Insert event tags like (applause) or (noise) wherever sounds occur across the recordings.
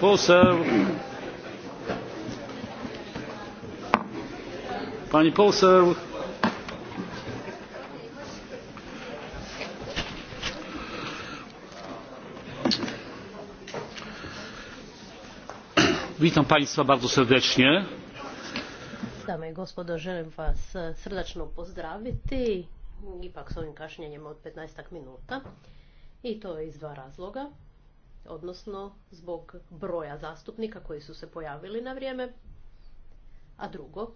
poseł. Pani poseł. Witam Państwa bardzo serdecznie. Dame i gospodo, želim vas e, srdačno pozdraviti, ipak s ovim kašnjenjem od 15 minuta. I to iz dva razloga odnosno zbog broja zastupnika koji su se pojavili na vrijeme. A drugo,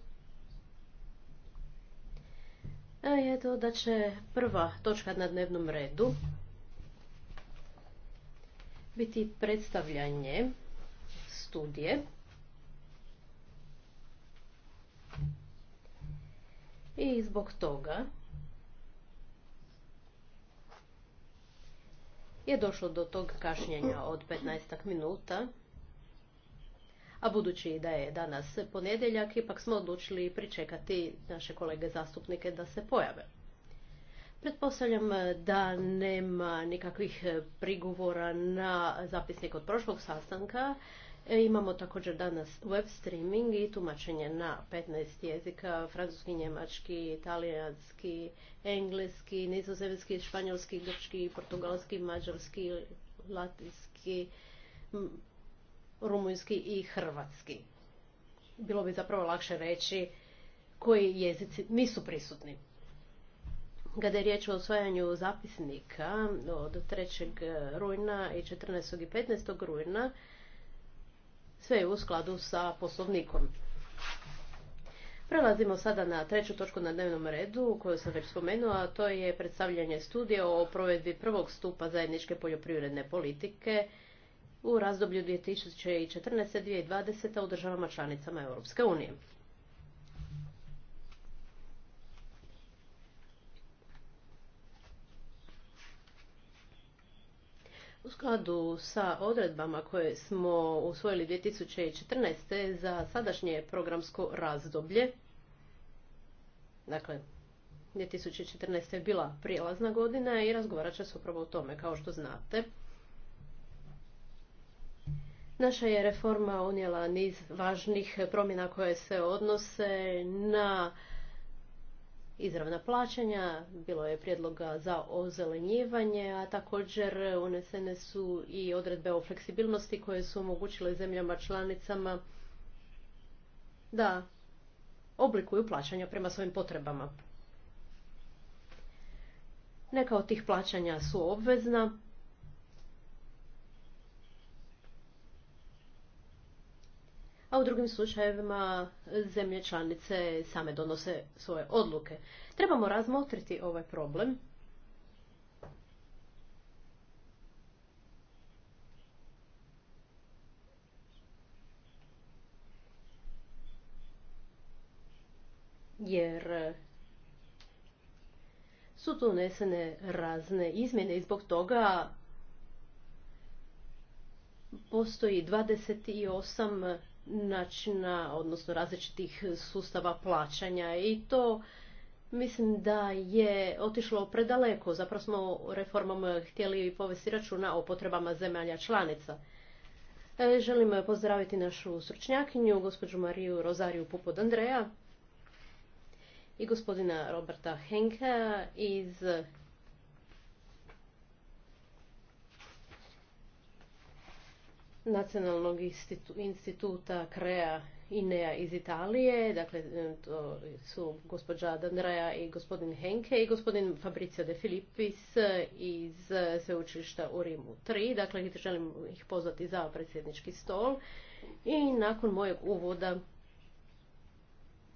e, je to da će prva točka na dnevnom redu biti predstavljanje studije i zbog toga je došlo do tog kašnjenja od 15 minuta. A budući da je danas ponedjeljak, ipak smo odlučili pričekati naše kolege zastupnike da se pojave. Pretpostavljam da nema nikakvih prigovora na zapisnik od prošlog sastanka. E, imamo također danas web streaming i tumačenje na 15 jezika, francuski, njemački, italijanski, engleski, nizozemski, španjolski, grčki, portugalski, mađarski, latinski, rumunjski i hrvatski. Bilo bi zapravo lakše reći koji jezici nisu prisutni. Kada je riječ o osvajanju zapisnika od 3. rujna i 14. i 15. rujna, sve je u skladu sa poslovnikom. Prelazimo sada na treću točku na dnevnom redu koju sam već spomenula, a to je predstavljanje studije o provedbi prvog stupa zajedničke poljoprivredne politike u razdoblju 2014-2020 u državama članicama Europske unije. U skladu sa odredbama koje smo usvojili 2014. za sadašnje programsko razdoblje, dakle 2014. je bila prijelazna godina i razgovarat će se upravo o tome, kao što znate. Naša je reforma unijela niz važnih promjena koje se odnose na izravna plaćanja, bilo je prijedloga za ozelenjivanje, a također unesene su i odredbe o fleksibilnosti koje su omogućile zemljama članicama da oblikuju plaćanja prema svojim potrebama. Neka od tih plaćanja su obvezna, a u drugim slučajevima zemlje članice same donose svoje odluke. Trebamo razmotriti ovaj problem. Jer su tu unesene razne izmjene i zbog toga postoji 28 načina, odnosno različitih sustava plaćanja i to mislim da je otišlo predaleko. Zapravo smo reformom htjeli povesti računa o potrebama zemalja članica. E, želim pozdraviti našu stručnjakinju, gospođu Mariju Rozariju pupod Andreja i gospodina Roberta Henke iz Nacionalnog instituta Crea Inea iz Italije, dakle e, to su gospođa Dandraja i gospodin Henke i gospodin Fabricio de Filippis e, iz e, sveučilišta u Rimu 3. Dakle, želim ih pozvati za predsjednički stol i nakon mojeg uvoda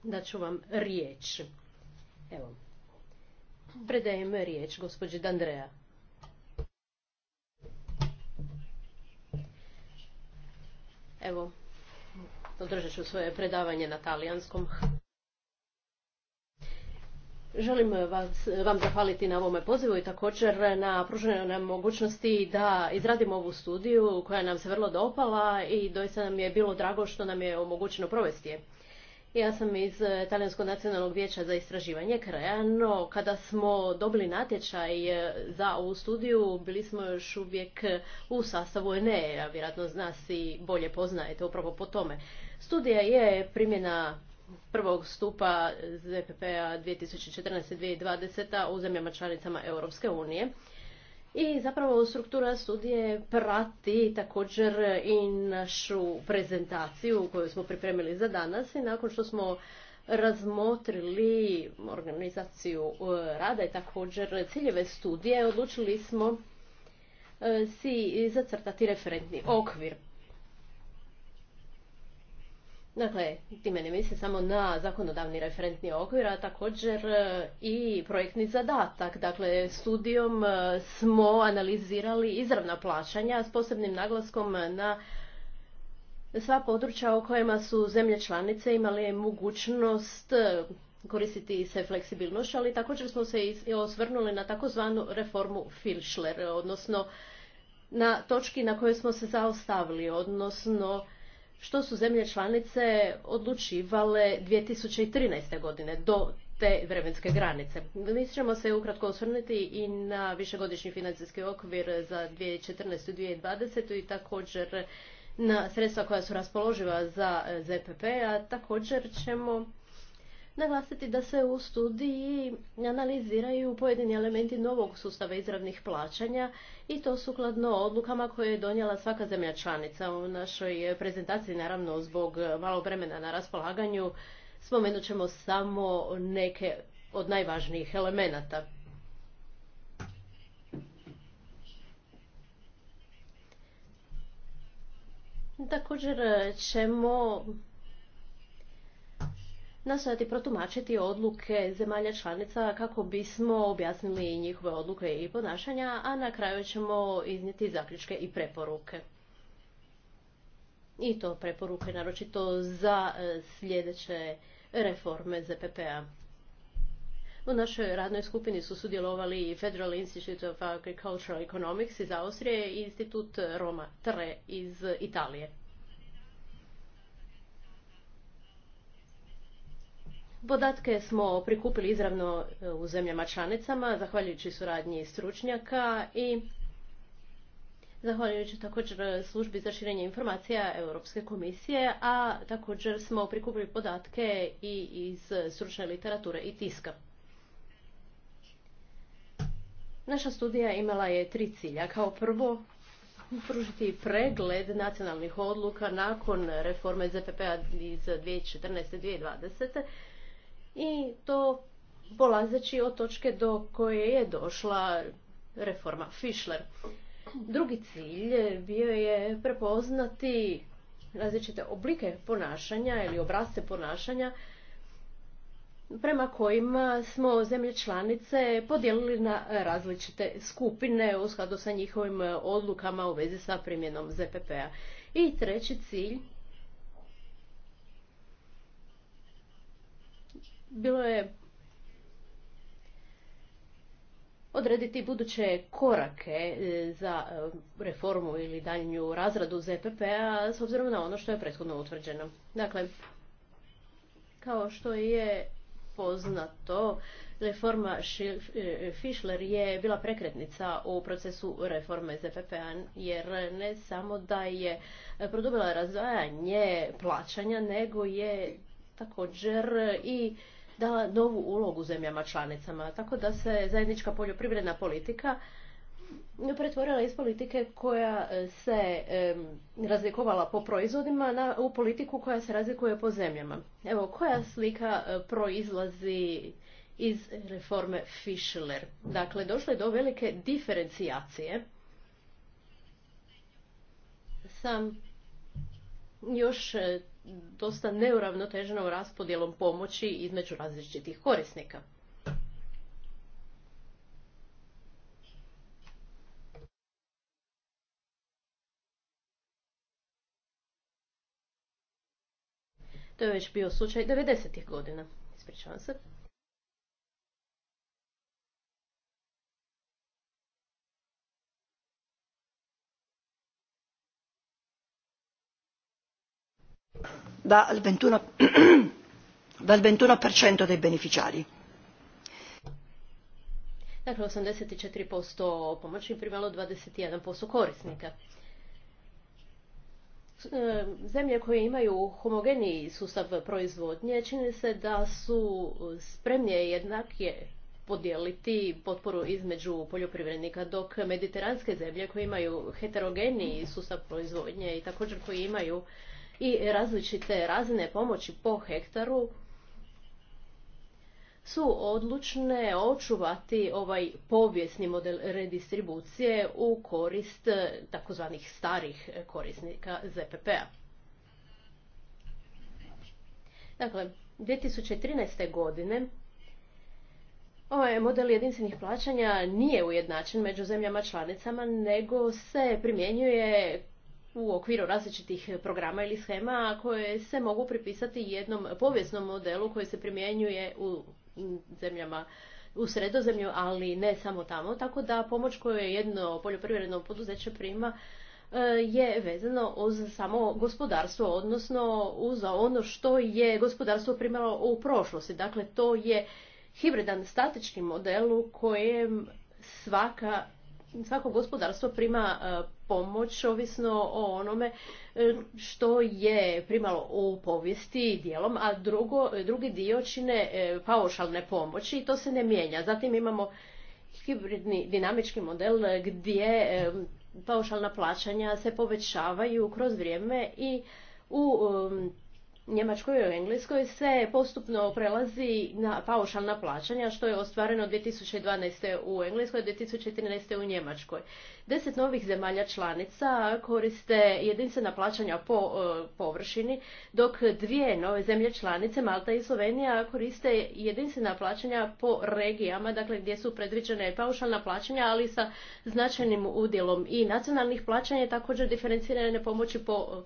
daću vam riječ. Evo, predajem riječ gospođi Dandreja. Evo, održat ću svoje predavanje na talijanskom. Želim vas, vam zahvaliti na ovome pozivu i također na pruženoj nam mogućnosti da izradimo ovu studiju koja nam se vrlo dopala i doista nam je bilo drago što nam je omogućeno provesti je. Ja sam iz e, Talijanskog nacionalnog vijeća za istraživanje kraja, no kada smo dobili natječaj e, za ovu studiju, bili smo još uvijek u sastavu ENE, a vjerojatno nas i bolje poznajete upravo po tome. Studija je primjena prvog stupa ZPP-a 2014-2020 u zemljama članicama Europske unije i zapravo struktura studije prati također i našu prezentaciju koju smo pripremili za danas i nakon što smo razmotrili organizaciju e, rada i također ciljeve studije, odlučili smo e, si zacrtati referentni okvir. Dakle, time ne misli samo na zakonodavni referentni okvir, a također e, i projektni zadatak. Dakle, studijom e, smo analizirali izravna plaćanja s posebnim naglaskom na sva područja u kojima su zemlje članice imale mogućnost e, koristiti se fleksibilnošću, ali također smo se i osvrnuli na takozvanu reformu Filschler, odnosno na točki na kojoj smo se zaostavili, odnosno što su zemlje članice odlučivale 2013. godine do te vremenske granice. Mi ćemo se ukratko osvrnuti i na višegodišnji financijski okvir za 2014. i 2020. i također na sredstva koja su raspoloživa za e, ZPP, a također ćemo naglasiti da se u studiji analiziraju pojedini elementi novog sustava izravnih plaćanja i to sukladno odlukama koje je donijela svaka zemlja članica. U našoj prezentaciji, naravno, zbog malo vremena na raspolaganju, spomenut ćemo samo neke od najvažnijih elemenata. Također ćemo nastojati protumačiti odluke zemalja članica kako bismo objasnili njihove odluke i ponašanja, a na kraju ćemo iznijeti zaključke i preporuke. I to preporuke naročito za e, sljedeće reforme ZPP-a. U našoj radnoj skupini su sudjelovali i Federal Institute of Agricultural Economics iz Austrije i Institut Roma Tre iz Italije. Podatke smo prikupili izravno e, u zemljama članicama, zahvaljujući suradnji stručnjaka i zahvaljujući također službi za širenje informacija Europske komisije, a također smo prikupili podatke i iz stručne literature i tiska. Naša studija imala je tri cilja. Kao prvo, pružiti pregled nacionalnih odluka nakon reforme ZPP-a iz 2014. 2020 i to polazeći od točke do koje je došla reforma Fischler. Drugi cilj bio je prepoznati različite oblike ponašanja ili obrazce ponašanja prema kojima smo zemlje članice podijelili na različite skupine u skladu sa njihovim odlukama u vezi sa primjenom ZPP-a. I treći cilj bilo je odrediti buduće korake e, za e, reformu ili daljnju razradu ZPP-a s obzirom na ono što je prethodno utvrđeno. Dakle, kao što je poznato, reforma e, Fischler je bila prekretnica u procesu reforme ZPP-a, jer ne samo da je produbila razvajanje plaćanja, nego je također i dala novu ulogu zemljama članicama. Tako da se zajednička poljoprivredna politika pretvorila iz politike koja e, se razlikovala po proizvodima na, u politiku koja se razlikuje po zemljama. Evo, koja slika e, proizlazi iz reforme Fischler? Dakle, došlo je do velike diferencijacije. Sam još e, dosta neuravnoteženom raspodjelom pomoći između različitih korisnika. To je već bio slučaj 90. godina. Ispričavam se. dal 21%, (clears throat) dei beneficiari. Dakle, 84% pomoći primalo 21% korisnika. E, zemlje koje imaju homogeniji sustav proizvodnje čini se da su spremnije jednakije podijeliti potporu između poljoprivrednika, dok mediteranske zemlje koje imaju heterogeniji sustav proizvodnje i također koji imaju i različite razine pomoći po hektaru su odlučne očuvati ovaj povijesni model redistribucije u korist takozvanih starih korisnika ZPP-a. Dakle, 2013. godine ovaj model jedinstvenih plaćanja nije ujednačen među zemljama članicama, nego se primjenjuje u okviru različitih programa ili schema koje se mogu pripisati jednom povijesnom modelu koji se primjenjuje u zemljama u sredozemlju, ali ne samo tamo. Tako da pomoć koju jedno poljoprivredno poduzeće prima e, je vezano uz samo gospodarstvo, odnosno uz ono što je gospodarstvo primalo u prošlosti. Dakle, to je hibridan statički model u kojem svaka svako gospodarstvo prima e, pomoć ovisno o onome e, što je primalo u povijesti dijelom, a drugo, drugi dio čine e, paušalne pomoći i to se ne mijenja. Zatim imamo hibridni dinamički model gdje paušalna plaćanja se povećavaju kroz vrijeme i u Njemačkoj i Engleskoj se postupno prelazi na paušalna plaćanja, što je ostvareno 2012. u Engleskoj, 2014. u Njemačkoj. Deset novih zemalja članica koriste jedinstvena plaćanja po e, površini, dok dvije nove zemlje članice, Malta i Slovenija, koriste jedinstvena plaćanja po regijama, dakle gdje su predviđene paušalna plaćanja, ali sa značajnim udjelom i nacionalnih plaćanja, također diferencirane pomoći po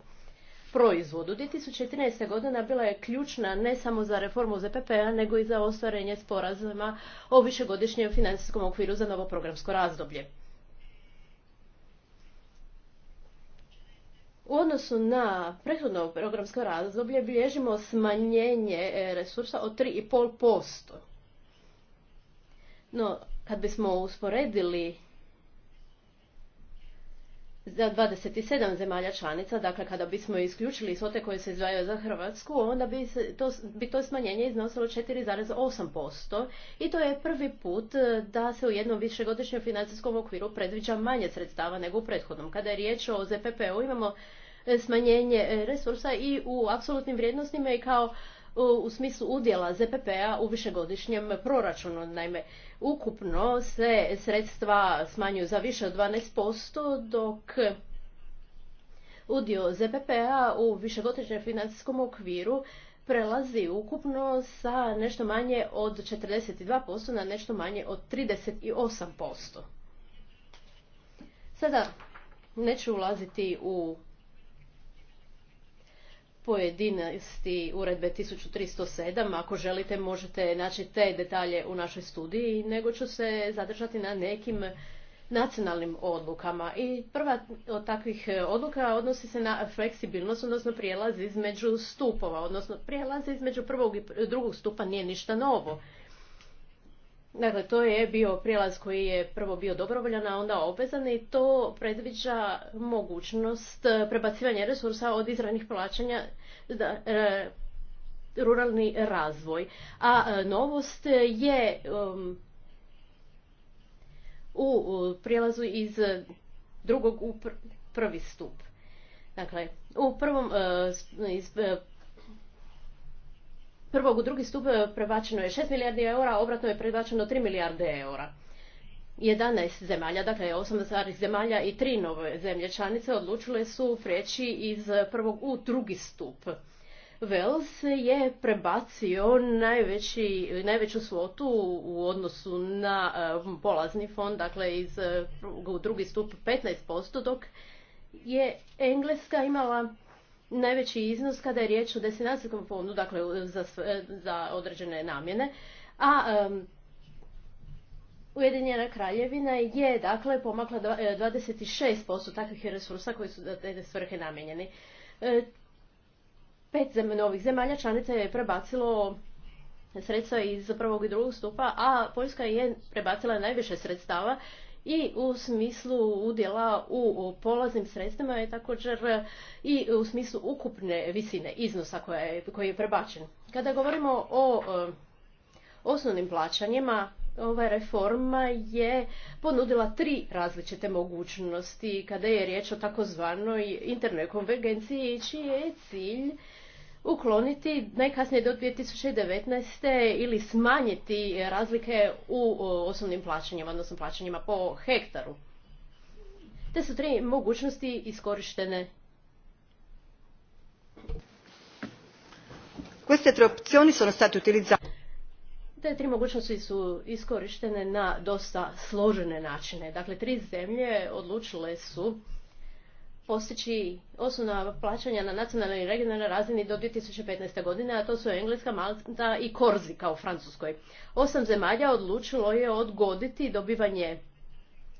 proizvodu. 2013. godina bila je ključna ne samo za reformu ZPP-a, nego i za ostvarenje sporazuma o višegodišnjem financijskom okviru za novo programsko razdoblje. U odnosu na prethodno programsko razdoblje bilježimo smanjenje e, resursa od 3,5%. No, kad bismo usporedili za 27 zemalja članica, dakle kada bismo isključili svote koje se izdvajaju za Hrvatsku, onda bi, se to, bi to smanjenje iznosilo 4,8% i to je prvi put e, da se u jednom višegodišnjem financijskom okviru predviđa manje sredstava nego u prethodnom. Kada je riječ o ZPP-u imamo e, smanjenje e, resursa i u apsolutnim vrijednostima i kao u smislu udjela ZPP-a u višegodišnjem proračunu. Naime, ukupno se sredstva smanjuju za više od 12%, dok udio ZPP-a u višegodišnjem financijskom okviru prelazi ukupno sa nešto manje od 42% na nešto manje od 38%. Sada neću ulaziti u pojedinosti uredbe 1307. Ako želite možete naći te detalje u našoj studiji, nego ću se zadržati na nekim nacionalnim odlukama. I prva od takvih e, odluka odnosi se na fleksibilnost, odnosno prijelaz između stupova, odnosno prijelaz između prvog i drugog stupa nije ništa novo. Dakle, to je bio prijelaz koji je prvo bio dobrovoljan, a onda obvezan i to predviđa mogućnost prebacivanja resursa od izravnih plaćanja da, e, ruralni razvoj. A e, novost je um, u prijelazu iz drugog u prvi stup. Dakle, u prvom, e, iz prvog u drugi stup e, prebačeno je 6 milijardi eura, obratno je prebačeno 3 milijarde eura. 11 zemalja, dakle 8 zemalja i tri nove zemlje članice odlučile su prijeći iz prvog u drugi stup. Wales je prebacio najveći, najveću svotu u odnosu na e, polazni fond, dakle iz e, u drugi stup 15%, dok je Engleska imala najveći iznos kada je riječ o destinacijskom fondu, dakle za, za određene namjene, a um, Ujedinjena kraljevina je dakle pomakla 26% e, takvih resursa koji su za te svrhe namijenjeni. E, pet novih zemalja članica je prebacilo sredstva iz prvog i drugog stupa, a Poljska je prebacila najviše sredstava i u smislu udjela u polaznim sredstvima i također i u smislu ukupne visine iznosa koja je, koji je prebačen. Kada govorimo o e, osnovnim plaćanjima, ova reforma je ponudila tri različite mogućnosti kada je riječ o takozvanoj internoj konvergenciji čiji je cilj ukloniti najkasnije do 2019. ili smanjiti razlike u osnovnim plaćanjima, odnosno plaćanjima po hektaru. Te su tri mogućnosti iskorištene. Queste tre opzioni sono state utilizzate. Te tri mogućnosti su iskorištene na dosta složene načine. Dakle, tri zemlje odlučile su postići osnovna plaćanja na nacionalnoj i regionalnoj razini do 2015. godine, a to su Engleska, Malta i Korzika u Francuskoj. Osam zemalja odlučilo je odgoditi dobivanje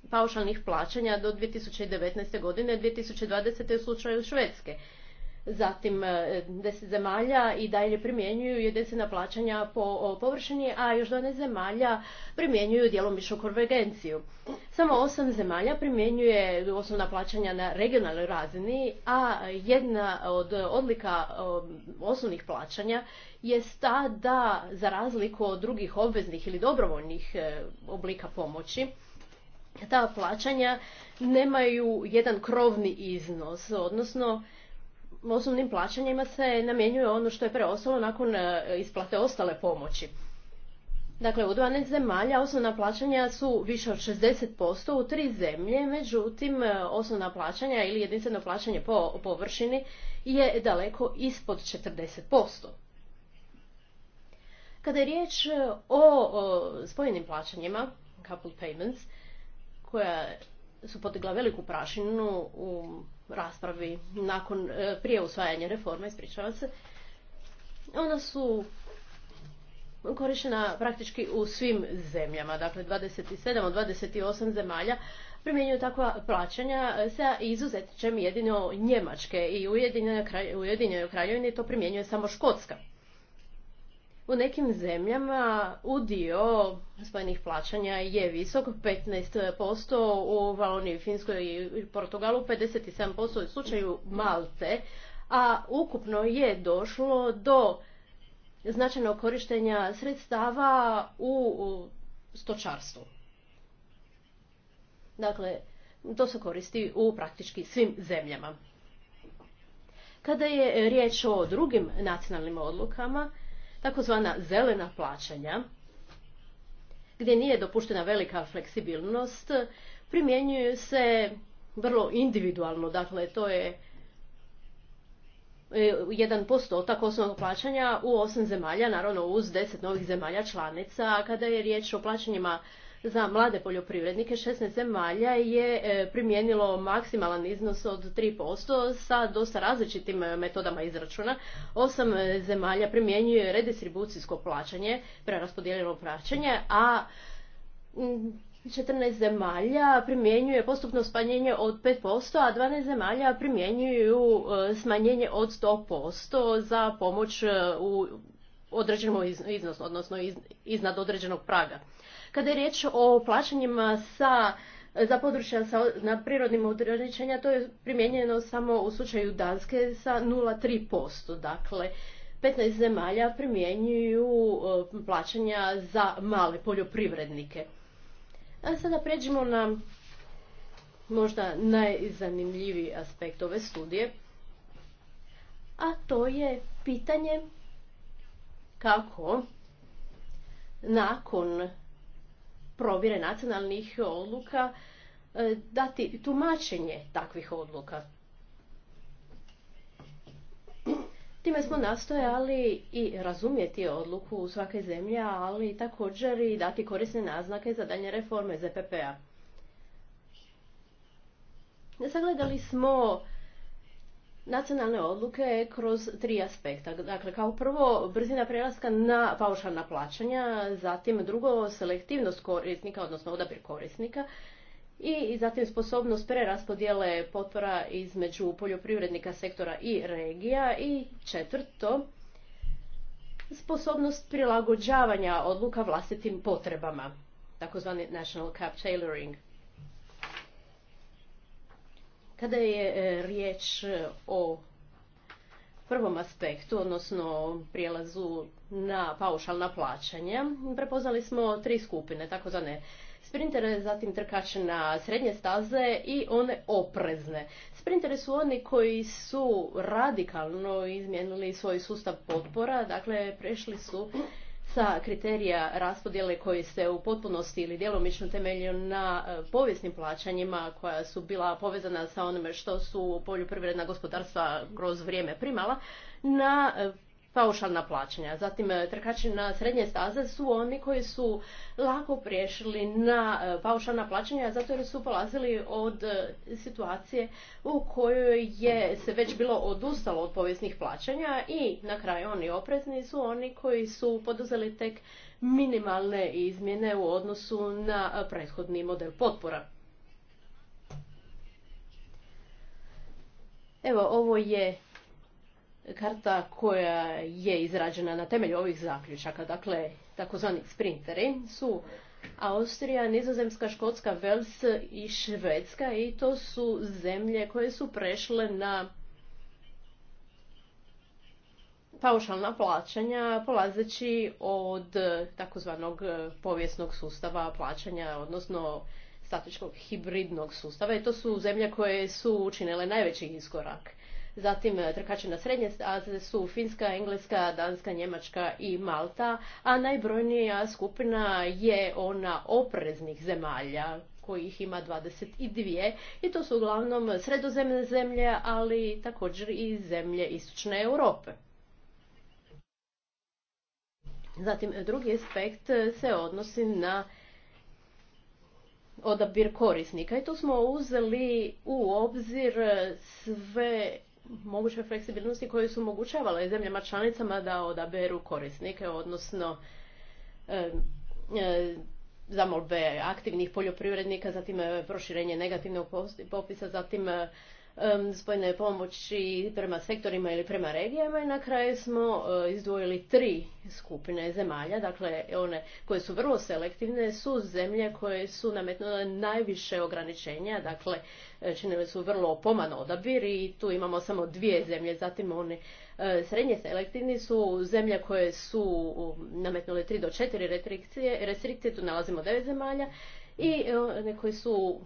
paušalnih plaćanja do 2019. godine, 2020. u slučaju Švedske zatim e, deset zemalja i dalje primjenjuju jedinstvena plaćanja po površini, a još 12 zemalja primjenjuju djelomičnu konvergenciju. Samo osam zemalja primjenjuje osnovna plaćanja na regionalnoj razini, a jedna od odlika osnovnih plaćanja je ta da, za razliku od drugih obveznih ili dobrovoljnih e, oblika pomoći, ta plaćanja nemaju jedan krovni iznos, odnosno osnovnim plaćanjima se namjenjuje ono što je preostalo nakon e, isplate ostale pomoći. Dakle, u 12 zemalja osnovna plaćanja su više od 60% u tri zemlje, međutim e, osnovna plaćanja ili jedinstveno plaćanje po površini je daleko ispod 40%. Kada je riječ e, o, spojenim plaćanjima, couple payments, koja su podigla veliku prašinu u raspravi nakon, e, prije usvajanja reforme, ispričavam se, ona su korištena praktički u svim zemljama, dakle 27 od 28 zemalja primjenjuju takva plaćanja sa izuzetčem jedino Njemačke i Ujedinjenoj Kraljevini to primjenjuje samo Škotska. U nekim zemljama udio spojenih plaćanja je visok, 15% u Valoniji, Finskoj i Portugalu, 57% u slučaju Malte, a ukupno je došlo do značajnog korištenja sredstava u stočarstvu. Dakle, to se koristi u praktički svim zemljama. Kada je riječ o drugim nacionalnim odlukama, takozvana zelena plaćanja, gdje nije dopuštena velika fleksibilnost, primjenjuju se vrlo individualno, dakle to je e, jedan postotak osnovnog plaćanja u osam zemalja, naravno uz deset novih zemalja članica, a kada je riječ o plaćanjima za mlade poljoprivrednike 16 zemalja je e, primijenilo maksimalan iznos od 3% sa dosta različitim e, metodama izračuna. Osam zemalja primjenjuje redistribucijsko plaćanje, preraspodijeljeno plaćanje, a 14 zemalja primjenjuje postupno smanjenje od 5%, a 12 zemalja primjenjuju e, smanjenje od 100% za pomoć u određenom iznosu, odnosno iznad određenog praga. Kada je riječ o plaćanjima sa za područja sa, na prirodnim ograničenja to je primijenjeno samo u slučaju Danske sa 0,3%. Dakle, 15 zemalja primjenjuju e, plaćanja za male poljoprivrednike. A sada pređimo na možda najzanimljiviji aspekt ove studije, a to je pitanje kako nakon provjere nacionalnih odluka e, dati tumačenje takvih odluka. Time smo nastojali i razumjeti odluku u svake zemlje, ali također i dati korisne naznake za dalje reforme ZPP-a. Sagledali smo nacionalne odluke kroz tri aspekta. Dakle, kao prvo, brzina prelaska na paušalna plaćanja, zatim drugo, selektivnost korisnika, odnosno odabir korisnika, i zatim sposobnost preraspodjele potpora između poljoprivrednika sektora i regija i četvrto, sposobnost prilagođavanja odluka vlastitim potrebama, takozvani national cap tailoring. Kada je e, riječ e, o prvom aspektu, odnosno prijelazu na paušalna plaćanja, prepoznali smo tri skupine, tako ne sprintere, zatim trkače na srednje staze i one oprezne. Sprintere su oni koji su radikalno izmijenili svoj sustav potpora, dakle prešli su sa kriterija raspodjele koji se u potpunosti ili djelomično temelju na e, povijesnim plaćanjima koja su bila povezana sa onime što su poljoprivredna gospodarstva kroz vrijeme primala na e, paušalna plaćanja. Zatim e, trkači na srednje staze su oni koji su lako priješili na e, paušalna plaćanja zato jer su polazili od e, situacije u kojoj je se već bilo odustalo od povijesnih plaćanja i na kraju oni oprezni su oni koji su poduzeli tek minimalne izmjene u odnosu na prethodni model potpora. Evo, ovo je karta koja je izrađena na temelju ovih zaključaka, dakle takozvani sprinteri, su Austrija, Nizozemska, Škotska, Vels i Švedska i to su zemlje koje su prešle na paušalna plaćanja polazeći od takozvanog povijesnog sustava plaćanja, odnosno statičkog hibridnog sustava i to su zemlje koje su učinile najveći iskorak. Zatim e, trkači na srednje staze su Finska, Engleska, Danska, Njemačka i Malta, a najbrojnija skupina je ona opreznih zemalja kojih ima 22 i to su uglavnom sredozemne zemlje, ali također i zemlje istočne Europe. Zatim drugi aspekt se odnosi na odabir korisnika i tu smo uzeli u obzir sve moguće fleksibilnosti koje su omogućavale zemljama članicama da odaberu korisnike, odnosno e, e, zamolbe aktivnih poljoprivrednika, zatim e, proširenje negativnog popisa, zatim spojne pomoći prema sektorima ili prema regijama i na kraju smo e, izdvojili tri skupine zemalja, dakle one koje su vrlo selektivne su zemlje koje su nametnule najviše ograničenja, dakle e, činili su vrlo poman odabir i tu imamo samo dvije zemlje, zatim one e, srednje selektivni su zemlje koje su nametnule tri do četiri restrikcije, tu nalazimo devet zemalja i one su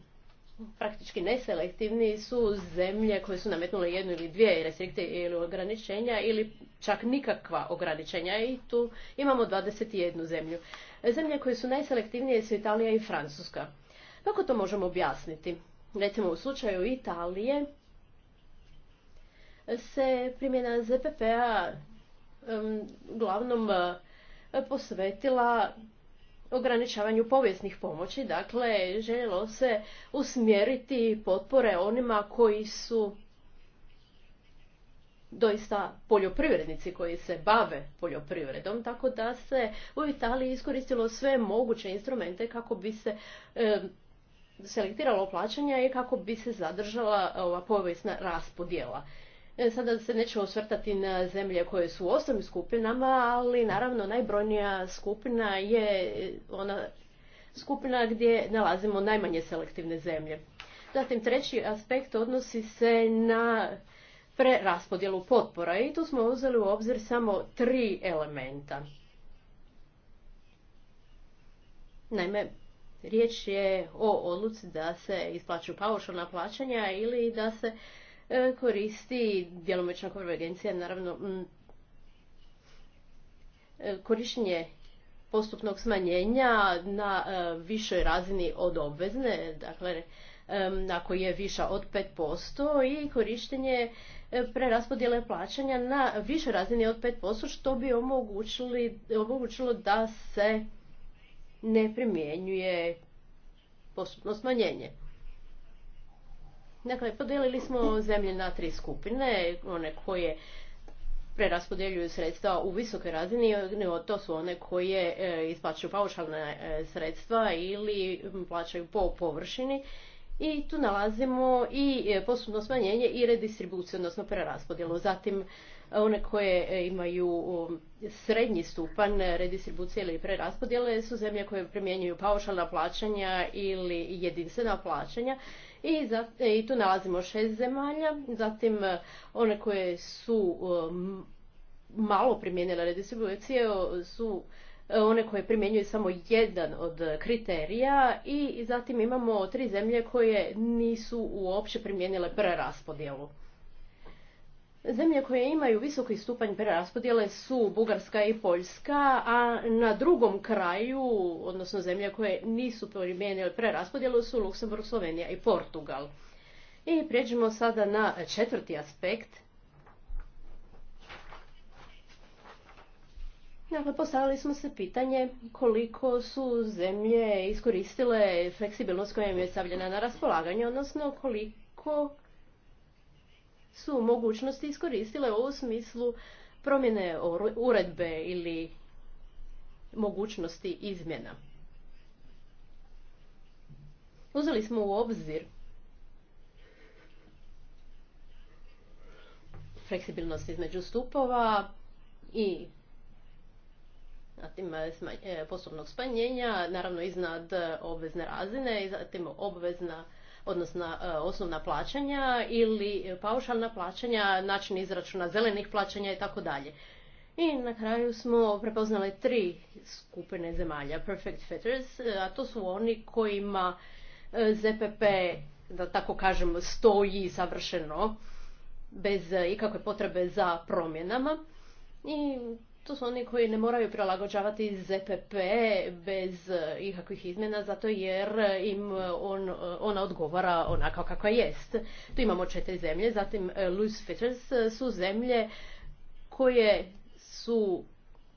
praktički neselektivni su zemlje koje su nametnule jednu ili dvije restrikte ili ograničenja ili čak nikakva ograničenja i tu imamo 21 zemlju. Zemlje koje su najselektivnije su Italija i Francuska. Kako to možemo objasniti? Recimo u slučaju Italije se primjena ZPP-a um, uglavnom eh, posvetila ograničavanju povijesnih pomoći. Dakle, željelo se usmjeriti potpore onima koji su doista poljoprivrednici koji se bave poljoprivredom, tako da se u Italiji iskoristilo sve moguće instrumente kako bi se e, selektiralo plaćanja i kako bi se zadržala ova povijesna raspodjela. E, sada se neću osvrtati na zemlje koje su u osnovnim skupinama, ali naravno najbrojnija skupina je e, ona skupina gdje nalazimo najmanje selektivne zemlje. Zatim treći aspekt odnosi se na preraspodjelu potpora i tu smo uzeli u obzir samo tri elementa. Naime, riječ je o odluci da se isplaćuju paušalna plaćanja ili da se E, koristi djelomična konvergencija, naravno e, korištenje postupnog smanjenja na e, višoj razini od obvezne, dakle ako je viša od 5% i korištenje preraspodjele plaćanja na višoj razini od 5%, što bi omogućilo da se ne primjenjuje postupno smanjenje. Dakle, podijelili smo zemlje na tri skupine, one koje preraspodjeljuju sredstva u visokoj razini, to su one koje e, isplaćuju paušalne sredstva ili plaćaju po površini. I tu nalazimo i e, posebno smanjenje i redistribuciju, odnosno preraspodjelu. Zatim e, one koje imaju srednji stupan redistribucije ili preraspodjele su zemlje koje primjenjuju paušalna plaćanja ili jedinstvena plaćanja E, I, tu nalazimo šest zemalja, zatim e, one koje su e, malo primijenile redistribucije su one koje primjenjuju samo jedan od kriterija i zatim imamo tri zemlje koje nisu uopće primijenile preraspodjelu. Zemlje koje imaju visoki stupanj preraspodjele su Bugarska i Poljska, a na drugom kraju, odnosno zemlje koje nisu primijenile preraspodjelu, su Luksemburg, Slovenija i Portugal. I prijeđemo sada na četvrti aspekt. Dakle, postavili smo se pitanje koliko su zemlje iskoristile fleksibilnost koja im je stavljena na raspolaganje, odnosno koliko su mogućnosti iskoristile u smislu promjene uredbe ili mogućnosti izmjena. Uzeli smo u obzir fleksibilnost između stupova i zatim e, poslovnog smanjenja, naravno iznad obvezne razine i zatim obvezna odnosno e, osnovna plaćanja ili paušalna plaćanja, način izračuna zelenih plaćanja i tako dalje. I na kraju smo prepoznali tri skupine zemalja, Perfect Fitters, e, a to su oni kojima e, ZPP, da tako kažem, stoji savršeno, bez ikakve potrebe za promjenama. I to su oni koji ne moraju prilagođavati ZPP bez e, ikakvih izmjena, zato jer im on, e, ona odgovara onako kakva jest. Tu imamo četiri zemlje, zatim e, loose fitters su zemlje koje su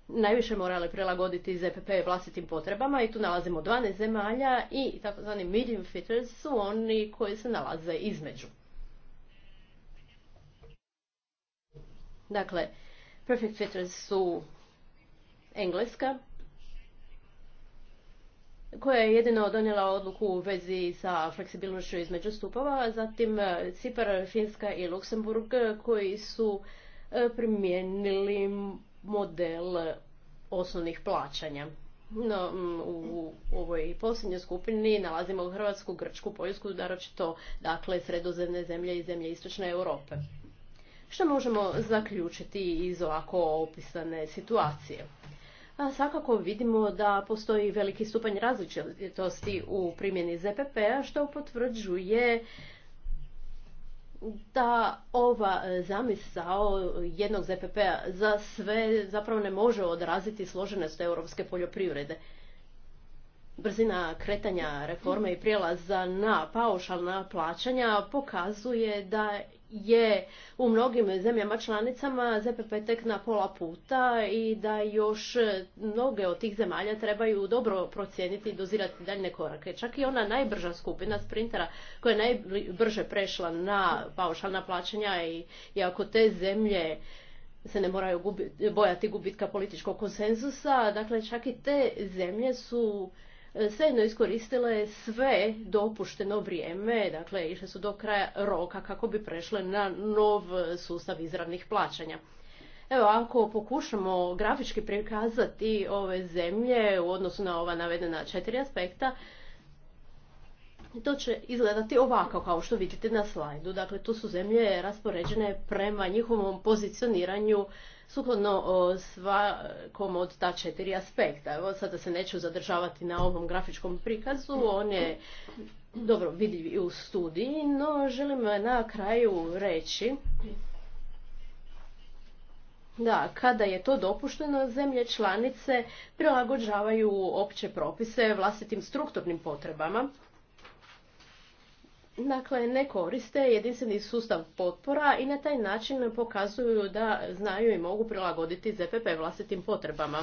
najviše morale prilagoditi ZPP vlastitim potrebama i tu nalazimo 12 zemalja i takozvani medium fitters su oni koji se nalaze između. Dakle, Perfect Fitters su Engleska, koja je jedino donijela odluku u vezi sa fleksibilnošću između stupova, zatim e, Cipar, Finska i Luksemburg koji su e, primijenili model osnovnih plaćanja. No, u ovoj posljednjoj skupini nalazimo Hrvatsku, Grčku, Poljsku, naročito dakle sredozemne zemlje i zemlje istočne Europe što možemo zaključiti iz ovako opisane situacije. svakako vidimo da postoji veliki stupanj različitosti u primjeni ZPP-a što potvrđuje da ova zamisao jednog ZPP-a za sve zapravo ne može odraziti složenost europske poljoprivrede. Brzina kretanja reforme i prijelaza na paušalna plaćanja pokazuje da je u mnogim zemljama članicama ZPP tek na pola puta i da još mnoge od tih zemalja trebaju dobro procijeniti i dozirati daljne korake. Čak i ona najbrža skupina sprintera koja je najbrže prešla na paušalna plaćanja i, i ako te zemlje se ne moraju bojati gubitka političkog konsenzusa, dakle čak i te zemlje su E, svejedno iskoristile sve dopušteno vrijeme, dakle išle su do kraja roka kako bi prešle na nov sustav izravnih plaćanja. Evo, ako pokušamo grafički prikazati ove zemlje u odnosu na ova navedena četiri aspekta, to će izgledati ovako kao što vidite na slajdu. Dakle, tu su zemlje raspoređene prema njihovom pozicioniranju sukladno svakom od ta četiri aspekta. sada se neću zadržavati na ovom grafičkom prikazu, on je dobro vidljiv i u studiji, no želim na kraju reći da, kada je to dopušteno, zemlje članice prilagođavaju opće propise vlastitim strukturnim potrebama. Dakle, ne koriste jedinstveni sustav potpora i na taj način pokazuju da znaju i mogu prilagoditi ZPP vlastitim potrebama.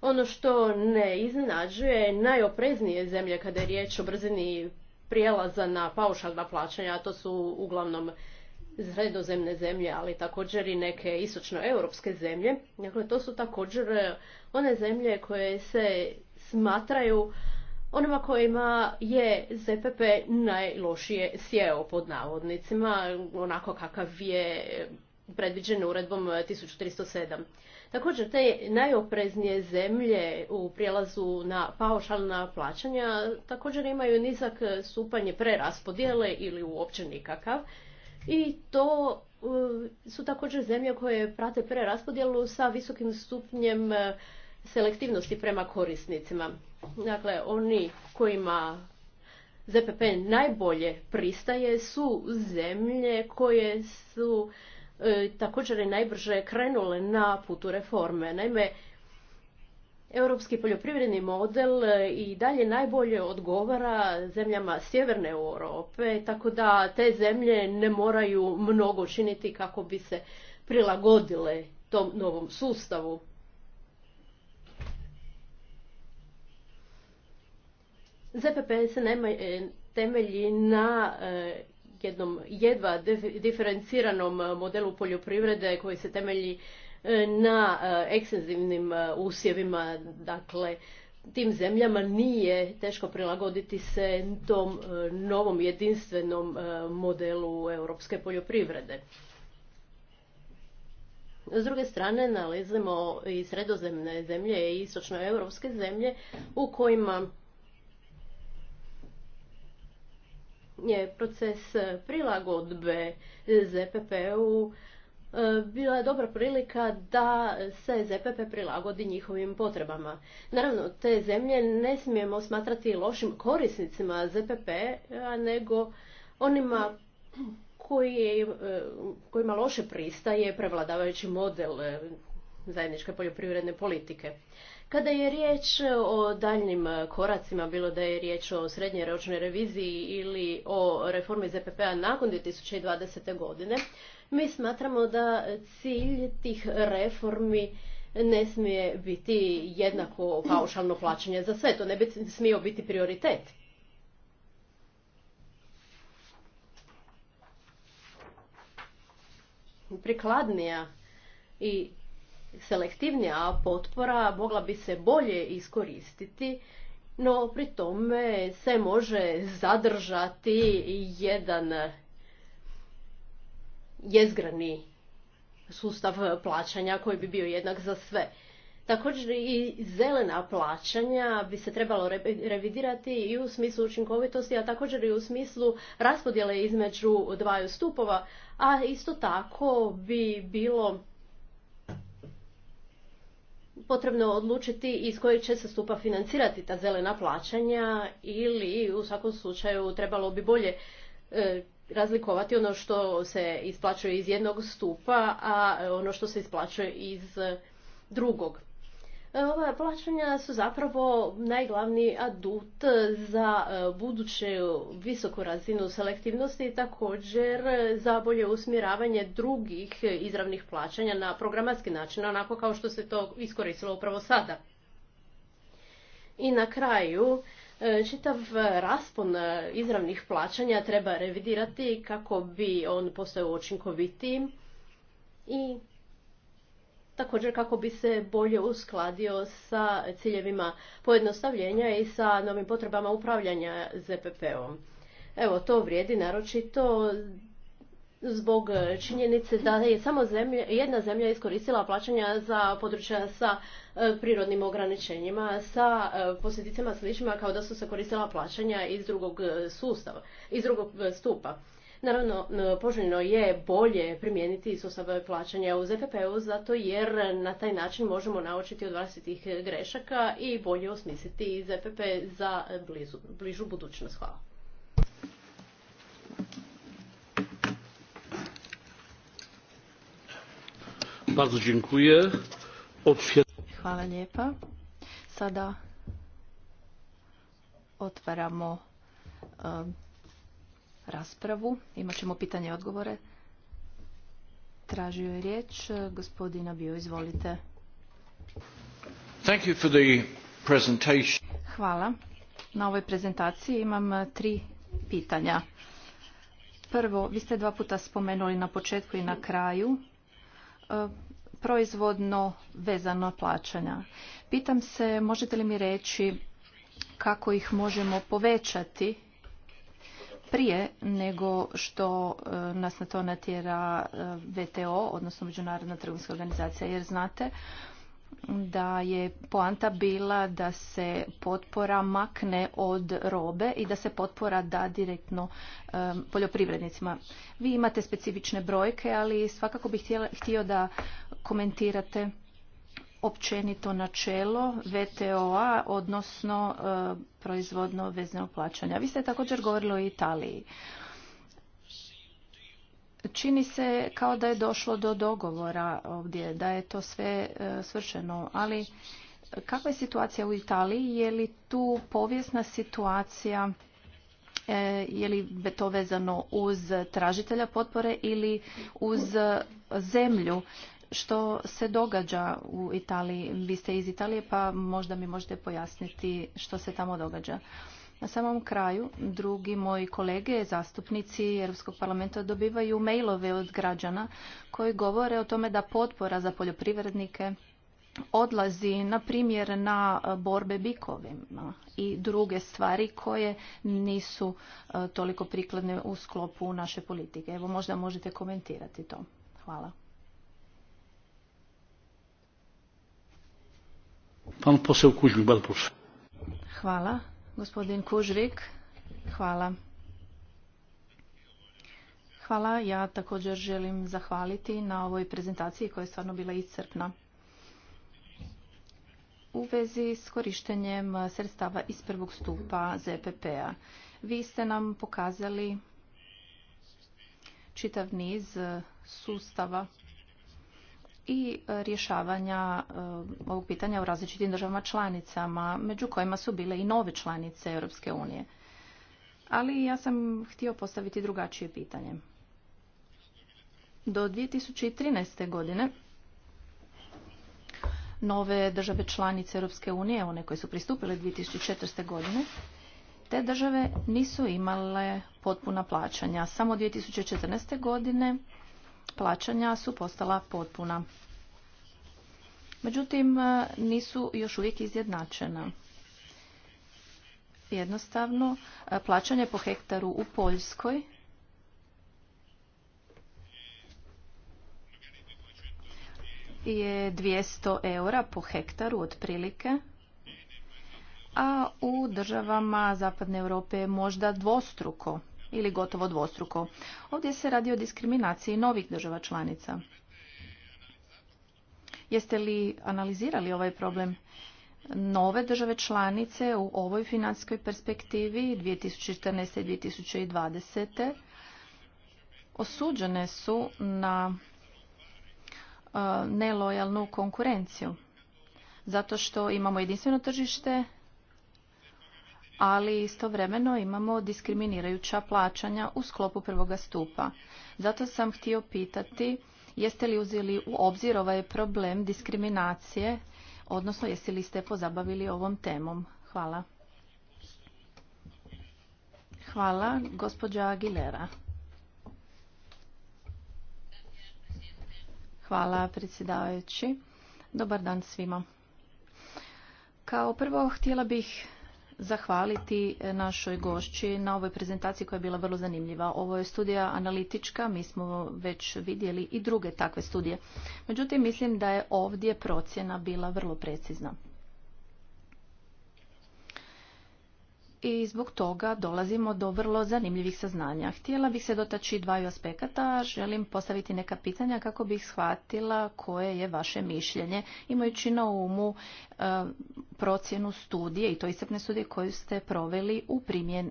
Ono što ne iznenađuje najopreznije zemlje kada je riječ o brzini prijelaza na paušalna plaćanja, a to su uglavnom sredozemne zemlje, ali također i neke istočnoeuropske zemlje. Dakle, to su također one zemlje koje se smatraju onima kojima je ZPP najlošije sjeo pod navodnicima, onako kakav je predviđen uredbom 1307. Također, te najopreznije zemlje u prijelazu na paušalna plaćanja također imaju nizak stupanje preraspodjele ili uopće nikakav. I to e, su također zemlje koje prate preraspodjelu sa visokim stupnjem e, selektivnosti prema korisnicima. Dakle, oni kojima ZPP najbolje pristaje su zemlje koje su e, također i najbrže krenule na putu reforme. Naime, europski poljoprivredni model e, i dalje najbolje odgovara zemljama sjeverne Europe, tako da te zemlje ne moraju mnogo činiti kako bi se prilagodile tom novom sustavu. ZPP se nema, e, temelji na e, jednom jedva diferenciranom e, modelu poljoprivrede koji se temelji na ekstenzivnim usjevima, dakle tim zemljama nije teško prilagoditi se tom novom jedinstvenom modelu europske poljoprivrede. S druge strane nalazimo i sredozemne zemlje i istočnoeuropske zemlje u kojima je proces e, prilagodbe ZPP-u e, bila je dobra prilika da se ZPP prilagodi njihovim potrebama. Naravno, te zemlje ne smijemo smatrati lošim korisnicima ZPP, nego onima e, kojima loše pristaje prevladavajući model zajedničke poljoprivredne politike. Kada je riječ o daljnim koracima, bilo da je riječ o ročnoj reviziji ili o reformi ZPP-a nakon 2020. godine, mi smatramo da cilj tih reformi ne smije biti jednako paušalno plaćanje za sve. To ne bi smio biti prioritet. Prikladnija i selektivnija potpora mogla bi se bolje iskoristiti, no pri tome se može zadržati jedan jezgrani sustav plaćanja koji bi bio jednak za sve. Također i zelena plaćanja bi se trebalo revidirati i u smislu učinkovitosti, a također i u smislu raspodjele između dvaju stupova, a isto tako bi bilo potrebno odlučiti iz kojeg će se stupa financirati ta zelena plaćanja ili u svakom slučaju trebalo bi bolje e, razlikovati ono što se isplaćuje iz jednog stupa, a ono što se isplaćuje iz drugog. E, ova plaćanja su zapravo najglavni adut za e, buduću visoku razinu selektivnosti i također za bolje usmjeravanje drugih izravnih plaćanja na programatski način, onako kao što se to iskoristilo upravo sada. I na kraju, e, čitav raspon izravnih plaćanja treba revidirati kako bi on postao učinkovitiji i također kako bi se bolje uskladio sa ciljevima pojednostavljenja i sa novim potrebama upravljanja ZPP-om. Evo, to vrijedi naročito zbog činjenice da je samo zemlja, jedna zemlja iskoristila plaćanja za područja sa e, prirodnim ograničenjima, sa e, posljedicama sličnima kao da su se koristila plaćanja iz drugog e, sustava, iz drugog stupa. Naravno, poželjno je bolje primijeniti sustav plaćanja u ZPP-u zato jer na taj način možemo naučiti od vlastitih grešaka i bolje osmisliti ZPP za bližu budućnost. Hvala. Bardzo dziękuję. Hvala lijepa. Sada otvaramo e, raspravu. ćemo pitanje i odgovore. Tražio je riječ. Gospodina Bio, izvolite. Hvala. Na ovoj prezentaciji imam eh, tri pitanja. Prvo, vi ste dva puta spomenuli na početku i na kraju eh, proizvodno vezano plaćanja. Pitam se, možete li mi reći kako ih možemo povećati prije nego što e, nas na to natjera e, VTO, odnosno Međunarodna trgovinska organizacija, jer znate da je poanta bila da se potpora makne od robe i da se potpora da direktno e, poljoprivrednicima. Vi imate specifične brojke, ali svakako bih htio da komentirate općenito načelo vto odnosno e, proizvodno vezano plaćanja. Vi ste također govorili o Italiji. Čini se kao da je došlo do dogovora ovdje, da je to sve e, svršeno, ali kakva je situacija u Italiji? Je li tu povijesna situacija, e, je li to vezano uz tražitelja potpore ili uz zemlju? što se događa u Italiji. Vi ste iz Italije pa možda mi možete pojasniti što se tamo događa. Na samom kraju, drugi moji kolege, zastupnici Europskog parlamenta, dobivaju mailove od građana koji govore o tome da potpora za poljoprivrednike odlazi, na primjer, na borbe bikovima i druge stvari koje nisu e, toliko prikladne u sklopu naše politike. Evo, možda možete komentirati to. Hvala. Hvala. Gospodin Kužrik. hvala. Hvala, ja također želim zahvaliti na ovoj prezentaciji koja je stvarno bila iscrpna. U vezi s korištenjem sredstava iz prvog stupa ZPP-a, vi ste nam pokazali čitav niz sustava i e, rješavanja e, ovog pitanja u različitim državama članicama, među kojima su bile i nove članice Europske unije. Ali ja sam htio postaviti drugačije pitanje. Do 2013. godine nove države članice Europske unije, one koje su pristupile 2004. godine, te države nisu imale potpuna plaćanja. Samo 2014. godine plaćanja su postala potpuna. Međutim, nisu još uvijek izjednačena. Jednostavno, plaćanje po hektaru u Poljskoj je 200 eura po hektaru otprilike, a u državama Zapadne Europe možda dvostruko ili gotovo dvostruko. Ovdje se radi o diskriminaciji novih država članica. Jeste li analizirali ovaj problem? Nove države članice u ovoj financijskoj perspektivi 2014. i 2020. osuđene su na e, nelojalnu konkurenciju zato što imamo jedinstveno tržište ali istovremeno imamo diskriminirajuća plaćanja u sklopu prvoga stupa. Zato sam htio pitati jeste li uzeli u obzir ovaj problem diskriminacije, odnosno jeste li ste pozabavili ovom temom? Hvala. Hvala, gospođa Aguilera. Hvala, predsjedavajući. Dobar dan svima. Kao prvo htjela bih zahvaliti e, našoj gošći na ovoj prezentaciji koja je bila vrlo zanimljiva. Ovo je studija analitička, mi smo već vidjeli i druge takve studije. Međutim, mislim da je ovdje procjena bila vrlo precizna. i zbog toga dolazimo do vrlo zanimljivih saznanja. Htjela bih se dotaći dvaju aspekata, želim postaviti neka pitanja kako bih shvatila koje je vaše mišljenje, imajući na umu e, procjenu studije i to iscrpne studije koju ste proveli u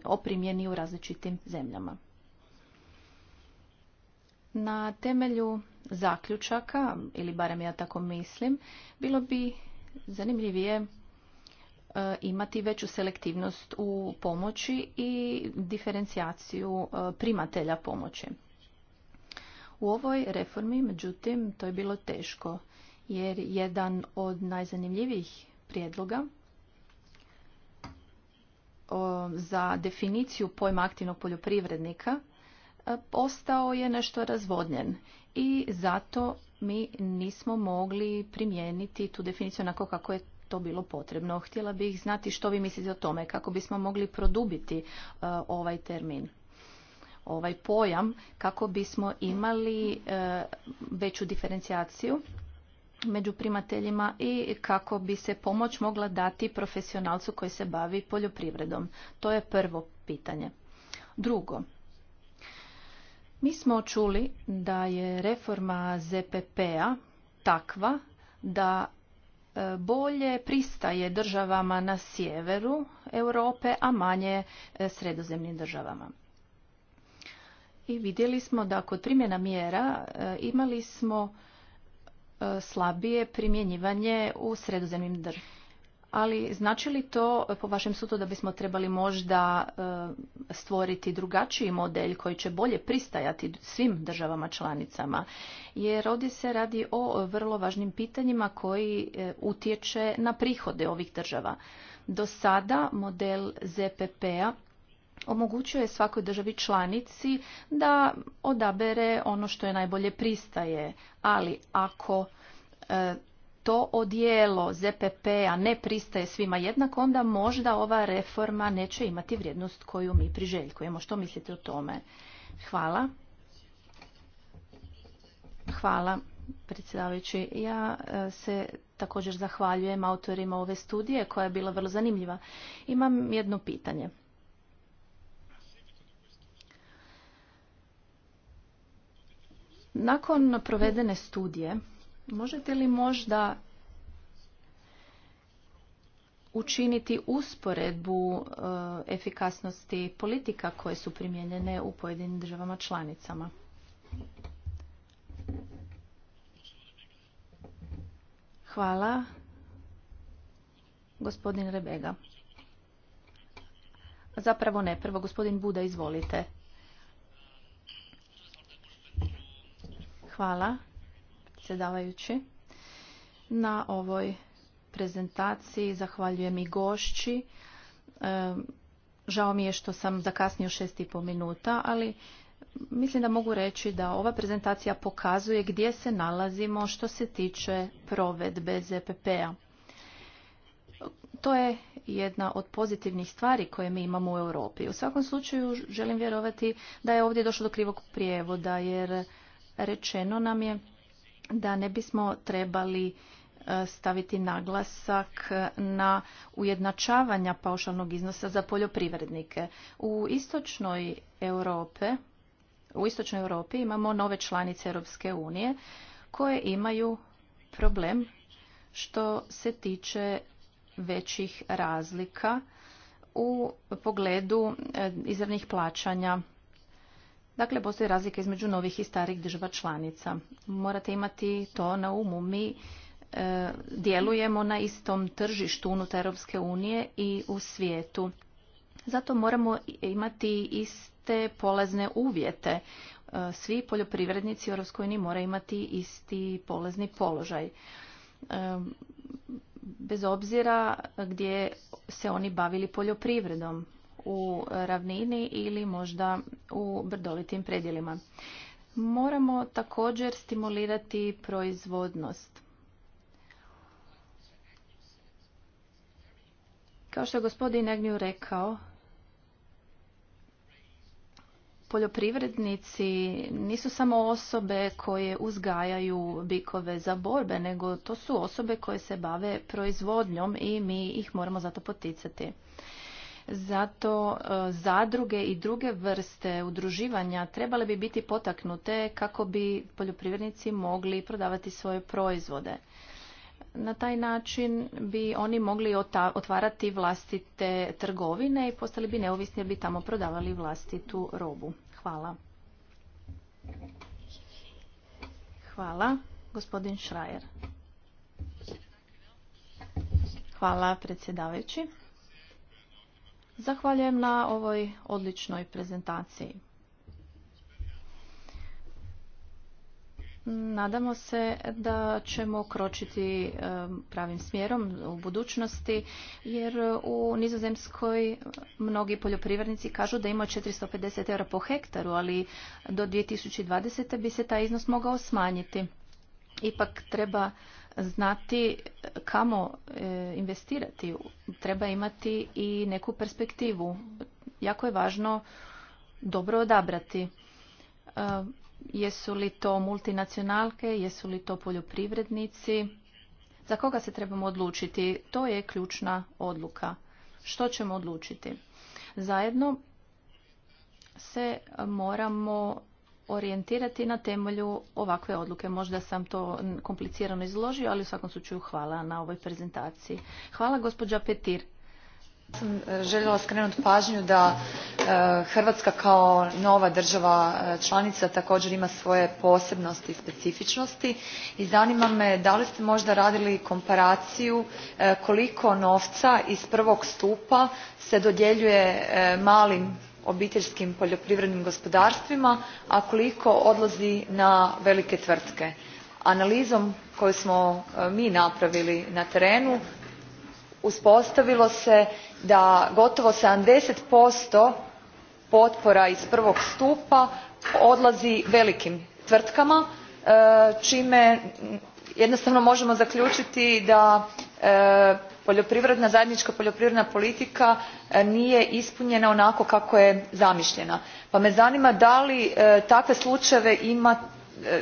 o primjeni u različitim zemljama. Na temelju zaključaka, ili barem ja tako mislim, bilo bi zanimljivije E, imati veću selektivnost u pomoći i diferencijaciju e, primatelja pomoći. U ovoj reformi, međutim, to je bilo teško, jer jedan od najzanimljivijih prijedloga za definiciju pojma aktivnog poljoprivrednika e, postao je nešto razvodnjen i zato mi nismo mogli primijeniti tu definiciju onako kako je to bilo potrebno. Htjela bih znati što vi mislite o tome, kako bismo mogli produbiti e, ovaj termin ovaj pojam kako bismo imali e, veću diferencijaciju među primateljima i kako bi se pomoć mogla dati profesionalcu koji se bavi poljoprivredom. To je prvo pitanje. Drugo, mi smo čuli da je reforma ZPP-a takva da bolje pristaje državama na sjeveru Europe, a manje e, sredozemnim državama. I vidjeli smo da kod primjena mjera e, imali smo e, slabije primjenjivanje u sredozemnim državama ali znači li to po vašem sudu da bismo trebali možda e, stvoriti drugačiji model koji će bolje pristajati svim državama članicama? Jer ovdje se radi o vrlo važnim pitanjima koji e, utječe na prihode ovih država. Do sada model ZPP-a omogućuje svakoj državi članici da odabere ono što je najbolje pristaje, ali ako e, to odijelo ZPP-a ne pristaje svima jednako, onda možda ova reforma neće imati vrijednost koju mi priželjkujemo. Što mislite o tome? Hvala. Hvala, predsjedavajući. Ja e, se također zahvaljujem autorima ove studije koja je bila vrlo zanimljiva. Imam jedno pitanje. Nakon provedene studije, Možete li možda učiniti usporedbu e, efikasnosti politika koje su primijenjene u pojedinim državama članicama? Hvala. Gospodin Rebega. Zapravo ne, prvo gospodin Buda, izvolite. Hvala predsjedavajući. Na ovoj prezentaciji zahvaljujem i gošći. E, žao mi je što sam zakasnio šest i pol minuta, ali mislim da mogu reći da ova prezentacija pokazuje gdje se nalazimo što se tiče provedbe ZPP-a. To je jedna od pozitivnih stvari koje mi imamo u Europi. U svakom slučaju želim vjerovati da je ovdje došlo do krivog prijevoda jer rečeno nam je da ne bismo trebali e, staviti naglasak na ujednačavanja paušalnog iznosa za poljoprivrednike. U istočnoj Europe, u istočnoj Europi imamo nove članice Europske unije koje imaju problem što se tiče većih razlika u pogledu e, izravnih plaćanja Dakle, postoji razlika između novih i starih država članica. Morate imati to na umu. Mi e, djelujemo na istom tržištu unutar Europske unije i u svijetu. Zato moramo imati iste polazne uvjete. E, svi poljoprivrednici u Europskoj uniji moraju imati isti polazni položaj. E, bez obzira gdje se oni bavili poljoprivredom u ravnini ili možda u brdolitim predjelima. Moramo također stimulirati proizvodnost. Kao što je gospodin Agnju rekao, poljoprivrednici nisu samo osobe koje uzgajaju bikove za borbe, nego to su osobe koje se bave proizvodnjom i mi ih moramo zato poticati. Zato e, zadruge i druge vrste udruživanja trebale bi biti potaknute kako bi poljoprivrednici mogli prodavati svoje proizvode. Na taj način bi oni mogli otvarati vlastite trgovine i postali bi neovisni jer bi tamo prodavali vlastitu robu. Hvala. Hvala. Gospodin Šrajer. Hvala predsjedavajući. Zahvaljujem na ovoj odličnoj prezentaciji. Nadamo se da ćemo kročiti pravim smjerom u budućnosti, jer u Nizozemskoj mnogi poljoprivrednici kažu da ima 450 eura po hektaru, ali do 2020. bi se taj iznos mogao smanjiti. Ipak treba znati kamo e, investirati. Treba imati i neku perspektivu. Jako je važno dobro odabrati. E, jesu li to multinacionalke, jesu li to poljoprivrednici? Za koga se trebamo odlučiti? To je ključna odluka. Što ćemo odlučiti? Zajedno se moramo orijentirati na temelju ovakve odluke. Možda sam to komplicirano izložio, ali u svakom slučaju hvala na ovoj prezentaciji. Hvala gospođa Petir. Sam e, željela skrenuti pažnju da e, Hrvatska kao nova država e, članica također ima svoje posebnosti i specifičnosti i zanima me da li ste možda radili komparaciju koliko novca iz prvog stupa se dodjeljuje malim obiteljskim poljoprivrednim gospodarstvima a koliko odlazi na velike tvrtke. analizom koju smo e, mi napravili na terenu uspostavilo se da gotovo seventy potpora iz prvog stupa odlazi velikim tvrtkama e, čime jednostavno možemo zaključiti da e, poljoprivredna zajednička poljoprivredna politika e, nije ispunjena onako kako je zamišljena pa me zanima da li e, takvi slučajeve e,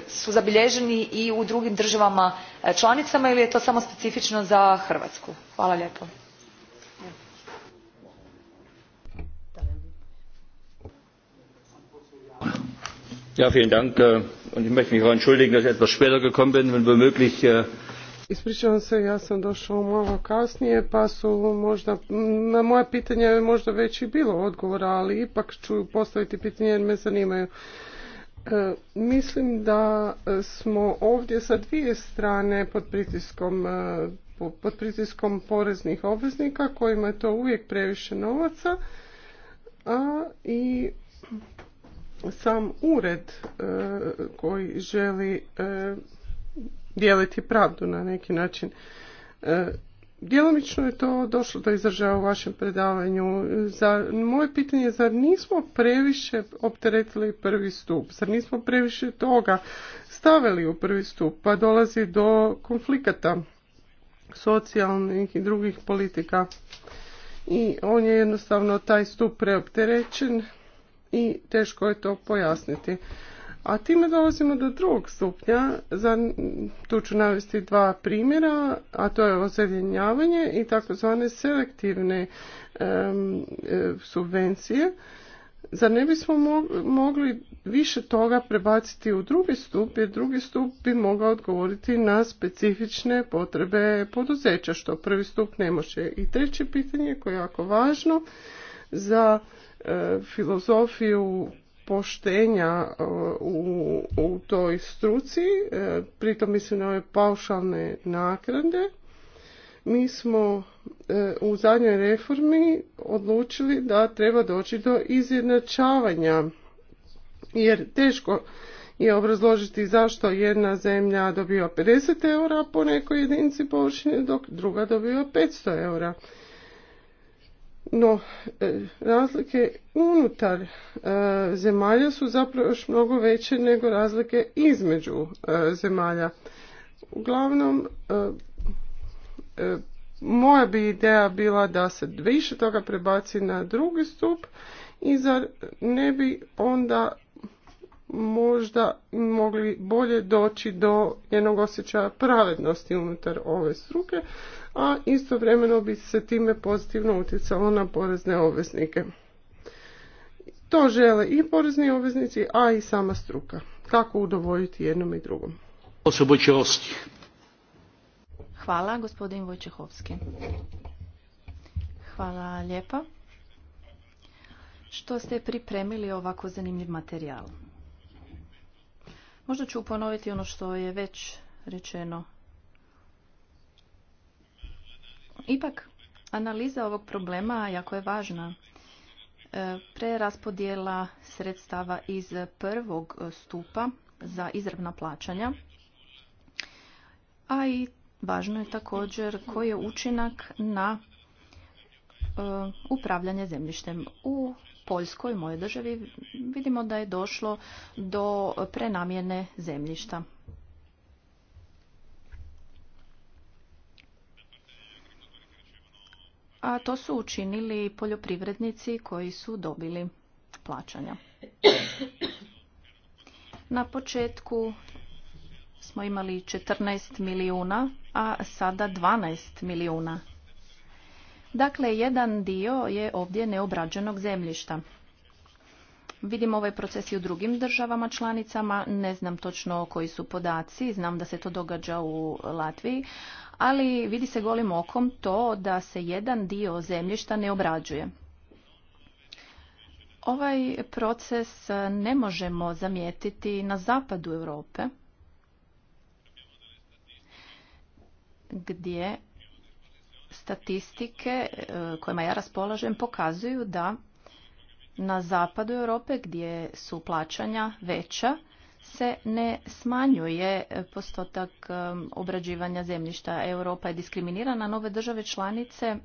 su zabilježeni i u drugim državama članicama ili je to samo specifično za hrvatsku? hvala äh, mich entschuldigen, dass ich etwas später gekommen bin Ispričavam se, ja sam došao malo kasnije, pa su možda, na moja pitanja je možda već i bilo odgovora, ali ipak ću postaviti pitanje jer me zanimaju. E, mislim da smo ovdje sa dvije strane pod pritiskom, e, pod pritiskom poreznih obveznika kojima je to uvijek previše novaca, a i sam ured e, koji želi dijeliti pravdu na neki način. E, djelomično je to došlo do izražaja u vašem predavanju. Za, moje pitanje je zar nismo previše opteretili prvi stup, zar nismo previše toga stavili u prvi stup, pa dolazi do konflikata socijalnih i drugih politika. I on je jednostavno taj stup preopterećen i teško je to pojasniti. A time dolazimo do drugog stupnja, za, tu ću navesti dva primjera, a to je ozeljenjavanje i takozvane selektivne e, subvencije. Zar ne bismo mogli više toga prebaciti u drugi stup, jer drugi stup bi mogao odgovoriti na specifične potrebe poduzeća, što prvi stup ne može. I treće pitanje koje je jako važno za e, filozofiju poštenja e, u, u toj struci, e, pritom mislim na ove paušalne naknade, mi smo e, u zadnjoj reformi odlučili da treba doći do izjednačavanja jer teško je obrazložiti zašto jedna zemlja dobiva 50 eura po nekoj jedinici površine dok druga dobiva 500 eura. No, e, razlike unutar e, zemalja su zapravo još mnogo veće nego razlike između e, zemalja. Uglavnom, moja bi ideja bila da se više toga prebaci na drugi stup i zar ne bi onda možda mogli bolje doći do jednog osjećaja pravednosti unutar ove struke, a istovremeno bi se time pozitivno utjecalo na porezne obveznike. To žele i porezni obveznici, a i sama struka. Kako udovoljiti jednom i drugom? Hvala, gospodin Vojčehovski. Hvala lijepa. Što ste pripremili ovako zanimljiv materijal? Možda ću ponoviti ono što je već rečeno Ipak, analiza ovog problema jako je važna. E, preraspodjela sredstava iz prvog stupa za izravna plaćanja, a i važno je također koji je učinak na e, upravljanje zemljištem. U Poljskoj, mojoj državi, vidimo da je došlo do prenamjene zemljišta. a to su učinili poljoprivrednici koji su dobili plaćanja. Na početku smo imali 14 milijuna, a sada 12 milijuna. Dakle, jedan dio je ovdje neobrađenog zemljišta. Vidim ovaj proces i u drugim državama članicama, ne znam točno koji su podaci, znam da se to događa u Latviji, ali vidi se golim okom to da se jedan dio zemljišta ne obrađuje. Ovaj proces ne možemo zamijetiti na zapadu Europe, gdje statistike e, kojima ja raspolažem pokazuju da na zapadu Europe gdje su plaćanja veća se ne smanjuje postotak um, obrađivanja zemljišta. Europa je diskriminirana, nove države članice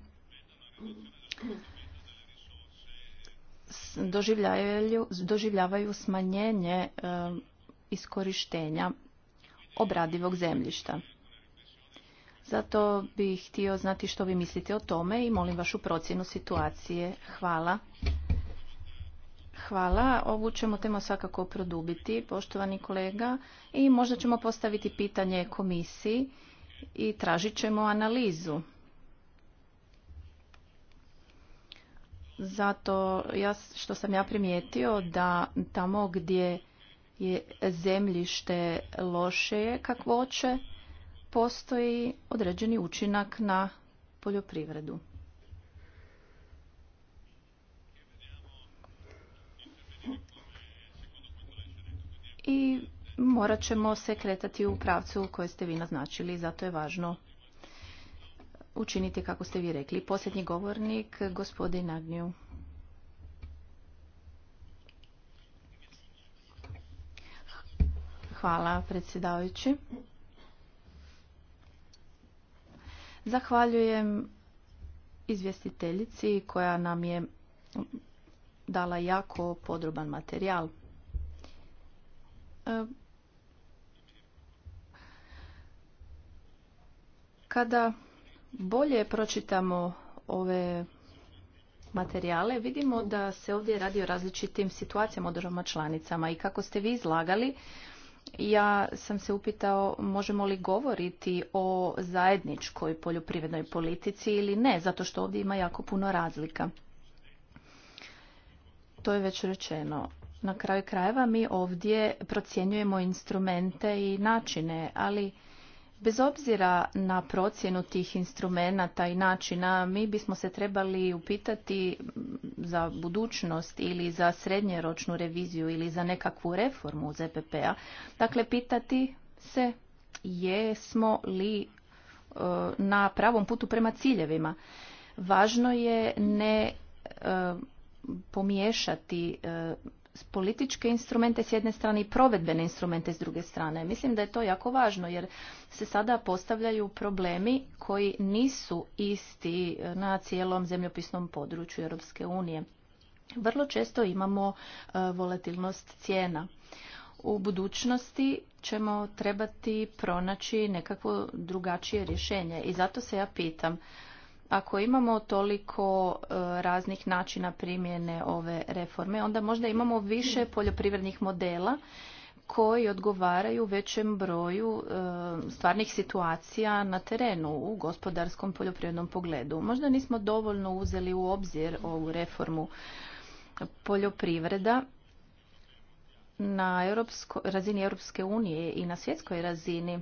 doživljavaju, smanjenje um, iskorištenja obradivog zemljišta. Zato bih htio znati što vi mislite o tome i molim vašu procjenu situacije. Hvala. Hvala. Ovu ćemo temu svakako produbiti, poštovani kolega, i možda ćemo postaviti pitanje komisiji i tražit ćemo analizu. Zato što sam ja primijetio da tamo gdje je zemljište loše kakvoće, postoji određeni učinak na poljoprivredu. i morat ćemo se kretati u pravcu koje ste vi naznačili, zato je važno učiniti kako ste vi rekli. Posljednji govornik, gospodin Agnju. Hvala, predsjedavajući. Zahvaljujem izvjestiteljici koja nam je dala jako podroban materijal. E, kada bolje pročitamo ove materijale vidimo da se ovdje radi o različitim situacijama u državama članicama i kako ste vi izlagali ja sam se upitao možemo li govoriti o zajedničkoj poljoprivrednoj politici ili ne, zato što ovdje ima jako puno razlika. To je već rečeno. Na kraju krajeva mi ovdje procjenjujemo instrumente i načine, ali bez obzira na procjenu tih instrumenata i načina, mi bismo se trebali upitati za budućnost ili za srednjeročnu reviziju ili za nekakvu reformu ZPP-a. Dakle, pitati se jesmo li e, na pravom putu prema ciljevima. Važno je ne e, pomiješati e, političke instrumente s jedne strane i provedbene instrumente s druge strane. Mislim da je to jako važno jer se sada postavljaju problemi koji nisu isti eh, na cijelom zemljopisnom području Europske unije. Vrlo često imamo eh, volatilnost cijena. U budućnosti ćemo trebati pronaći nekakvo drugačije rješenje i zato se ja pitam ako imamo toliko e, raznih načina primjene ove reforme, onda možda imamo više poljoprivrednih modela koji odgovaraju većem broju e, stvarnih situacija na terenu u gospodarskom poljoprivrednom pogledu. Možda nismo dovoljno uzeli u obzir ovu reformu poljoprivreda na razini Europske unije i na svjetskoj razini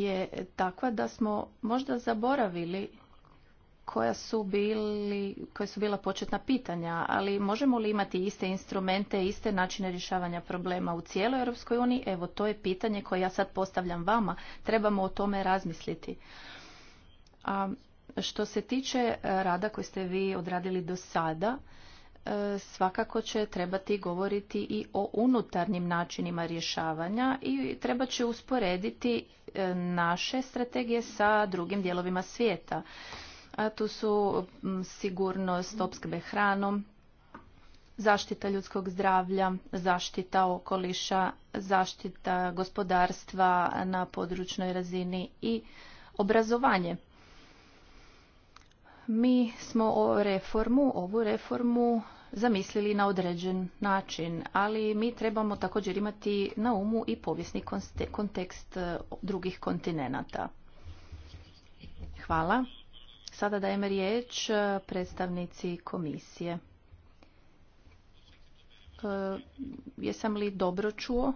je takva da smo možda zaboravili koja su bili, su bila početna pitanja, ali možemo li imati iste instrumente, iste načine rješavanja problema u cijeloj Europskoj uniji? Evo, to je pitanje koje ja sad postavljam vama. Trebamo o tome razmisliti. A što se tiče eh, rada koji ste vi odradili do sada, E, svakako će trebati govoriti i o unutarnjim načinima rješavanja i treba će usporediti e, naše strategije sa drugim dijelovima svijeta. tu su sigurnost opskrbe hranom, zaštita ljudskog zdravlja, zaštita okoliša, zaštita gospodarstva na područnoj razini i obrazovanje mi smo o reformu, ovu reformu zamislili na određen način, ali mi trebamo također imati na umu i povijesni kontekst e, drugih kontinenata. Hvala. Sada dajem riječ e, predstavnici komisije. E, jesam li dobro čuo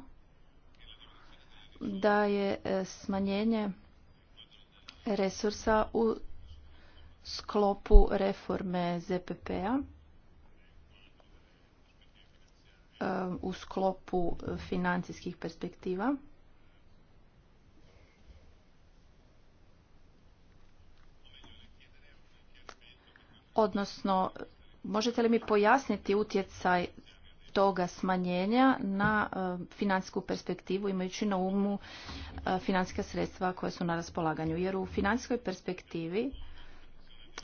da je smanjenje resursa u sklopu reforme ZPP-a um, u sklopu financijskih perspektiva. Odnosno, možete li mi pojasniti utjecaj toga smanjenja na um, financijsku perspektivu imajući na umu uh, financijska sredstva koja su na raspolaganju? Jer u financijskoj perspektivi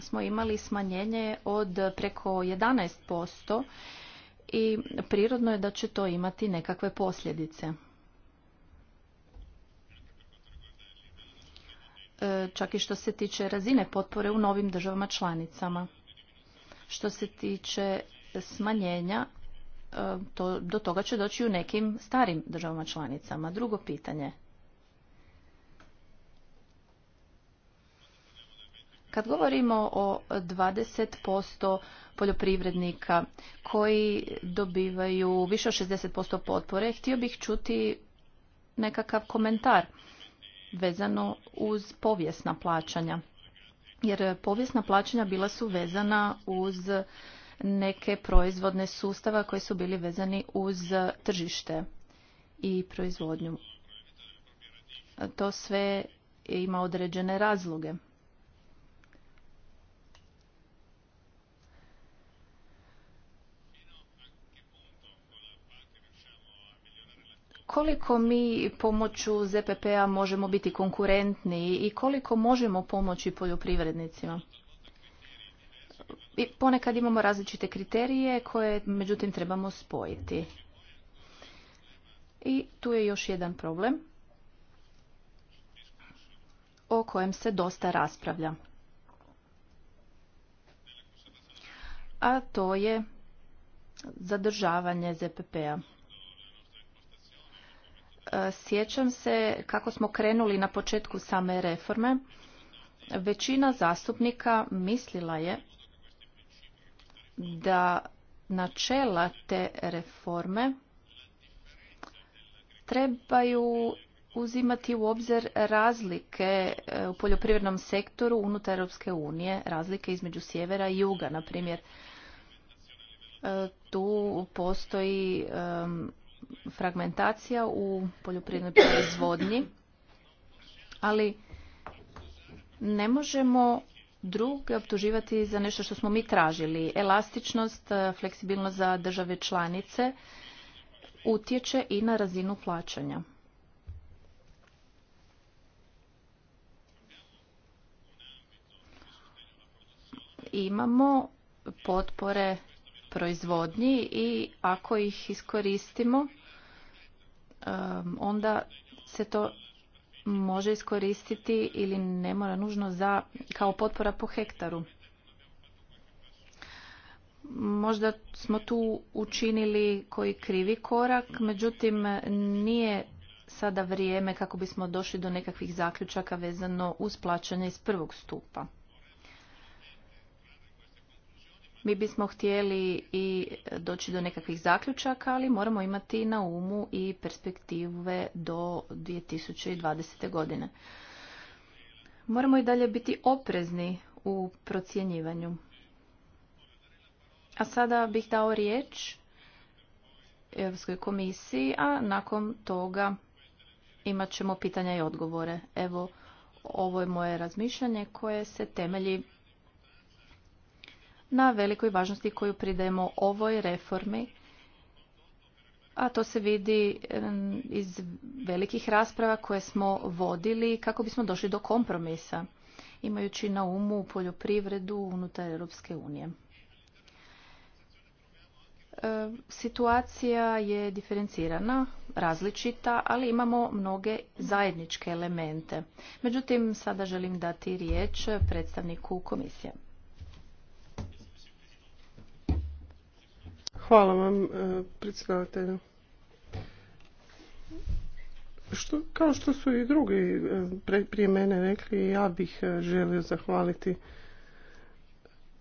smo imali smanjenje od preko 11% i prirodno je da će to imati nekakve posljedice. E, čak i što se tiče razine potpore u novim državama članicama. Što se tiče smanjenja, e, do toga će doći u nekim starim državama članicama. Drugo pitanje. Kad govorimo o 20% poljoprivrednika koji dobivaju više od 60% potpore, htio bih čuti nekakav komentar vezano uz povijesna plaćanja. Jer povijesna plaćanja bila su vezana uz neke proizvodne sustava koji su bili vezani uz tržište i proizvodnju. To sve ima određene razloge. koliko mi pomoću ZPP-a možemo biti konkurentni i koliko možemo pomoći poljoprivrednicima. I ponekad imamo različite kriterije koje međutim trebamo spojiti. I tu je još jedan problem o kojem se dosta raspravlja. A to je zadržavanje ZPP-a. E, sjećam se kako smo krenuli na početku same reforme. Većina zastupnika mislila je da načela te reforme trebaju uzimati u obzir razlike e, u poljoprivrednom sektoru unutar Europske unije, razlike između sjevera i juga, na primjer. E, tu postoji fragmentacija u poljoprivrednoj proizvodnji, ali ne možemo druge optuživati za nešto što smo mi tražili. Elastičnost, e, fleksibilnost za države članice utječe i na razinu plaćanja. Imamo potpore proizvodnji i ako ih iskoristimo onda se to može iskoristiti ili ne mora nužno za, kao potpora po hektaru. Možda smo tu učinili koji krivi korak, međutim nije sada vrijeme kako bismo došli do nekakvih zaključaka vezano uz plaćanje iz prvog stupa. Mi bismo htjeli i doći do nekakvih zaključaka, ali moramo imati na umu i perspektive do 2020. godine. Moramo i dalje biti oprezni u procjenjivanju. A sada bih dao riječ Europskoj komisiji, a nakon toga imat ćemo pitanja i odgovore. Evo, ovo je moje razmišljanje koje se temelji na velikoj važnosti koju pridajemo ovoj reformi, a to se vidi iz velikih rasprava koje smo vodili kako bismo došli do kompromisa, imajući na umu poljoprivredu unutar Europske unije. E, situacija je diferencirana, različita, ali imamo mnoge zajedničke elemente. Međutim, sada želim dati riječ predstavniku komisije. Hvala vam, e, predsjedatelju kao što su i drugi e, prije mene rekli, ja bih e, želio zahvaliti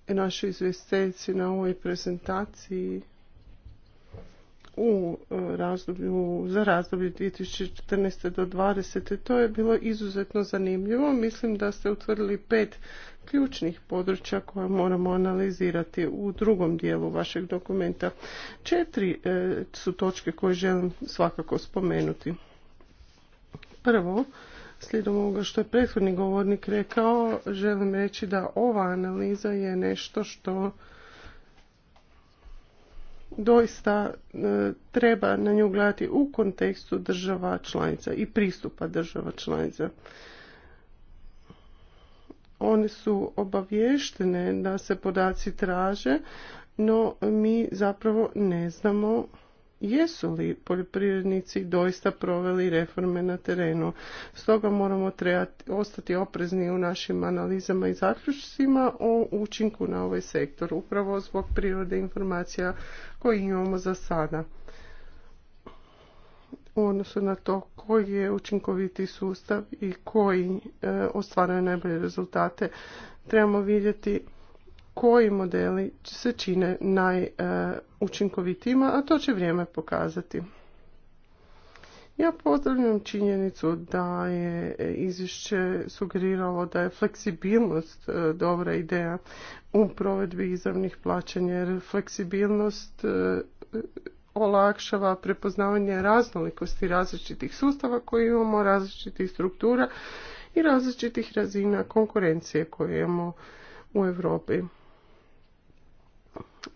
našoj izvesteljci na ovoj prezentaciji u e, razdoblju, za razdoblje 2014. do 2020. To je bilo izuzetno zanimljivo. Mislim da ste utvrdili pet ključnih područja koja moramo analizirati u drugom dijelu vašeg dokumenta. Četiri e, su točke koje želim svakako spomenuti. Prvo, slijedom ovoga što je prethodni govornik rekao, želim reći da ova analiza je nešto što doista e, treba na nju gledati u kontekstu država članica i pristupa država članica. One su obavještene da se podaci traže, no mi zapravo ne znamo jesu li poljoprivrednici doista proveli reforme na terenu. Stoga moramo trebati, ostati oprezni u našim analizama i zaključcima o učinku na ovaj sektor, upravo zbog prirode informacija koje imamo za sada u odnosu na to koji je učinkoviti sustav i koji e, ostvaraju najbolje rezultate. Trebamo vidjeti koji modeli se čine najučinkovitijima, a to će vrijeme pokazati. Ja pozdravljam činjenicu da je izvješće sugeriralo da je fleksibilnost e, dobra ideja u provedbi izravnih plaćanja, jer fleksibilnost e, olakšava prepoznavanje raznolikosti različitih sustava koji imamo, različitih struktura i različitih razina konkurencije koje imamo u Europi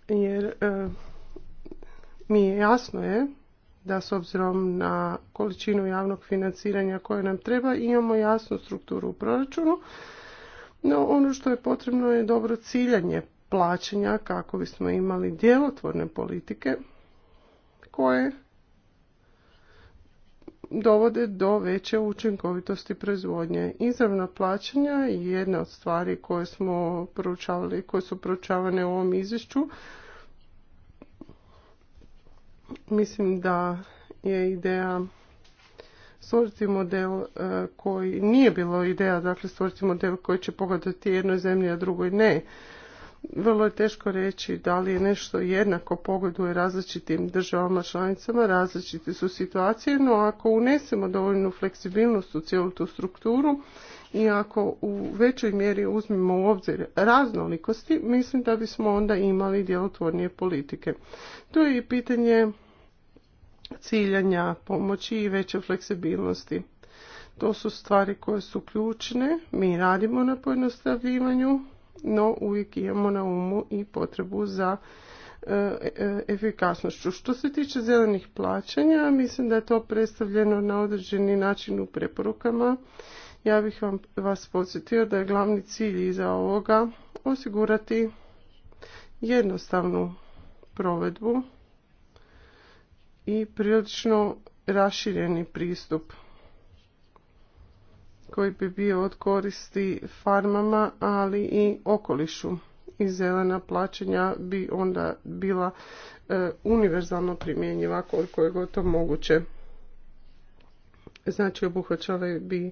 jer e, mi je jasno je da s obzirom na količinu javnog financiranja koje nam treba imamo jasnu strukturu u proračunu, no ono što je potrebno je dobro ciljanje plaćanja kako bismo imali djelotvorne politike koje dovode do veće učinkovitosti proizvodnje. Izravna plaćanja je jedna od stvari koje smo proučavali, koje su proučavane u ovom izvješću. Mislim da je ideja stvoriti model e, koji nije bilo ideja, dakle stvoriti model koji će pogledati jednoj zemlji, a drugoj ne vrlo je teško reći da li je nešto jednako pogoduje različitim državama članicama, različite su situacije, no ako unesemo dovoljnu fleksibilnost u cijelu tu strukturu i ako u većoj mjeri uzmemo u obzir raznolikosti, mislim da bismo onda imali djelotvornije politike. To je i pitanje ciljanja, pomoći i veće fleksibilnosti. To su stvari koje su ključne, mi radimo na pojednostavljivanju, no uvijek imamo na umu i potrebu za e, e, efikasnošću. Što se tiče zelenih plaćanja, mislim da je to predstavljeno na određeni način u preporukama. Ja bih vam, vas podsjetio da je glavni cilj iza ovoga osigurati jednostavnu provedbu i prilično rašireni pristup koji bi bio od koristi farmama, ali i okolišu. I zelena plaćanja bi onda bila e, univerzalno primjenjiva koliko je to moguće. Znači obuhvaćale bi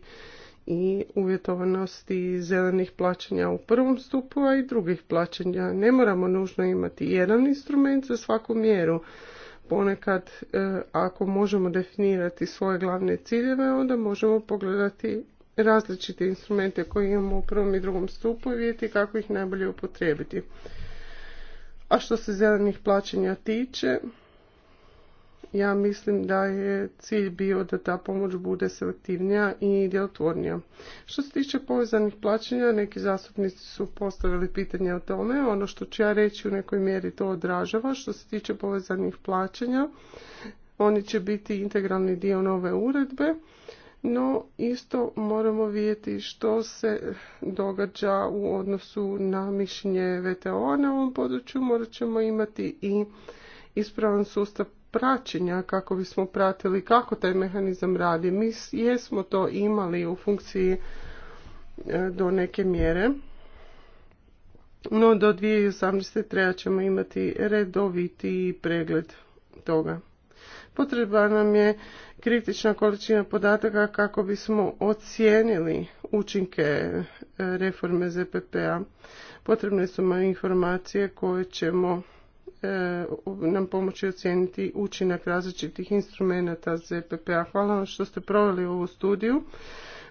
i uvjetovanosti zelenih plaćanja u prvom stupu, a i drugih plaćanja. Ne moramo nužno imati jedan instrument za svaku mjeru. Ponekad, e, ako možemo definirati svoje glavne ciljeve, onda možemo pogledati različite instrumente koje imamo u prvom i drugom stupu i vidjeti kako ih najbolje upotrijebiti. A što se zelenih plaćanja tiče, ja mislim da je cilj bio da ta pomoć bude selektivnija i djelotvornija. Što se tiče povezanih plaćanja, neki zastupnici su postavili pitanje o tome. Ono što ću ja reći u nekoj mjeri to odražava. Što se tiče povezanih plaćanja, oni će biti integralni dio nove uredbe no isto moramo vidjeti što se događa u odnosu na mišljenje VTO na ovom području. Morat ćemo imati i ispravan sustav praćenja kako bismo pratili kako taj mehanizam radi. Mi jesmo to imali u funkciji e, do neke mjere. No do 2018. treba ćemo imati redoviti pregled toga. Potreba nam je kritična količina podataka kako bismo ocijenili učinke e, reforme ZPP-a. Potrebne su nam informacije koje ćemo e, nam pomoći ocijeniti učinak različitih instrumenata ZPP-a. Hvala vam što ste proveli ovu studiju.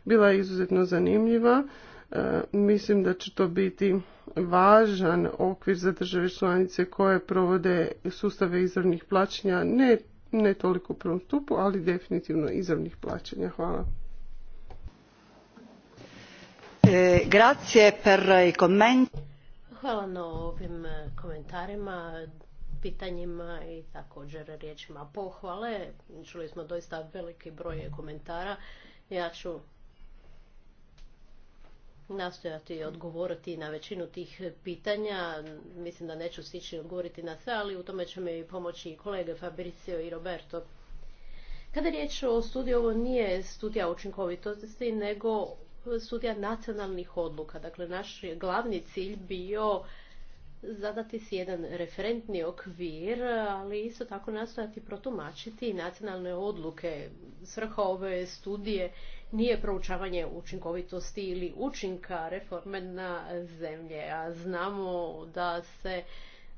Bila je izuzetno zanimljiva. E, mislim da će to biti važan okvir za države članice koje provode sustave izravnih plaćanja, ne ne toliko u prvom stupu, ali definitivno izravnih plaćanja. Hvala. E, grazie per i Hvala na ovim e, komentarima, pitanjima i također riječima pohvale. Čuli smo doista veliki broj komentara. Ja ću nastojati odgovoriti na većinu tih pitanja. Mislim da neću stići odgovoriti na sve, ali u tome će mi pomoći i kolege Fabricio i Roberto. Kada je riječ o studiju, ovo nije studija učinkovitosti, nego studija nacionalnih odluka. Dakle, naš glavni cilj bio zadati si jedan referentni okvir, ali isto tako nastojati protumačiti nacionalne odluke. Svrha ove studije nije proučavanje učinkovitosti ili učinka reforme na zemlje, a znamo da se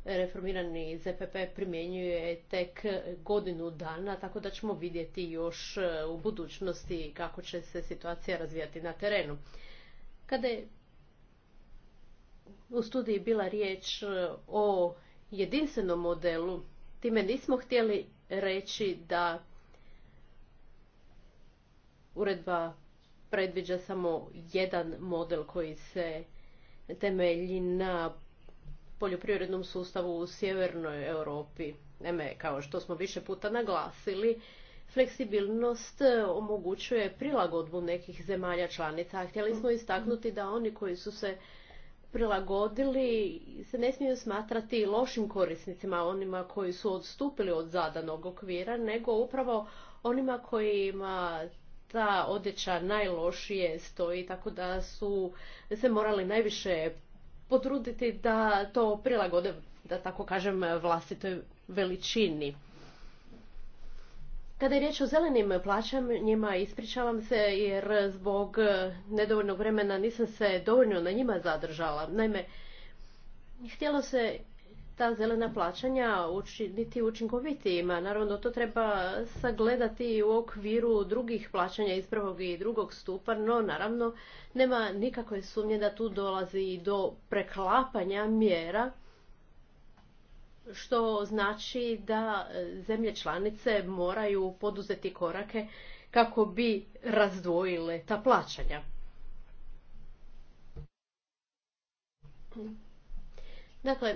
reformirani ZPP primjenjuje tek godinu dana, tako da ćemo vidjeti još e, u budućnosti kako će se situacija razvijati na terenu. Kada je u studiji bila riječ e, o jedinstvenom modelu, time nismo htjeli reći da uredba predviđa samo jedan model koji se temelji na poljoprivrednom sustavu u sjevernoj Europi. Eme, kao što smo više puta naglasili, fleksibilnost e, omogućuje prilagodbu nekih zemalja članica. Htjeli smo istaknuti da oni koji su se prilagodili se ne smiju smatrati lošim korisnicima, onima koji su odstupili od zadanog okvira, nego upravo onima kojima ta odjeća najlošije stoji, tako da su se morali najviše potruditi da to prilagode, da tako kažem, vlastitoj veličini. Kada je riječ o zelenim plaćanjima, ispričavam se jer zbog eh, nedovoljnog vremena nisam se dovoljno na njima zadržala. Naime, htjelo se ta zelena plaćanja učiniti učinkovitijima. Naravno, to treba sagledati u okviru drugih plaćanja iz prvog i drugog stupa, no naravno nema nikakve sumnje da tu dolazi do preklapanja mjera što znači da e, zemlje članice moraju poduzeti korake kako bi razdvojile ta plaćanja. Dakle,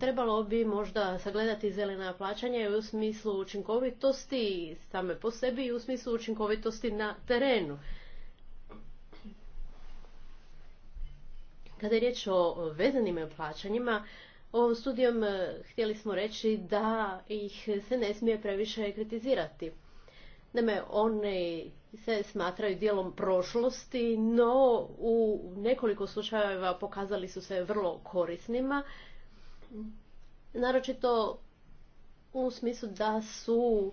trebalo bi možda sagledati zelena plaćanja u smislu učinkovitosti same po sebi i u smislu učinkovitosti na terenu. Kada je riječ o vezanim plaćanjima, Ovom studijom e, htjeli smo reći da ih se ne smije previše kritizirati. Naime, one se smatraju dijelom prošlosti, no u nekoliko slučajeva pokazali su se vrlo korisnima. Naročito u smislu da su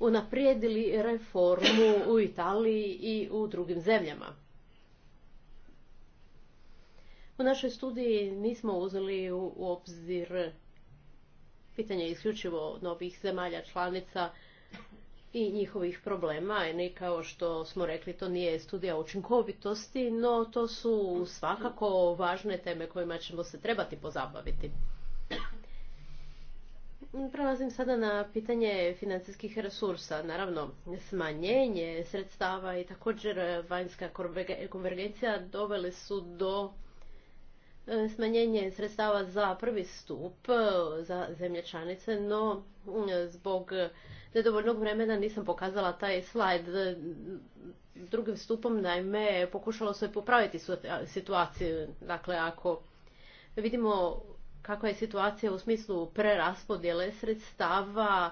unaprijedili reformu u Italiji i u drugim zemljama. U našoj studiji nismo uzeli u obzir pitanje isključivo novih zemalja članica i njihovih problema. I kao što smo rekli, to nije studija učinkovitosti, no to su svakako važne teme kojima ćemo se trebati pozabaviti. Prelazim sada na pitanje financijskih resursa. Naravno, smanjenje sredstava i također vanjska konvergencija doveli su do E, smanjenje sredstava za prvi stup e, za zemlje članice, no zbog nedovoljnog vremena nisam pokazala taj slajd. E, drugim stupom, naime, pokušalo se popraviti situaciju. Dakle, ako vidimo kakva je situacija u smislu preraspodjele sredstava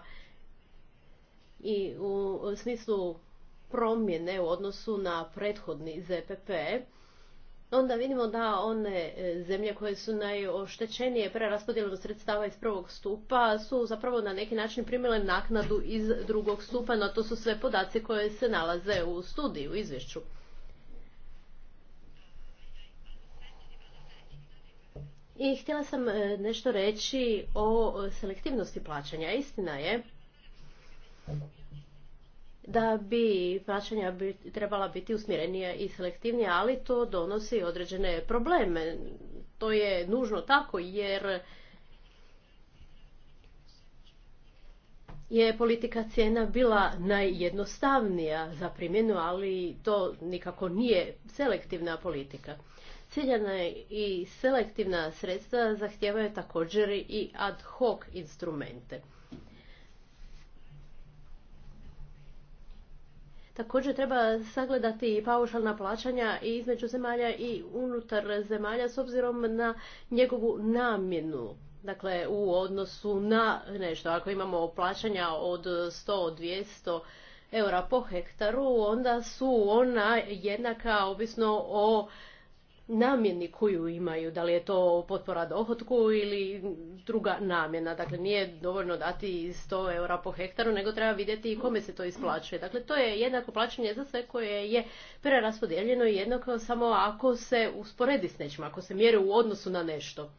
i u smislu promjene u odnosu na prethodni ZPP, onda vidimo da one e, zemlje koje su najoštećenije preraspodjelom sredstava iz prvog stupa su zapravo na neki način primile naknadu iz drugog stupa, no to su sve podaci koje se nalaze u studiju, u izvješću. I htjela sam e, nešto reći o selektivnosti plaćanja. Istina je da bi praćenja bi, trebala biti usmjerenija i selektivnija, ali to donosi određene probleme. To je nužno tako jer je politika cijena bila najjednostavnija za primjenu, ali to nikako nije selektivna politika. Ciljana i selektivna sredstva zahtijevaju također i ad hoc instrumente. Također treba sagledati paušalna plaćanja i između zemalja i unutar zemalja s obzirom na njegovu namjenu. Dakle, u odnosu na nešto, ako imamo plaćanja od 100-200 eura po hektaru, onda su ona jednaka ovisno o namjeni koju imaju, da li je to potpora dohotku ili druga namjena. Dakle, nije dovoljno dati 100 eura po hektaru, nego treba vidjeti i kome se to isplaćuje. Dakle, to je jednako plaćanje za sve koje je preraspodijeljeno i jednako samo ako se usporedi s nečim, ako se mjere u odnosu na nešto.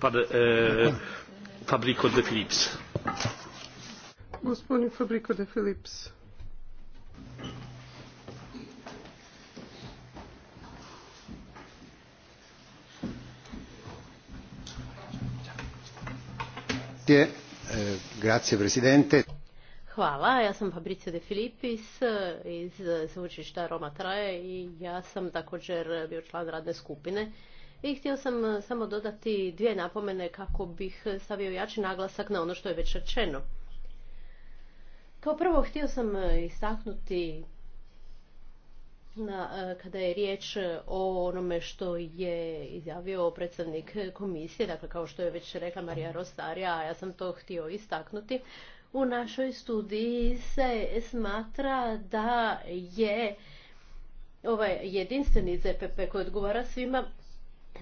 Pa, de Gospodin Fabrico de eh, Hvala, ja sam Fabricio de Filipis eh, iz sveučilišta Roma Traje i ja sam također bio član radne skupine. I htio sam eh, samo dodati dvije napomene kako bih stavio jači naglasak na ono što je već rečeno. Kao prvo htio sam e, istaknuti na, e, kada je riječ e, o onome što je izjavio predstavnik komisije, dakle kao što je već rekla Marija Rostarija, a ja sam to htio istaknuti, u našoj studiji se smatra da je ovaj jedinstveni ZPP koji odgovara svima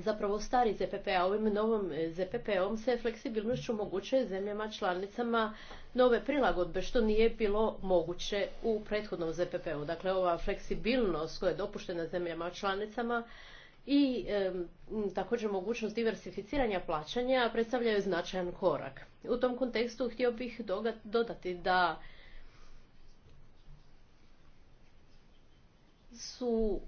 zapravo stari ZPP, a ovim novom e, ZPP-om se fleksibilnošću omogućuje zemljama članicama nove prilagodbe, što nije bilo moguće u prethodnom ZPP-u. Dakle, ova fleksibilnost koja je dopuštena zemljama članicama i također mogućnost diversificiranja plaćanja predstavljaju značajan korak. U tom kontekstu htio bih dodati da su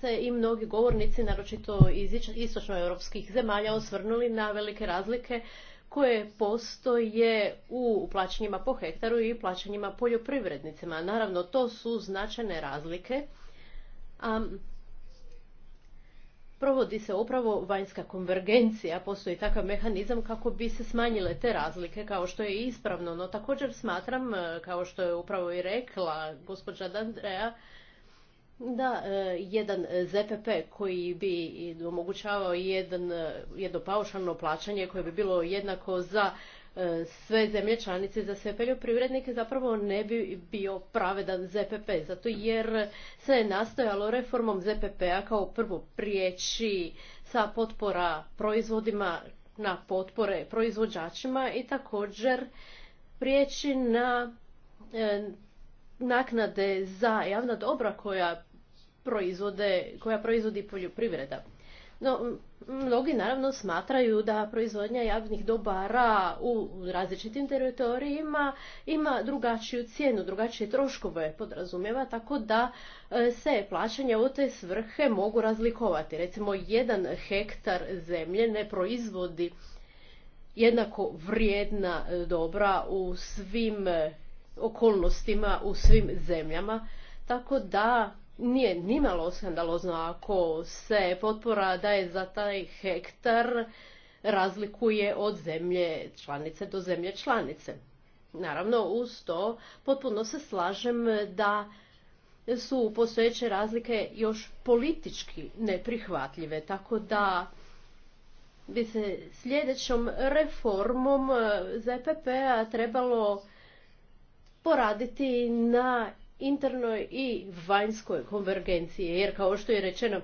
se i mnogi govornici, naročito iz istočnoeuropskih zemalja, osvrnuli na velike razlike koje postoje u plaćanjima po hektaru i plaćanjima poljoprivrednicima. Naravno, to su značajne razlike. A provodi se upravo vanjska konvergencija, postoji takav mehanizam kako bi se smanjile te razlike, kao što je ispravno. No također smatram, e, kao što je upravo i rekla gospođa D'Andrea, da, e, jedan e, ZPP koji bi omogućavao jedan, e, jedno paušalno plaćanje koje bi bilo jednako za sve zemlje članice, za sve poljoprivrednike zapravo ne bi bio pravedan ZPP, zato jer se je nastojalo reformom ZPP-a kao prvo prijeći sa potpora proizvodima na potpore proizvođačima i također prijeći na naknade za javna dobra koja proizvode, koja proizvodi poljoprivreda. No, mnogi naravno smatraju da proizvodnja javnih dobara u različitim teritorijima ima drugačiju cijenu, drugačije troškove podrazumijeva, tako da e, se plaćanja u te svrhe mogu razlikovati. Recimo, jedan hektar zemlje ne proizvodi jednako vrijedna e, dobra u svim e, okolnostima u svim zemljama, tako da nije nimalo skandalozno ako se potpora daje za taj hektar razlikuje od zemlje članice do zemlje članice. Naravno, uz to potpuno se slažem da su postojeće razlike još politički neprihvatljive, tako da bi se sljedećom reformom ZPP-a trebalo poraditi na internoj i vanjskoj konvergenciji, jer kao što je rečeno,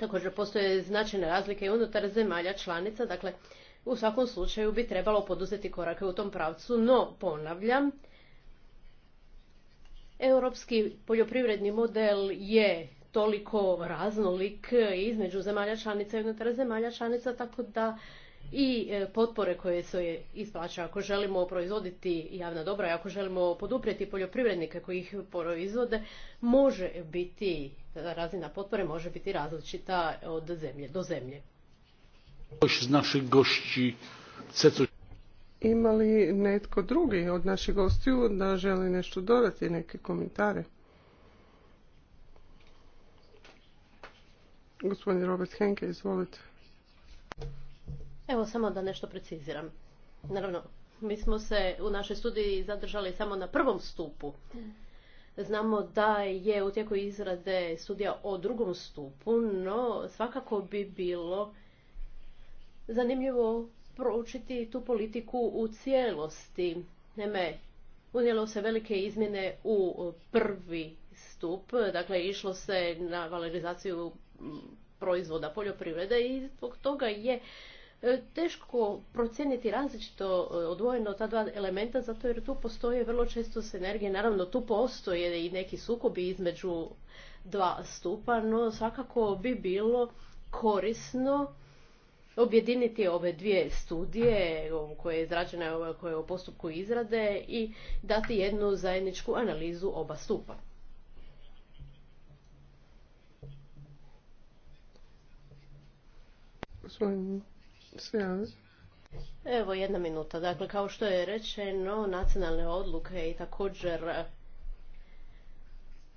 također postoje značajne razlike unutar zemalja članica, dakle u svakom slučaju bi trebalo poduzeti korake u tom pravcu, no ponavljam, europski poljoprivredni model je toliko raznolik između zemalja članica i unutar zemalja članica, tako da i e, potpore koje se isplaća ako želimo proizvoditi javna dobra i ako želimo poduprijeti poljoprivrednike koji ih proizvode, može biti, razina potpore može biti različita od zemlje do zemlje. Ima li netko drugi od naših gostiju da želi nešto dodati, neke komentare? Gospodin Robert Henke, izvolite. Evo samo da nešto preciziram. Naravno, mi smo se u našoj studiji zadržali samo na prvom stupu. Znamo da je u tijeku izrade studija o drugom stupu, no svakako bi bilo zanimljivo proučiti tu politiku u cijelosti. Naime, unijelo se velike izmjene u prvi stup, dakle išlo se na valorizaciju proizvoda poljoprivrede i zbog toga je E, teško procijeniti različito e, odvojeno ta dva elementa zato jer tu postoje vrlo često sinergije. Naravno tu postoje i neki sukobi između dva stupa, no svakako bi bilo korisno objediniti ove dvije studije e, koje je izrađena, koje je u postupku izrade i dati jednu zajedničku analizu oba stupa. Evo jedna minuta. Dakle, kao što je rečeno, nacionalne odluke i također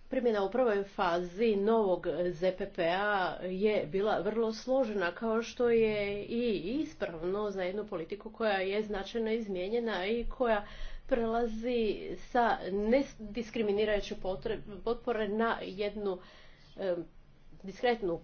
primjena u prvoj fazi novog ZPPA je bila vrlo složena, kao što je i ispravno za jednu politiku koja je značajno izmijenjena i koja prelazi sa nediskriminirajuće potpore na jednu diskretnu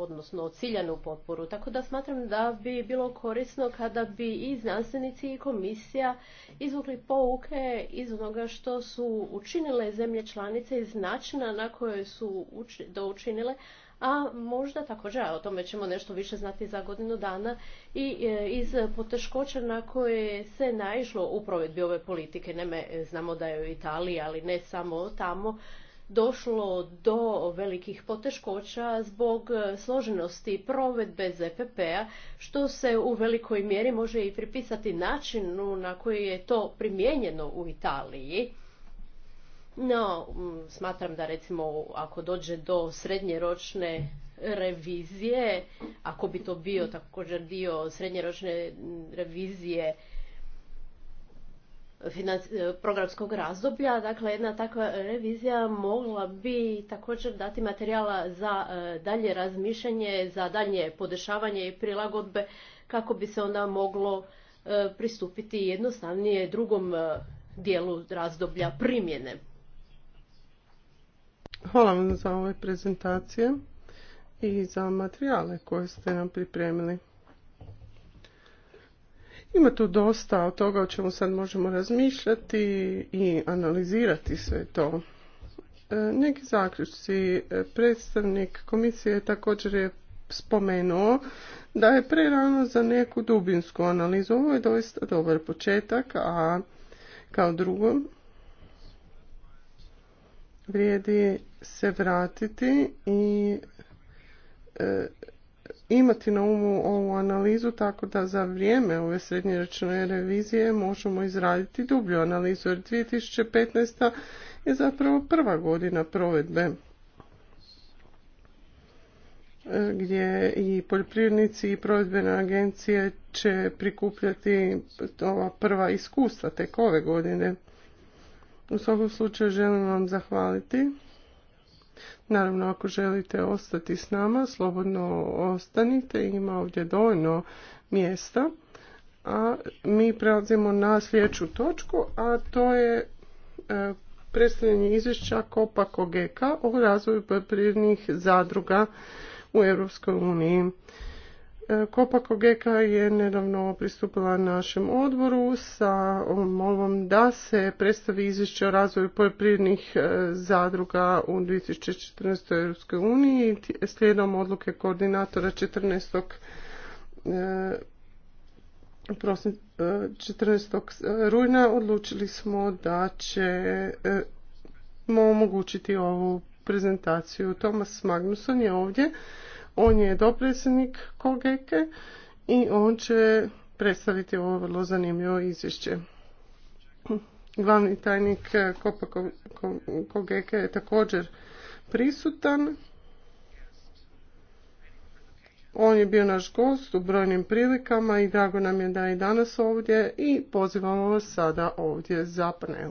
odnosno ciljanu potporu. Tako da smatram da bi bilo korisno kada bi i znanstvenici i komisija izvukli pouke iz onoga što su učinile zemlje članice iz načina na koje su to učinile, a možda također, a o tome ćemo nešto više znati za godinu dana, i e, iz poteškoća na koje se naišlo u provedbi ove politike. Neme, znamo da je u Italiji, ali ne samo tamo, došlo do velikih poteškoća zbog e, složenosti provedbe ZPP-a, što se u velikoj mjeri može i pripisati načinu na koji je to primijenjeno u Italiji. No, smatram da recimo ako dođe do srednjeročne revizije, ako bi to bio također dio srednjeročne revizije E, programskog razdoblja. Dakle, jedna takva revizija mogla bi također dati materijala za e, dalje razmišljanje, za dalje podešavanje i prilagodbe kako bi se onda moglo e, pristupiti jednostavnije drugom dijelu razdoblja primjene. Hvala vam za ove prezentacije i za materijale koje ste nam pripremili. Ima tu dosta od toga o čemu sad možemo razmišljati i analizirati sve to. E, neki zaključci. E, predstavnik komisije također je spomenuo da je prerano za neku dubinsku analizu. Ovo je doista dobar početak, a kao drugo vrijedi se vratiti i e, imati na umu ovu analizu tako da za vrijeme ove srednjeračne revizije možemo izraditi dublju analizu jer 2015. je zapravo prva godina provedbe e, gdje i poljoprivrednici i provedbene agencije će prikupljati ova prva iskustva tek ove godine. U svakom slučaju želim vam zahvaliti Naravno, ako želite ostati s nama, slobodno ostanite, ima ovdje dovoljno mjesta. A mi prelazimo na sljedeću točku, a to je e, predstavljanje izvješća Kopa Kogeka o razvoju poljoprivrednih zadruga u Europskoj uniji. Kopako GK je nedavno pristupila našem odboru sa molom da se predstavi izvješće o razvoju poljoprivrednih e, zadruga u 2014. Europskoj uniji slijedom odluke koordinatora 14. 14. E, e, rujna odlučili smo da ćemo omogućiti ovu prezentaciju. Thomas Magnusson je ovdje on je dopredsjednik Kogeke i on će predstaviti ovo vrlo zanimljivo izvješće. Glavni tajnik Kopa Kogeke je također prisutan. On je bio naš gost u brojnim prilikama i drago nam je da je danas ovdje i pozivamo vas sada ovdje za panel.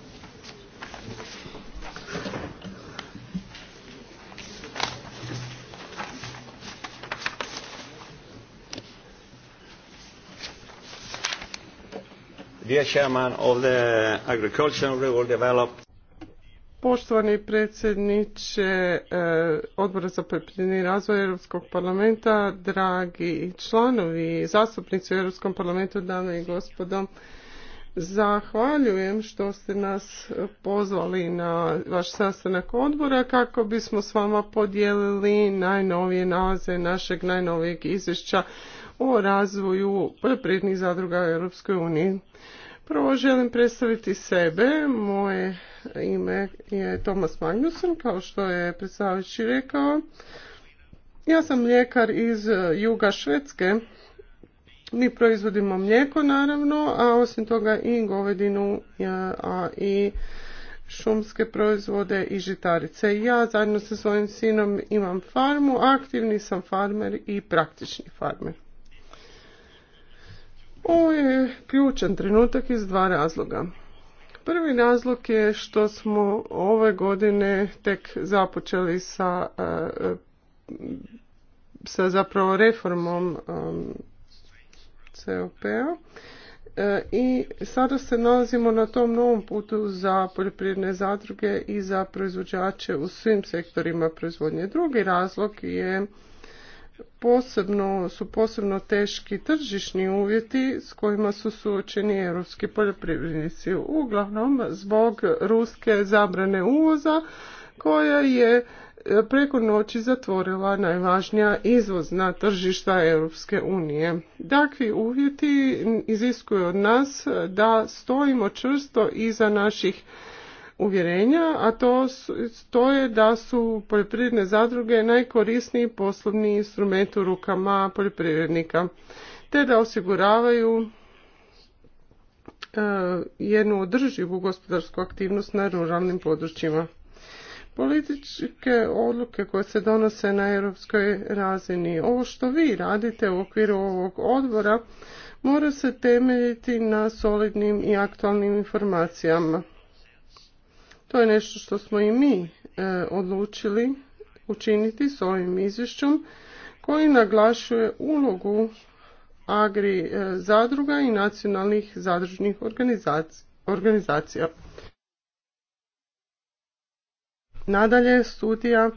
Dear chairman Poštovani predsjedniče e, Odbora za poljoprivredni razvoj Europskog parlamenta, dragi članovi, zastupnici u Europskom parlamentu, dame i gospodo, zahvaljujem što ste nas pozvali na vaš sastanak odbora kako bismo s vama podijelili najnovije nalaze našeg najnovijeg izvješća o razvoju poljoprivrednih zadruga u Europskoj uniji. Prvo želim predstaviti sebe. Moje ime je Tomas Magnuson, kao što je predstavljajući rekao. Ja sam mljekar iz juga Švedske. Mi proizvodimo mlijeko naravno, a osim toga i govedinu, a i šumske proizvode i žitarice. Ja zajedno sa svojim sinom imam farmu, aktivni sam farmer i praktični farmer. Ovo je ključan trenutak iz dva razloga. Prvi razlog je što smo ove godine tek započeli sa, e, e, sa zapravo reformom COP-a e, i sada se nalazimo na tom novom putu za poljoprivredne zadruge i za proizvođače u svim sektorima proizvodnje. Drugi razlog je posebno, su posebno teški tržišni uvjeti s kojima su suočeni europski poljoprivrednici. Uglavnom zbog ruske zabrane uvoza koja je e, preko noći zatvorila najvažnija izvozna tržišta Europske unije. Takvi uvjeti iziskuju od nas da stojimo čvrsto iza naših uvjerenja, a to, to je da su poljoprivredne zadruge najkorisniji poslovni instrument u rukama poljoprivrednika, te da osiguravaju e, jednu održivu gospodarsku aktivnost na ruralnim područjima. Političke odluke koje se donose na europskoj razini, ovo što vi radite u okviru ovog odbora, mora se temeljiti na solidnim i aktualnim informacijama. To je nešto što smo i mi e, odlučili učiniti s ovim izvješćom koji naglašuje ulogu agri e, zadruga i nacionalnih zadružnih organizacija. Nadalje, studija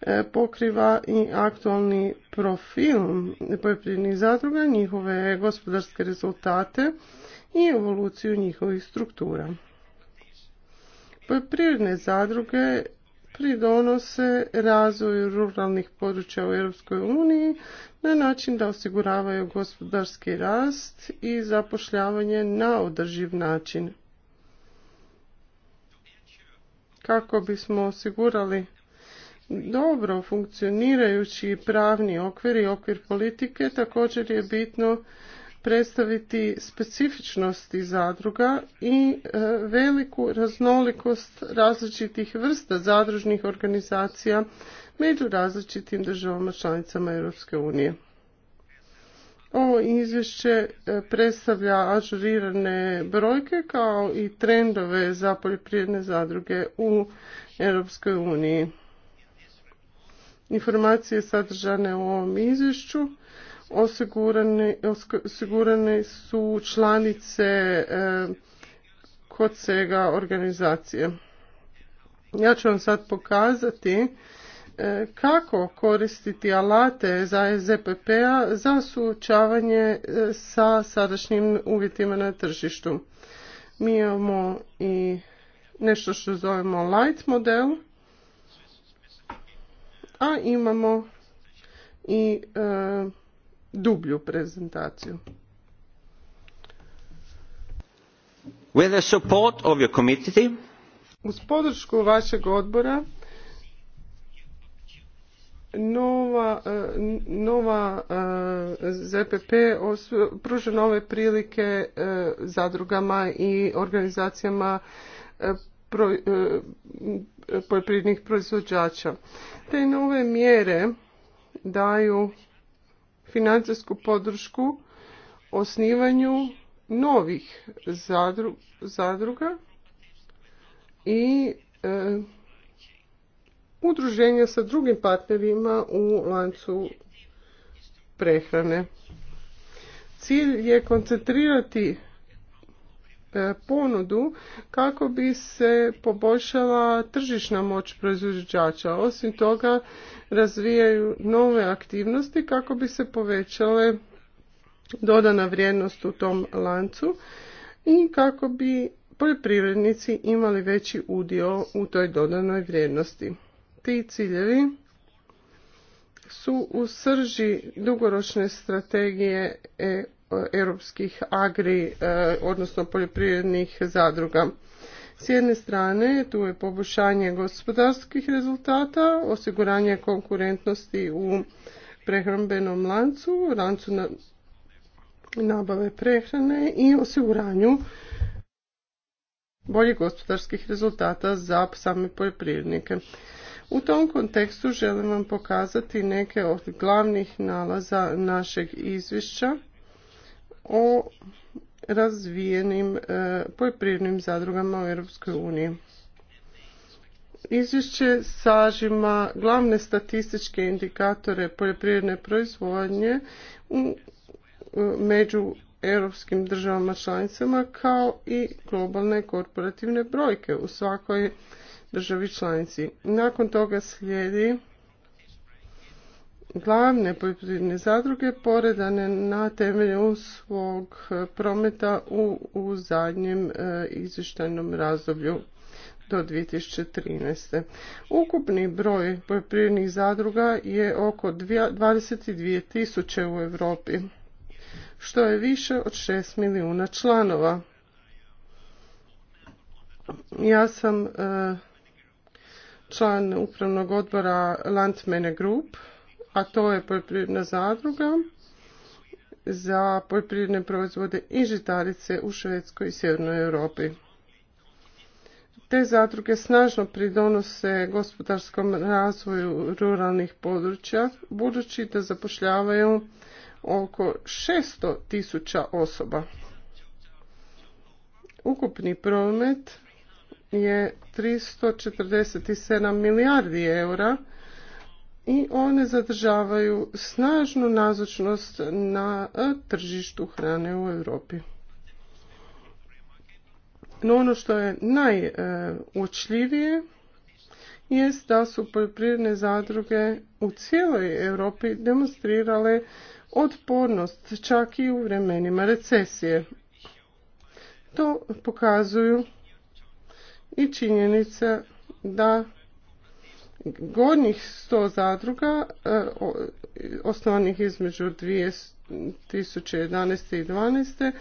e, pokriva i aktualni profil poljoprivrednih zadruga, njihove gospodarske rezultate i evoluciju njihovih struktura. Poljoprivredne zadruge pridonose razvoju ruralnih područja u Europskoj uniji na način da osiguravaju gospodarski rast i zapošljavanje na održiv način. Kako bismo osigurali dobro funkcionirajući pravni okvir i okvir politike, također je bitno predstaviti specifičnosti zadruga i e, veliku raznolikost različitih vrsta zadružnih organizacija među različitim državama članicama Europske unije. Ovo izvješće e, predstavlja ažurirane brojke kao i trendove za poljoprivredne zadruge u Europskoj uniji. Informacije sadržane u ovom izvješću osigurane, su članice e, kod svega organizacije. Ja ću vam sad pokazati e, kako koristiti alate za e ZPP-a za suočavanje sa sadašnjim uvjetima na tržištu. Mi imamo i nešto što zovemo light model, a imamo i dublju prezentaciju. With the support uz podršku vašeg odbora nova, e, nova e, ZPP pruža nove prilike e, zadrugama i organizacijama poljoprivrednih proizvođača. Te nove mjere daju financijsku podršku osnivanju novih zadru, zadruga i e, udruženja sa drugim partnerima u lancu prehrane. Cilj je koncentrirati E, ponudu kako bi se poboljšala tržišna moć proizvođača. Osim toga razvijaju nove aktivnosti kako bi se povećale dodana vrijednost u tom lancu i kako bi poljoprivrednici imali veći udio u toj dodanoj vrijednosti. Ti ciljevi su u srži dugoročne strategije europskih agri, e, odnosno poljoprivrednih zadruga. S jedne strane tu je poboljšanje gospodarskih rezultata, osiguranje konkurentnosti u prehrambenom lancu, lancu na, nabave prehrane i osiguranju boljih gospodarskih rezultata za same poljoprivrednike. U tom kontekstu želim vam pokazati neke od glavnih nalaza našeg izvješća o razvijenim e, poljoprivrednim zadrugama u Europskoj uniji. Izvješće sažima glavne statističke indikatore poljoprivredne proizvodnje u, e, među europskim državama članicama kao i globalne korporativne brojke u svakoj državi članici. Nakon toga slijedi glavne poljoprivredne zadruge poredane na temelju svog e, prometa u, zadnjem e, izvještajnom razdoblju do 2013. Ukupni broj poljoprivrednih zadruga je oko 22.000 tisuće u Europi, što je više od 6 milijuna članova. Ja sam e, član upravnog odbora Landmene Group, a to je poljoprivredna zadruga za poljoprivredne proizvode i žitarice u Švedskoj i Sjevernoj Europi. Te zadruge snažno pridonose gospodarskom razvoju ruralnih područja, budući da zapošljavaju oko 600 tisuća osoba. Ukupni promet je 347 milijardi eura, i one zadržavaju snažnu nazočnost na tržištu hrane u Europi. No ono što je najuočljivije jest da su poljoprivredne zadruge u cijeloj Europi demonstrirale otpornost čak i u vremenima recesije. To pokazuju i činjenica da gornjih sto zadruga e, osnovanih između 2011. i 2012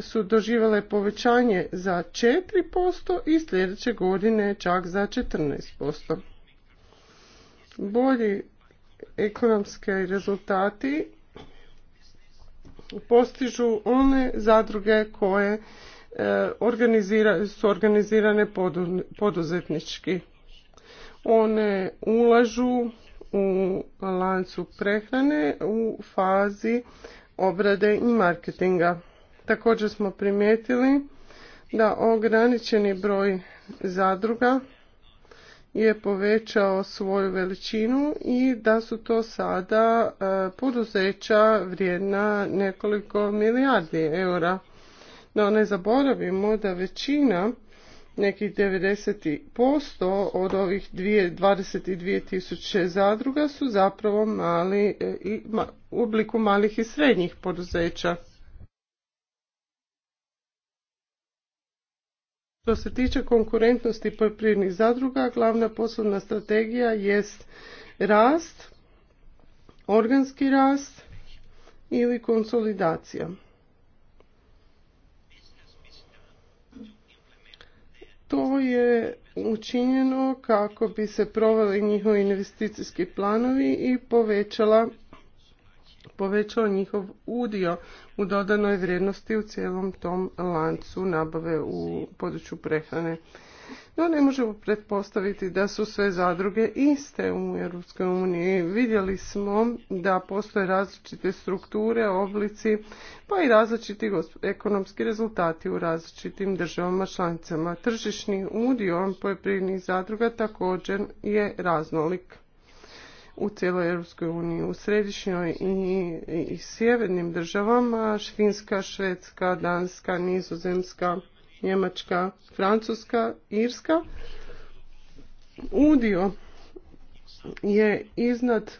su doživjele povećanje za 4% i sljedeće godine čak za 14%. Bolji ekonomski rezultati postižu one zadruge koje e, su organizirane poduzetnički one ulažu u lancu prehrane u fazi obrade i marketinga. Također smo primijetili da ograničeni broj zadruga je povećao svoju veličinu i da su to sada e, poduzeća vrijedna nekoliko milijardi eura. No ne zaboravimo da većina nekih 90% od ovih 22.000 tisuće zadruga su zapravo mali, e, u obliku malih i srednjih poduzeća. Što se tiče konkurentnosti poljoprivrednih zadruga, glavna poslovna strategija jest rast, organski rast ili konsolidacija. to je učinjeno kako bi se proveli njihovi investicijski planovi i povećala povećao njihov udio u dodanoj vrijednosti u cijelom tom lancu nabave u području prehrane. No ne možemo pretpostaviti da su sve zadruge iste u Europskoj uniji. Vidjeli smo da postoje različite strukture, oblici, pa i različiti ekonomski rezultati u različitim državama članicama. Tržišni udio poljoprivrednih zadruga također je raznolik u cijeloj Europskoj uniji, u središnjoj i, i sjevernim državama, Finska, Švedska, Danska, Nizozemska, Njemačka, Francuska, Irska, udio je iznad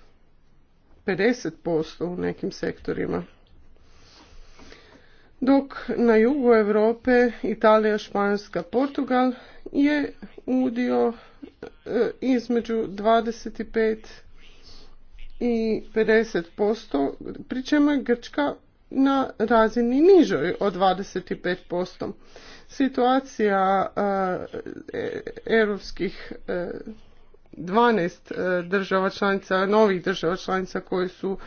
50% u nekim sektorima. Dok na jugu Europe, Italija, Španjolska, Portugal je udio e, između 25 i 50%, pri čemu je Grčka na razini nižoj od 25%. Situacija e, e, europskih 12 e, država članica, novih država članica koje su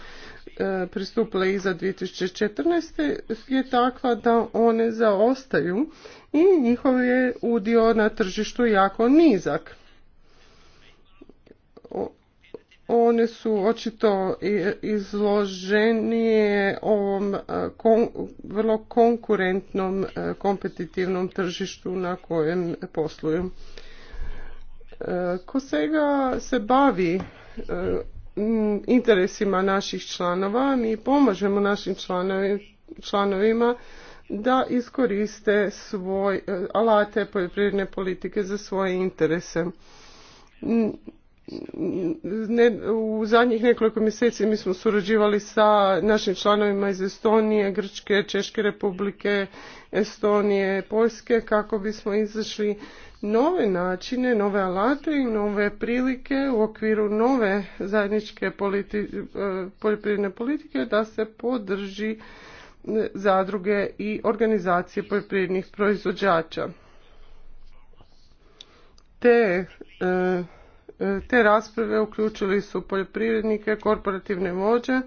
pristupile iza 2014. je takva da one zaostaju i njihov je udio na tržištu jako nizak one su očito izloženije ovom e, vrlo konkurentnom e, kompetitivnom tržištu na kojem posluju. E, Kosega se bavi interesima naših članova, mi pomažemo našim članovima da iskoriste svoj alate poljoprivredne politike za svoje interese u zadnjih nekoliko mjeseci mi smo surađivali sa našim članovima iz Estonije, Grčke, Češke republike, Estonije, Poljske kako bismo izašli nove načine, nove alate i nove prilike u okviru nove zajedničke politi, e, poljoprivredne politike da se podrži e, zadruge i organizacije poljoprivrednih proizvođača. Te e, E, te rasprave uključili su poljoprivrednike, korporativne vođe,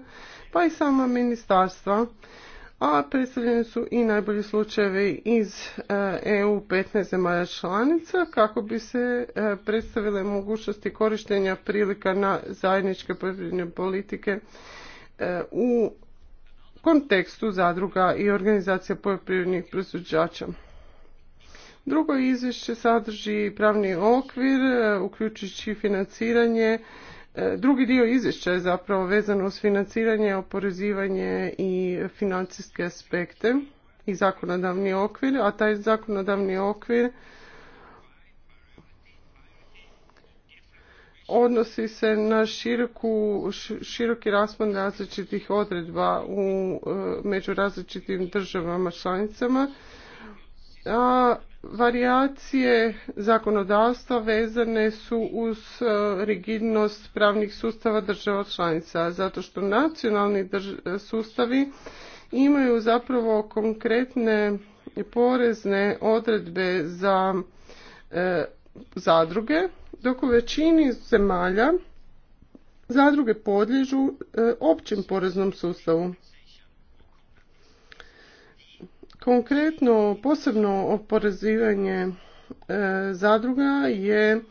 pa i sama ministarstva, a predstavljeni su i najbolji slučajevi iz EU e 15 zemalja članica kako bi se e, predstavile mogućnosti korištenja prilika na zajedničke poljoprivredne politike u kontekstu zadruga i organizacija poljoprivrednih proizvođača. Drugo izvješće sadrži pravni okvir, e, uključujući financiranje. E, drugi dio izvješća je zapravo vezano uz financiranje, oporezivanje i financijske aspekte i zakonodavni okvir, a taj zakonodavni okvir odnosi se na široku, široki raspon različitih odredba u, e, među različitim državama članicama, a Varijacije zakonodavstva vezane su uz e, rigidnost pravnih sustava država članica, zato što nacionalni sustavi imaju zapravo konkretne porezne odredbe za e, zadruge, dok u većini zemalja zadruge podliježu e, općem poreznom sustavu. Konkretno, posebno oporezivanje e, zadruga je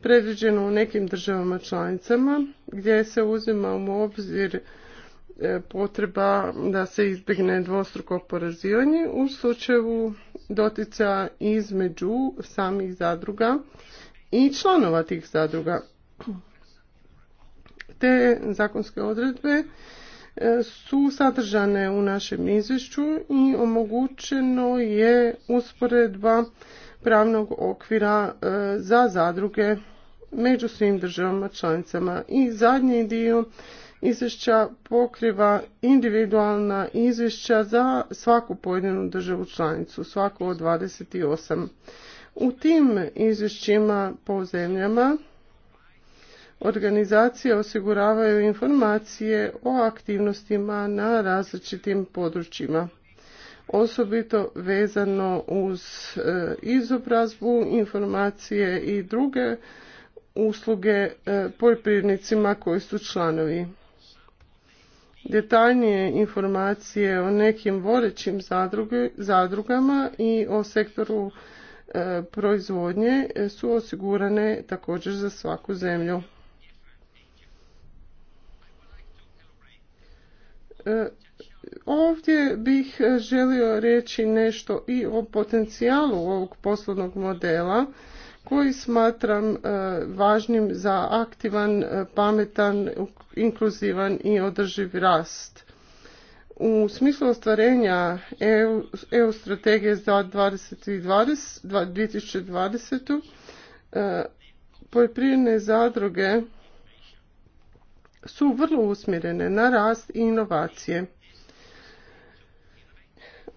predviđeno u nekim državama članicama gdje se uzima u obzir e, potreba da se izbjegne dvostruko oporezivanje u slučaju dotica između samih zadruga i članova tih zadruga. Te zakonske odredbe su sadržane u našem izvješću i omogućeno je usporedba pravnog okvira e, za zadruge među svim državama članicama. I zadnji dio izvješća pokriva individualna izvješća za svaku pojedinu državu članicu, svaku od 28. U tim izvješćima po zemljama organizacije osiguravaju informacije o aktivnostima na različitim područjima osobito vezano uz e, izobrazbu, informacije i druge usluge e, poljoprivrednicima koji su članovi. Detaljnije informacije o nekim vodećim zadrugama i o sektoru e, proizvodnje su osigurane također za svaku zemlju. E, ovdje bih e, želio reći nešto i o potencijalu ovog poslovnog modela koji smatram e, važnim za aktivan, pametan, inkluzivan i održiv rast. U smislu ostvarenja EU, strategije za 2020, 2020 poljoprivredne zadruge su vrlo usmjerene na rast i inovacije.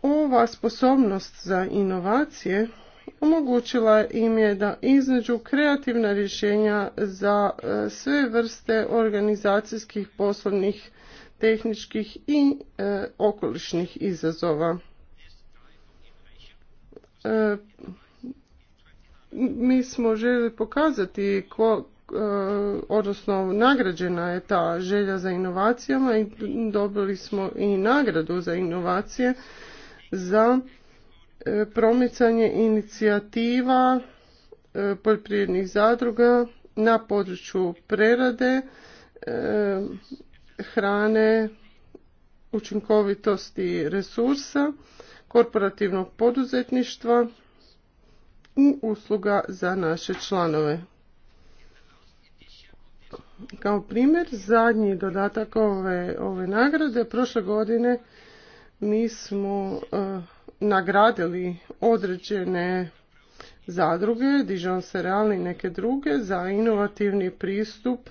Ova sposobnost za inovacije omogućila im je da iznađu kreativna rješenja za e, sve vrste organizacijskih, poslovnih, tehničkih i e, okolišnih izazova. E, mi smo željeli pokazati ko, E, odnosno nagrađena je ta želja za inovacijama i dobili smo i nagradu za inovacije za e, promicanje inicijativa e, poljoprivrednih zadruga na području prerade hrane, učinkovitosti resursa, korporativnog poduzetništva i usluga za naše članove. Kao primjer, zadnji dodatak ove, ove nagrade, prošle godine mi smo e, nagradili određene zadruge, Dijon se i neke druge, za inovativni pristup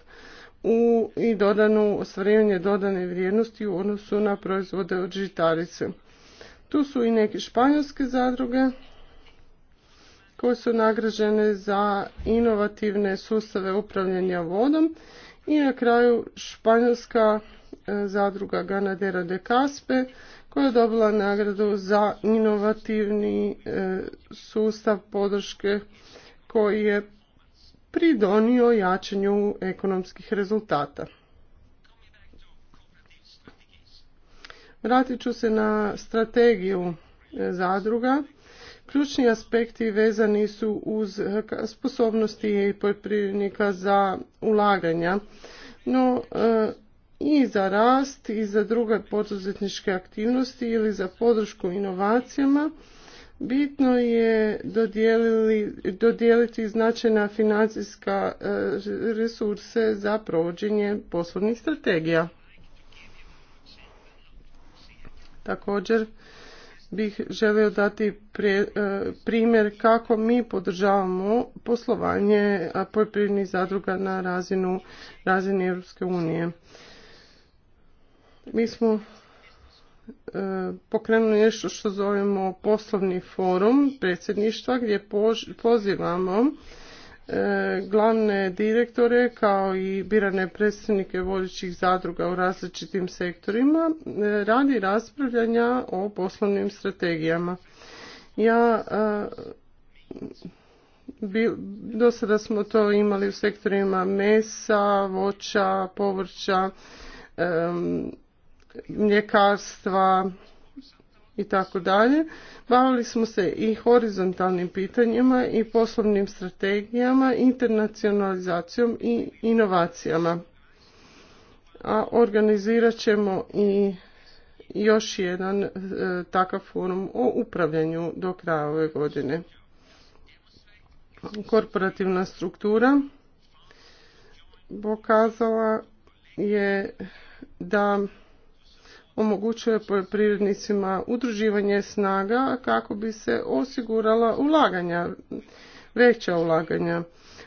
u, i dodanu, ostvarivanje dodane vrijednosti u odnosu na proizvode od žitarice. Tu su i neke španjolske zadruge koje su nagrađene za inovativne sustave upravljanja vodom i na kraju španjolska e, zadruga Ganadera de Caspe koja je dobila nagradu za inovativni e, sustav podrške koji je pridonio jačanju ekonomskih rezultata. Vratit ću se na strategiju e, zadruga Ključni aspekti vezani su uz eh, sposobnosti i poljoprivrednika za ulaganja, no eh, i za rast i za druge poduzetničke aktivnosti ili za podršku inovacijama bitno je dodijeliti značajna financijska eh, resurse za provođenje poslovnih strategija. Također bih želio dati e, primjer kako mi podržavamo poslovanje poljoprivrednih zadruga na razinu, razini Europske unije. Mi smo e, pokrenuli nešto što zovemo poslovni forum predsjedništva gdje pozivamo E, glavne direktore kao i birane predstavnike vodećih zadruga u različitim sektorima e, radi raspravljanja o poslovnim strategijama. Ja e, do sada smo to imali u sektorima mesa, voća, povrća, mljekarstva, i tako dalje. Bavili smo se i horizontalnim pitanjima i poslovnim strategijama, internacionalizacijom i inovacijama. A organizirat ćemo i još jedan e, takav forum o upravljanju do kraja ove godine. Korporativna struktura pokazala je da omogućuje poljoprivrednicima udruživanje snaga kako bi se osigurala ulaganja, veća ulaganja.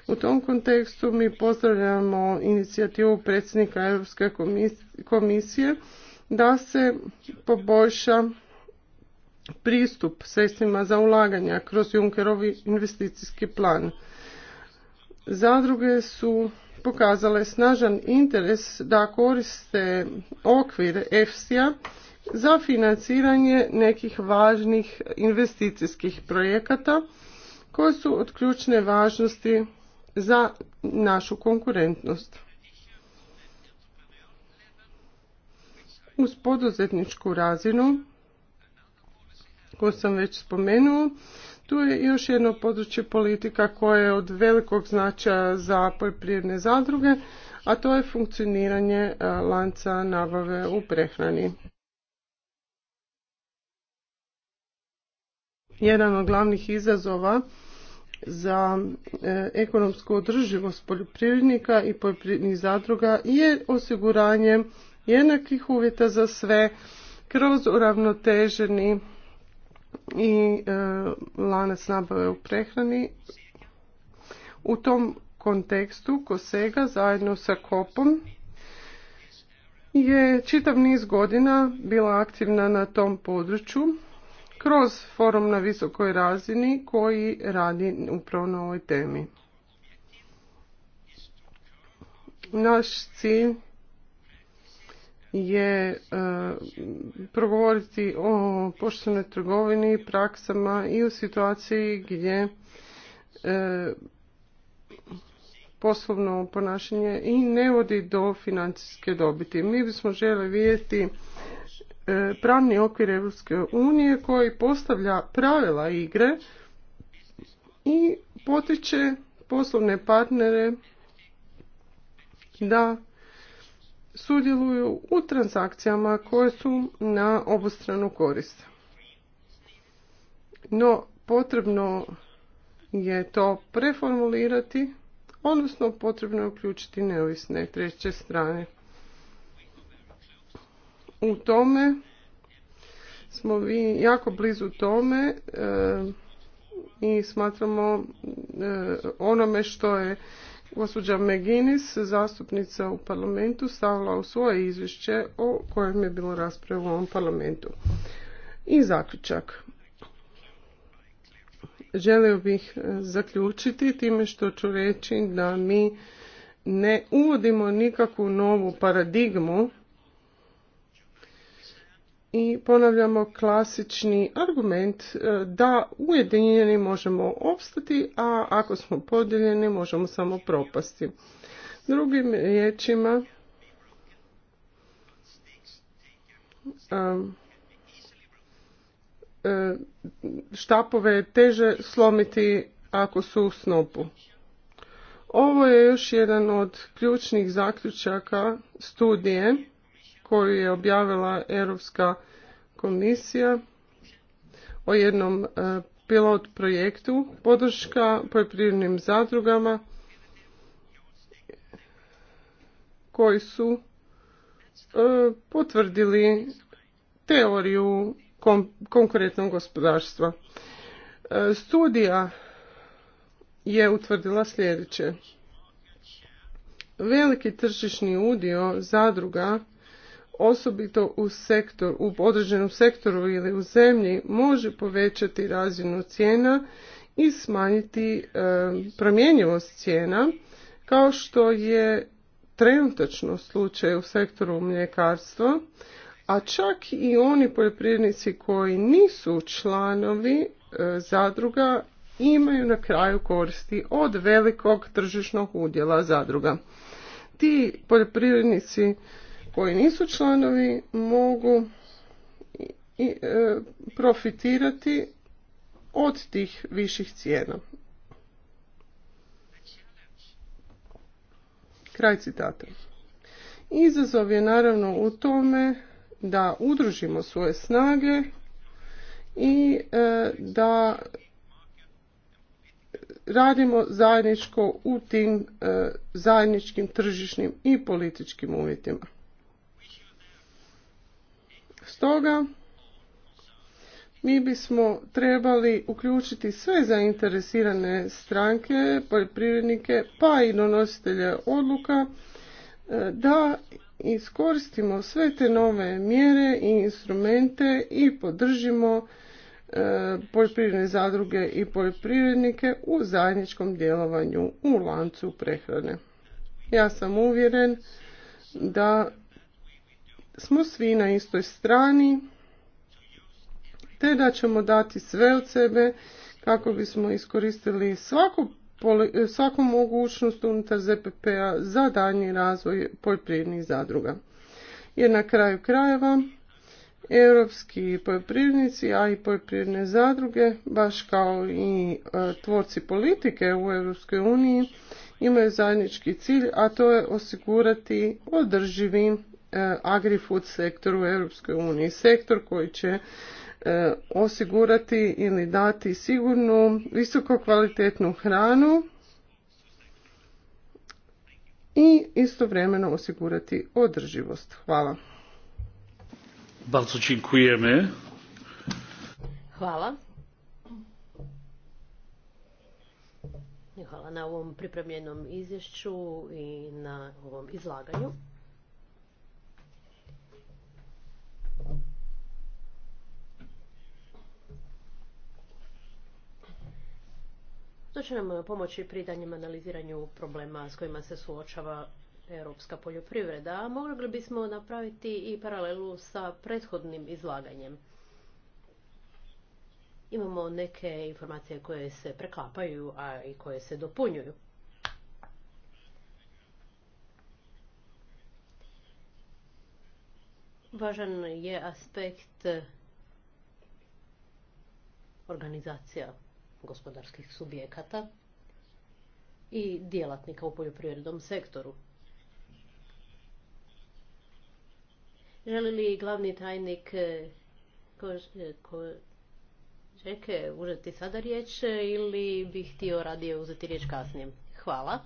U tom kontekstu mi pozdravljamo inicijativu predsjednika Europske komisije da se poboljša pristup sredstvima za ulaganja kroz Junckerovi investicijski plan. Zadruge su pokazale snažan interes da koriste okvir EFSI-a za financiranje nekih važnih investicijskih projekata koje su od ključne važnosti za našu konkurentnost. Uz poduzetničku razinu, koju sam već spomenuo, tu je još jedno područje politika koje je od velikog značaja za poljoprivredne zadruge, a to je funkcioniranje e, lanca nabave u prehrani. Jedan od glavnih izazova za e, ekonomsku održivost poljoprivrednika i poljoprivrednih zadruga je osiguranje jednakih uvjeta za sve kroz uravnoteženi i e, lanac nabave u prehrani. U tom kontekstu Kosega zajedno sa Kopom je čitav niz godina bila aktivna na tom području kroz forum na visokoj razini koji radi upravo na ovoj temi. Naš cilj je e, progovoriti o poštenoj trgovini, praksama i u situaciji gdje e, poslovno ponašanje i ne vodi do financijske dobiti. Mi bismo želi vidjeti e, pravni okvir Europske unije koji postavlja pravila igre i potiče poslovne partnere da sudjeluju u transakcijama koje su na obostranu korist. No, potrebno je to preformulirati, odnosno potrebno je uključiti neovisne treće strane. U tome smo vi jako blizu tome e, i smatramo e, onome što je Gospođa Meginis, zastupnica u parlamentu, stavila u svoje izvješće o kojem je bilo rasprave u ovom parlamentu. I zaključak. Želio bih e, zaključiti time što ću reći da mi ne uvodimo nikakvu novu paradigmu i ponavljamo klasični argument e, da ujedinjeni možemo opstati, a ako smo podijeljeni možemo samo propasti. Drugim riječima, e, e, štapove je teže slomiti ako su u snopu. Ovo je još jedan od ključnih zaključaka studije koju je objavila Europska komisija o jednom e, pilot projektu podrška poljoprivrednim zadrugama koji su e, potvrdili teoriju konkurentnog gospodarstva. E, studija je utvrdila sljedeće. Veliki tržišni udio zadruga osobito u sektor, u određenom sektoru ili u zemlji može povećati razinu cijena i smanjiti e, promjenjivost cijena kao što je trenutačno slučaj u sektoru mljekarstva, a čak i oni poljoprivrednici koji nisu članovi e, zadruga imaju na kraju koristi od velikog tržišnog udjela zadruga. Ti poljoprivrednici koji nisu članovi mogu i e, profitirati od tih viših cijena. Kraj citata. Izazov je naravno u tome da udružimo svoje snage i e, da radimo zajedničko u tim e, zajedničkim tržišnim i političkim uvjetima. Stoga mi bismo trebali uključiti sve zainteresirane stranke, poljoprivrednike pa i donositelje odluka e, da iskoristimo sve te nove mjere i instrumente i podržimo e, poljoprivredne zadruge i poljoprivrednike u zajedničkom djelovanju u lancu prehrane. Ja sam uvjeren da smo svi na istoj strani, te da ćemo dati sve od sebe kako bismo iskoristili svaku, svaku mogućnost unutar ZPP-a za daljnji razvoj poljoprivrednih zadruga. Jer na kraju krajeva europski poljoprivrednici, a i poljoprivredne zadruge, baš kao i e, tvorci politike u Europskoj uniji, imaju zajednički cilj, a to je osigurati održivi E, agri-food sektor u Europskoj uniji. Sektor koji će e, osigurati ili dati sigurnu, visoko kvalitetnu hranu i istovremeno osigurati održivost. Hvala. Bardzo dziękujemy. Hvala. Hvala na ovom pripremljenom izvješću i na ovom izlaganju. To će nam e, pomoći pri danjem analiziranju problema s kojima se suočava europska poljoprivreda, a mogli bismo napraviti i paralelu sa prethodnim izlaganjem. Imamo neke informacije koje se preklapaju, a i koje se dopunjuju. Važan je aspekt organizacija gospodarskih subjekata i djelatnika u poljoprivrednom sektoru. Želi li glavni tajnik eh, eh, eh, uzeti sada riječ ili bi htio radije uzeti riječ kasnije? Hvala.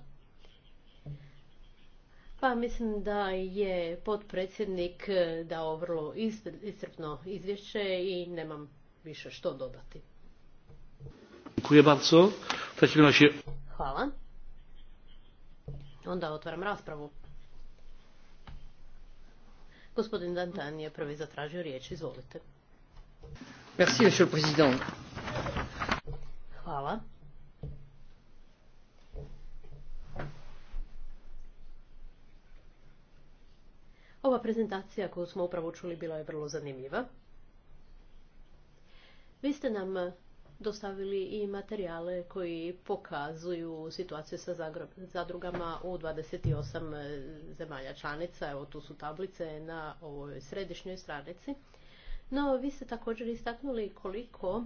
Pa mislim da je potpredsjednik dao vrlo iscrpno izvješće i nemam više što dodati. Hvala. Onda otvaram raspravu. Gospodin Dantan je prvi zatražio riječ. Izvolite. Merci, monsieur le président. Hvala. Ova prezentacija koju smo upravo čuli bila je vrlo zanimljiva. Vi ste nam dostavili i materijale koji pokazuju situaciju sa zadrugama u 28 eh, zemalja članica. Evo tu su tablice na ovoj središnjoj stranici. No, vi ste također istaknuli koliko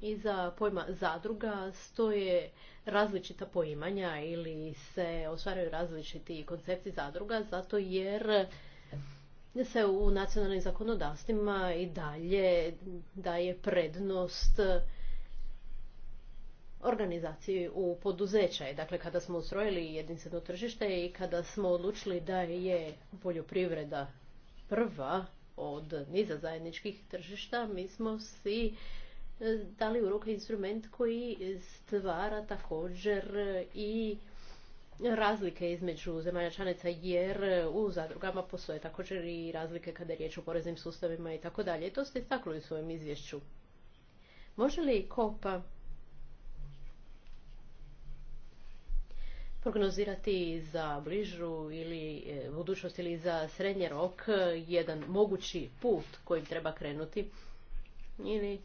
iza pojma zadruga stoje različita poimanja ili se ostvaraju različiti koncepti zadruga zato jer se u nacionalnim zakonodavstvima i dalje daje prednost organizaciji u poduzeće. Dakle, kada smo ustrojili jedinstveno tržište i kada smo odlučili da je poljoprivreda prva od niza zajedničkih tržišta, mi smo si e, dali u ruke instrument koji stvara također i razlike između zemalja članica jer u zadrugama postoje također i razlike kada je riječ o poreznim sustavima i tako dalje. To ste istaknuli u svojem izvješću. Može li kopa prognozirati za bližu ili e, budućnost ili za srednji rok e, jedan mogući put kojim treba krenuti ili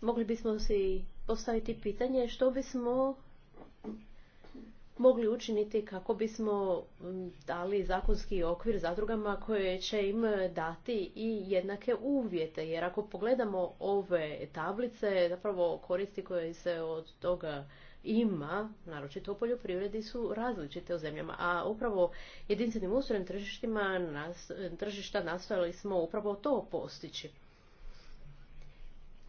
mogli bismo si postaviti pitanje što bismo mogli učiniti kako bismo dali zakonski okvir zadrugama koje će im dati i jednake uvjete. Jer ako pogledamo ove tablice, zapravo koristi koje se od toga ima, naročito u poljoprivredi, su različite u zemljama. A upravo jedinstvenim ustrojem tržištima, tržišta nastojali smo upravo to postići.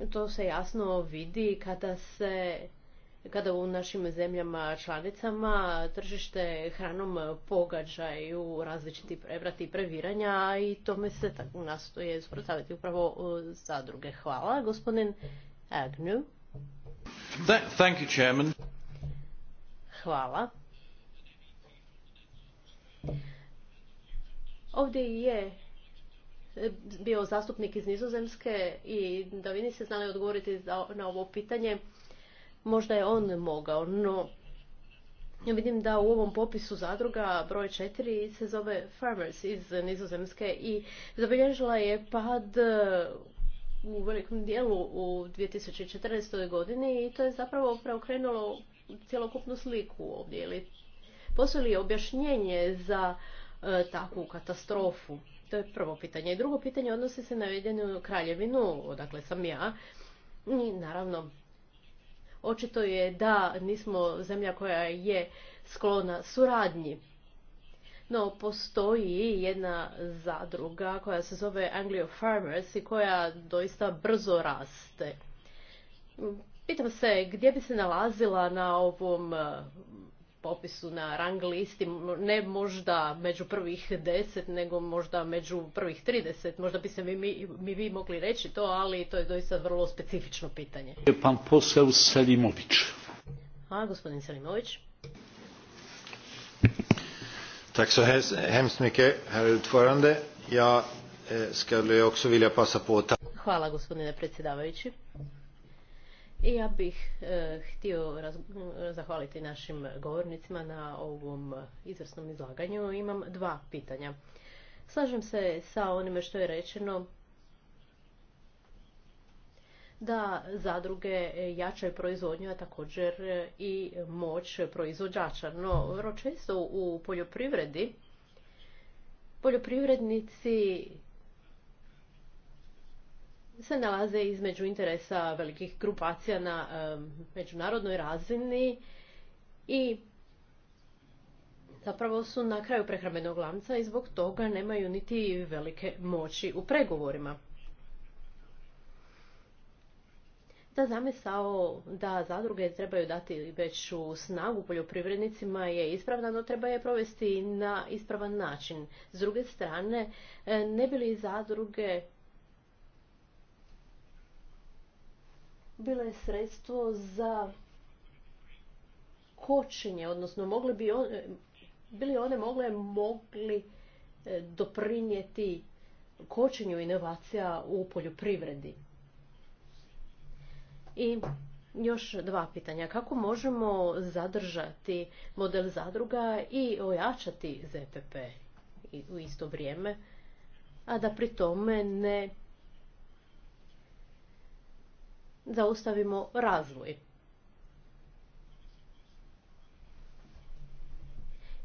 To se jasno vidi kada se kada u našim zemljama članicama tržište hranom pogađaju različiti prevrati i previranja i tome se tako nastoje suprotstaviti upravo e, druge. Hvala. Gospodin Agnew. Hvala. Ovdje je bio zastupnik iz Nizozemske i da vi niste znali odgovoriti na ovo pitanje možda je on mogao, no ja vidim da u ovom popisu zadruga broj četiri se zove Farmers iz Nizozemske i zabilježila je pad e, u velikom dijelu u 2014. godini i to je zapravo preokrenulo cjelokupnu sliku ovdje. Ili postoji li objašnjenje za e, takvu katastrofu? To je prvo pitanje. I drugo pitanje odnosi se na vedenu kraljevinu, odakle sam ja. I naravno, očito je da nismo zemlja koja je sklona suradnji. No, postoji jedna zadruga koja se zove Anglio Farmers i koja doista brzo raste. Pitam se gdje bi se nalazila na ovom popisu na rang listi, ne možda među prvih deset, nego možda među prvih trideset. Možda bi se mi, mi, mi, vi mogli reći to, ali to je doista vrlo specifično pitanje. Pan posel Selimović. A, gospodin Selimović. Tack så hemskt mycket, herr Jag eh, skulle också vilja passa på att... Hvala, gospodine predsjedavajući. I ja bih e, htio zahvaliti našim govornicima na ovom izvrsnom izlaganju. Imam dva pitanja. Slažem se sa onime što je rečeno da zadruge jačaju proizvodnju, a također i moć proizvođača. No, vrlo često u poljoprivredi poljoprivrednici se nalaze između interesa velikih grupacija na međunarodnoj razini i zapravo su na kraju prehrambenog lanca i zbog toga nemaju niti velike moći u pregovorima. Da zamisao da zadruge trebaju dati veću snagu poljoprivrednicima je ispravna, no treba je provesti na ispravan način. S druge strane, ne bi li zadruge bilo je sredstvo za kočenje, odnosno mogli bi on, e, bili one mogle mogli e, doprinijeti kočenju inovacija u poljoprivredi. I još dva pitanja. Kako možemo zadržati model zadruga i ojačati ZPP u isto vrijeme, a da pri tome ne zaustavimo razvoj.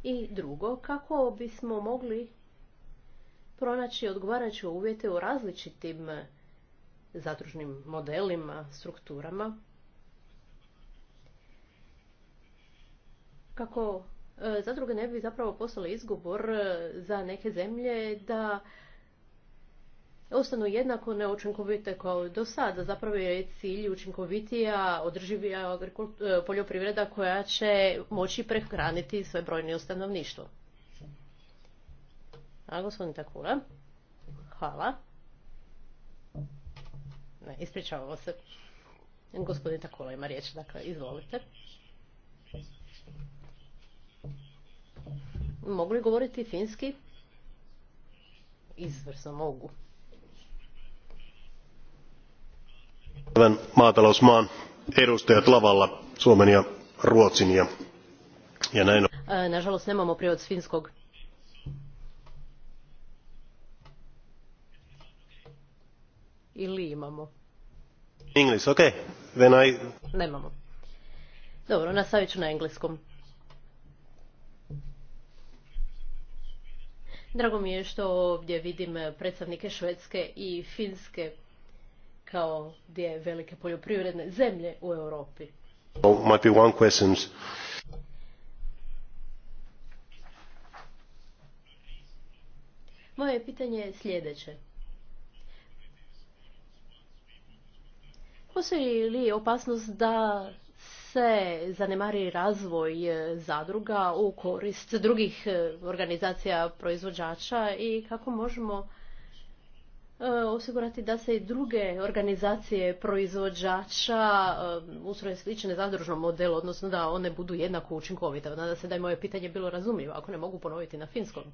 I drugo, kako bismo mogli pronaći odgovarajuće uvjete u različitim zadružnim modelima, strukturama, kako e, zadruge ne bi zapravo postale izgovor e, za neke zemlje da ostanu jednako neučinkovite kao do sada. Zapravo je cilj učinkovitija, održivija e, poljoprivreda koja će moći prehraniti svoje brojne stanovništvo. A gospodin Takula, hvala. Ne, ispričavamo se. Gospodin Takula ima riječ, dakle, izvolite. Mogu li govoriti finski? Izvrsno mogu. Tämän maatalousmaan edustajat lavalla Suomen ja Ruotsin ja, ja näin on. E, nažalost nemamo prijevod finskog. Ili imamo? English, ok. Then I... Nemamo. Dobro, nastavit ću na engleskom. Drago mi je što ovdje vidim predstavnike Švedske i Finske kao dvije velike poljoprivredne zemlje u Europi. Moje pitanje je sljedeće. Postoji li opasnost da se zanemari razvoj zadruga u korist drugih eh, organizacija proizvođača i kako možemo E, osigurati da se i druge organizacije proizvođača e, ustroje slične zadružnom modelu, odnosno da one budu jednako učinkovite. Nadam se da je moje pitanje bilo razumljivo, ako ne mogu ponoviti na finskom.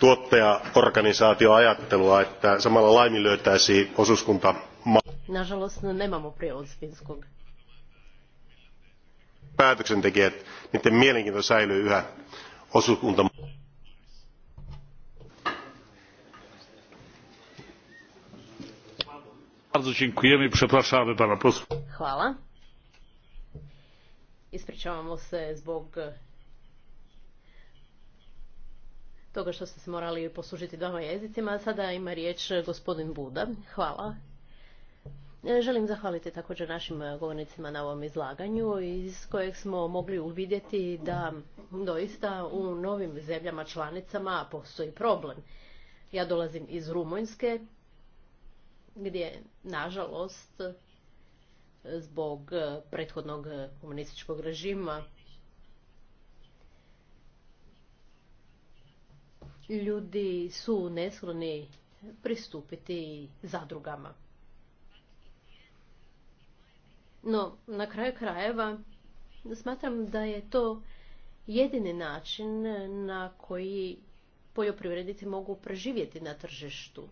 tuottajaorganisaatioajattelua että samalla laiminlyötäisiin osuuskunta. Nažalost, nemamo prijevod finskog. Päätöksentekijät, niiden mielenkiinto säilyy yhä hozzuk unter Bardzo dziękujemy. Przepraszamy pana posła. Hvala. Ispričavamo se zbog toga što ste se morali poslužiti dvama jezicima. Sada ima riječ gospodin Buda. Hvala. Želim zahvaliti također našim e, govornicima na ovom izlaganju iz kojeg smo mogli uvidjeti da doista u novim zemljama članicama postoji problem. Ja dolazim iz Rumunjske gdje nažalost zbog e, prethodnog komunističkog režima ljudi su neskloni pristupiti zadrugama. No, na kraju krajeva smatram da je to jedini način na koji poljoprivrednici mogu preživjeti na tržištu.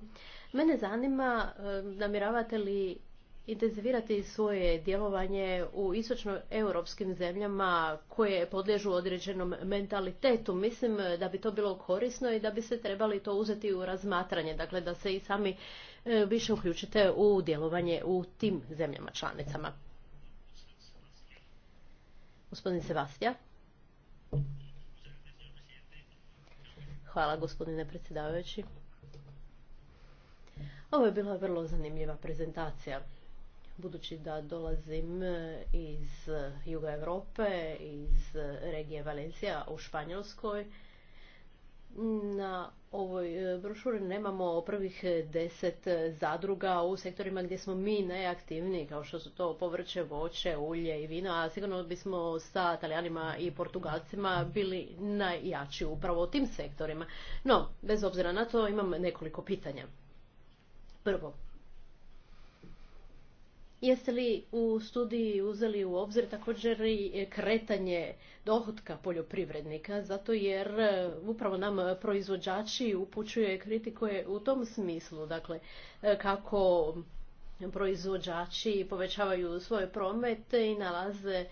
Mene zanima e, namiravate li intenzivirati svoje djelovanje u istočnoeuropskim zemljama koje podliježu određenom mentalitetu. Mislim da bi to bilo korisno i da bi se trebali to uzeti u razmatranje, dakle da se i sami e, više uključite u djelovanje u tim zemljama članicama. Gospodin Sebastija. Hvala gospodine predsjedavajući. Ovo je bila vrlo zanimljiva prezentacija. Budući da dolazim eh, iz eh, juga Europe, iz eh, regije Valencija u Španjolskoj, na ovoj e, brošuri nemamo prvih e, deset e, zadruga u sektorima gdje smo mi najaktivniji, kao što su to povrće, voće, ulje i vino, a sigurno bismo sa Italijanima i Portugalcima bili najjači upravo u tim sektorima. No, bez obzira na to imam nekoliko pitanja. Prvo, Jeste li u studiji uzeli u obzir također i e, kretanje dohotka poljoprivrednika, zato jer e, upravo nam proizvođači upućuje kritike u tom smislu, dakle e, kako proizvođači povećavaju svoje promete i nalaze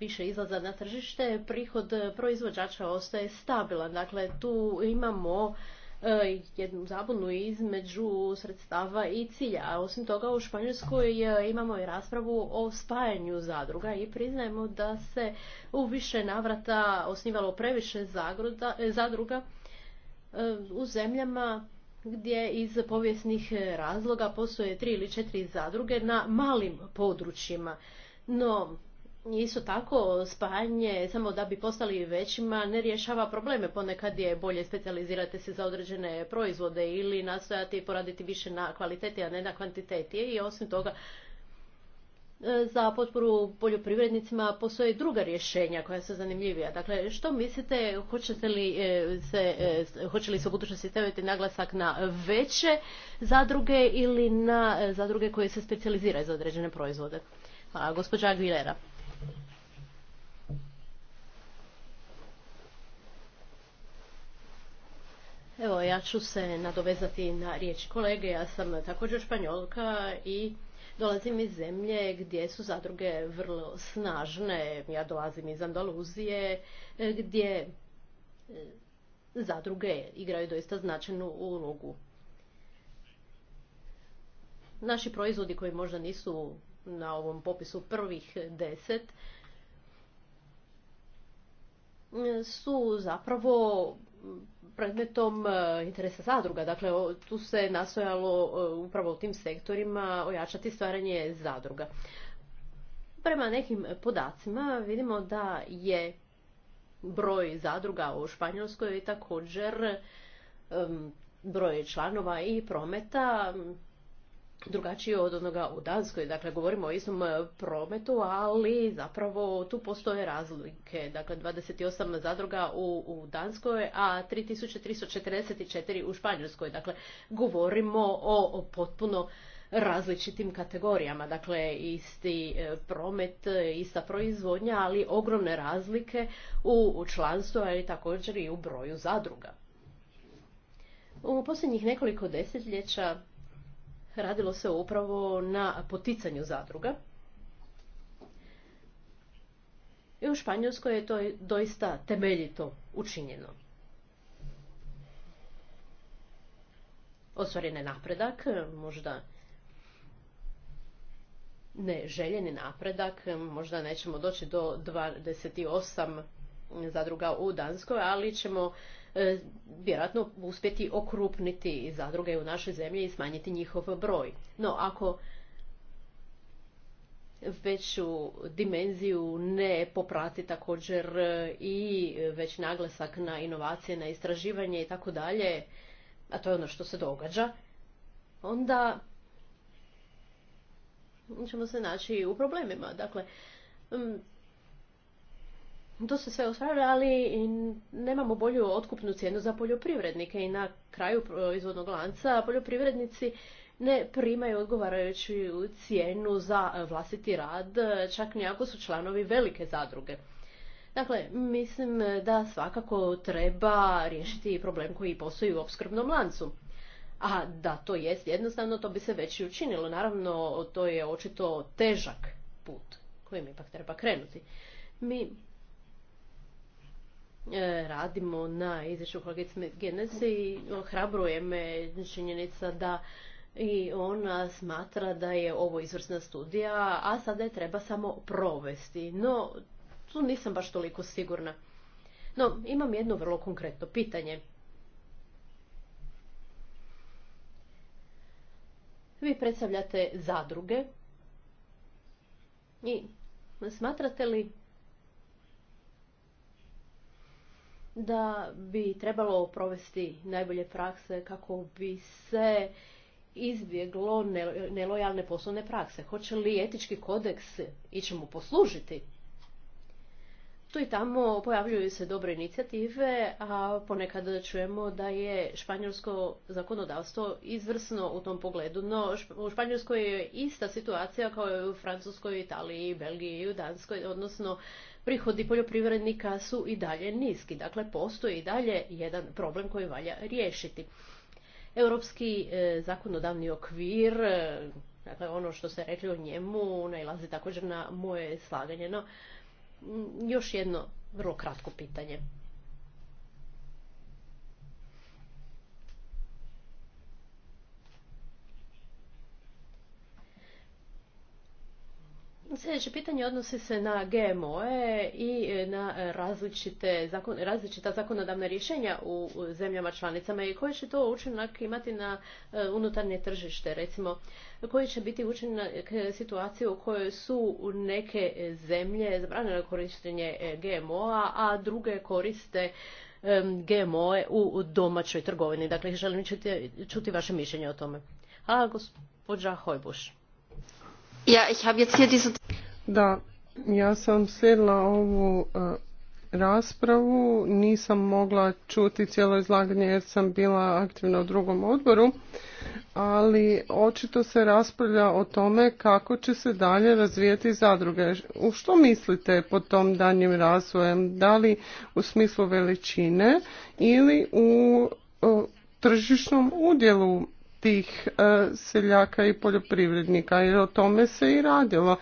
više izlaza na tržište, prihod proizvođača ostaje stabilan. Dakle, tu imamo E, jednu zabunu između sredstava i cilja. osim toga u Španjolskoj e, imamo i raspravu o spajanju zadruga i priznajemo da se u više navrata osnivalo previše e, zadruga u zemljama gdje iz povijesnih razloga postoje tri ili četiri zadruge na malim područjima. No, Isto tako, spajanje samo da bi postali većima ne rješava probleme. Ponekad je bolje specializirati se za određene proizvode ili nastojati poraditi više na kvaliteti, a ne na kvantiteti. I osim toga, e, za potporu poljoprivrednicima postoje druga rješenja koja su zanimljivija. Dakle, što mislite, hoćete li e, se, e, hoće li se u budućnosti staviti naglasak na veće zadruge ili na zadruge koje se specijaliziraju za određene proizvode? Hvala, gospođa Aguilera. Evo, ja ću se nadovezati na riječ kolege. Ja sam također španjolka i dolazim iz zemlje gdje su zadruge vrlo snažne. Ja dolazim iz Andaluzije gdje e, zadruge igraju doista značajnu ulogu. Naši proizvodi koji možda nisu na ovom popisu prvih deset su zapravo predmetom e, interesa zadruga. Dakle, tu se nastojalo e, upravo u tim sektorima ojačati stvaranje zadruga. Prema nekim podacima vidimo da je broj zadruga u Španjolskoj također broj članova i prometa drugačije od onoga u Danskoj. Dakle, govorimo o istom e, prometu, ali zapravo tu postoje razlike. Dakle, 28 zadruga u, u Danskoj, a 3344 u Španjolskoj. Dakle, govorimo o, potpuno različitim kategorijama. Dakle, isti e, promet, e, ista proizvodnja, ali ogromne razlike u, u članstvu, ali također i u broju zadruga. U posljednjih nekoliko desetljeća radilo se upravo na poticanju zadruga. I u Španjolskoj je to doista temeljito učinjeno. Ostvaren je napredak, možda ne željeni napredak, možda nećemo doći do 28 zadruga u Danskoj, ali ćemo E, vjerojatno uspjeti okrupniti zadruge u našoj zemlji i smanjiti njihov broj. No, ako veću dimenziju ne poprati također e, i već naglasak na inovacije, na istraživanje i tako dalje, a to je ono što se događa, onda ćemo se naći u problemima. Dakle, to se sve ostavlja, ali nemamo bolju otkupnu cijenu za poljoprivrednike i na kraju proizvodnog lanca poljoprivrednici ne primaju odgovarajuću cijenu za vlastiti rad, čak ni ako su članovi velike zadruge. Dakle, mislim da svakako treba riješiti problem koji postoji u opskrbnom lancu. A da to jest jednostavno, to bi se već i učinilo. Naravno, to je očito težak put kojim ipak treba krenuti. Mi E, radimo na izvješću kolegice Genesi i ohrabruje me činjenica da i ona smatra da je ovo izvrsna studija, a sada je treba samo provesti. No, tu nisam baš toliko sigurna. No, imam jedno vrlo konkretno pitanje. Vi predstavljate zadruge i smatrate li da bi trebalo provesti najbolje prakse kako bi se izbjeglo nelojalne poslovne prakse. Hoće li etički kodeks ići mu poslužiti? Tu i tamo pojavljuju se dobre inicijative, a ponekad čujemo da je španjolsko zakonodavstvo izvrsno u tom pogledu. No, u Španjolskoj je ista situacija kao i u Francuskoj, Italiji, Belgiji i u Danskoj, odnosno prihodi poljoprivrednika su i dalje niski. Dakle, postoji i dalje jedan problem koji valja riješiti. Europski e, zakonodavni okvir, e, dakle ono što se rekli o njemu, nailazi također na moje slaganje. No, još jedno vrlo kratko pitanje. Sljedeće pitanje odnosi se na GMO-e i e, na e, različite, različita zakonodavna rješenja u zemljama članicama i koji će to učinak imati na e, unutarnje tržište, recimo koji će biti učinak situacije u kojoj su neke zemlje zabranile korištenje GMO-a, a druge koriste GMO-e u domaćoj trgovini. Dakle, želim čuti, čuti vaše mišljenje o tome. A gospođa Hojbuš. Ja, Da, ja sam slijedila ovu e, raspravu, nisam mogla čuti cijelo izlaganje jer sam bila aktivna u drugom odboru, ali očito se raspravlja o tome kako će se dalje razvijeti zadruge. U što mislite pod tom danjim razvojem? Da li u smislu veličine ili u e, tržišnom udjelu tih e, seljaka i poljoprivrednika jer o tome se i radilo.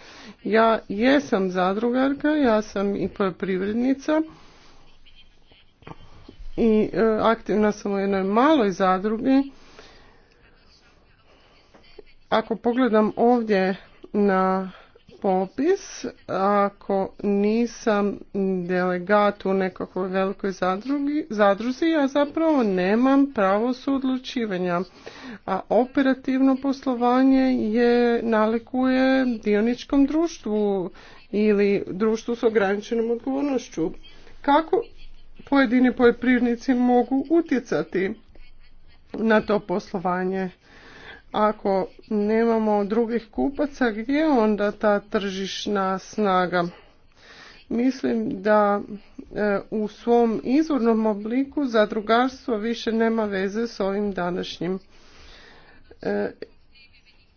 Ja jesam zadrugarka, ja sam i poljoprivrednica i e, aktivna sam u jednoj maloj zadrugi. Ako pogledam ovdje na popis. Ako nisam delegat u nekakvoj velikoj zadrugi, zadruzi, ja zapravo nemam pravo suodlučivanja. A operativno poslovanje je nalikuje dioničkom društvu ili društvu s ograničenom odgovornošću. Kako pojedini poljoprivrednici mogu utjecati na to poslovanje? Ako nemamo drugih kupaca, gdje onda ta tržišna snaga? Mislim da e, u svom izvornom obliku zadrugarstvo više nema veze s ovim današnjim. E,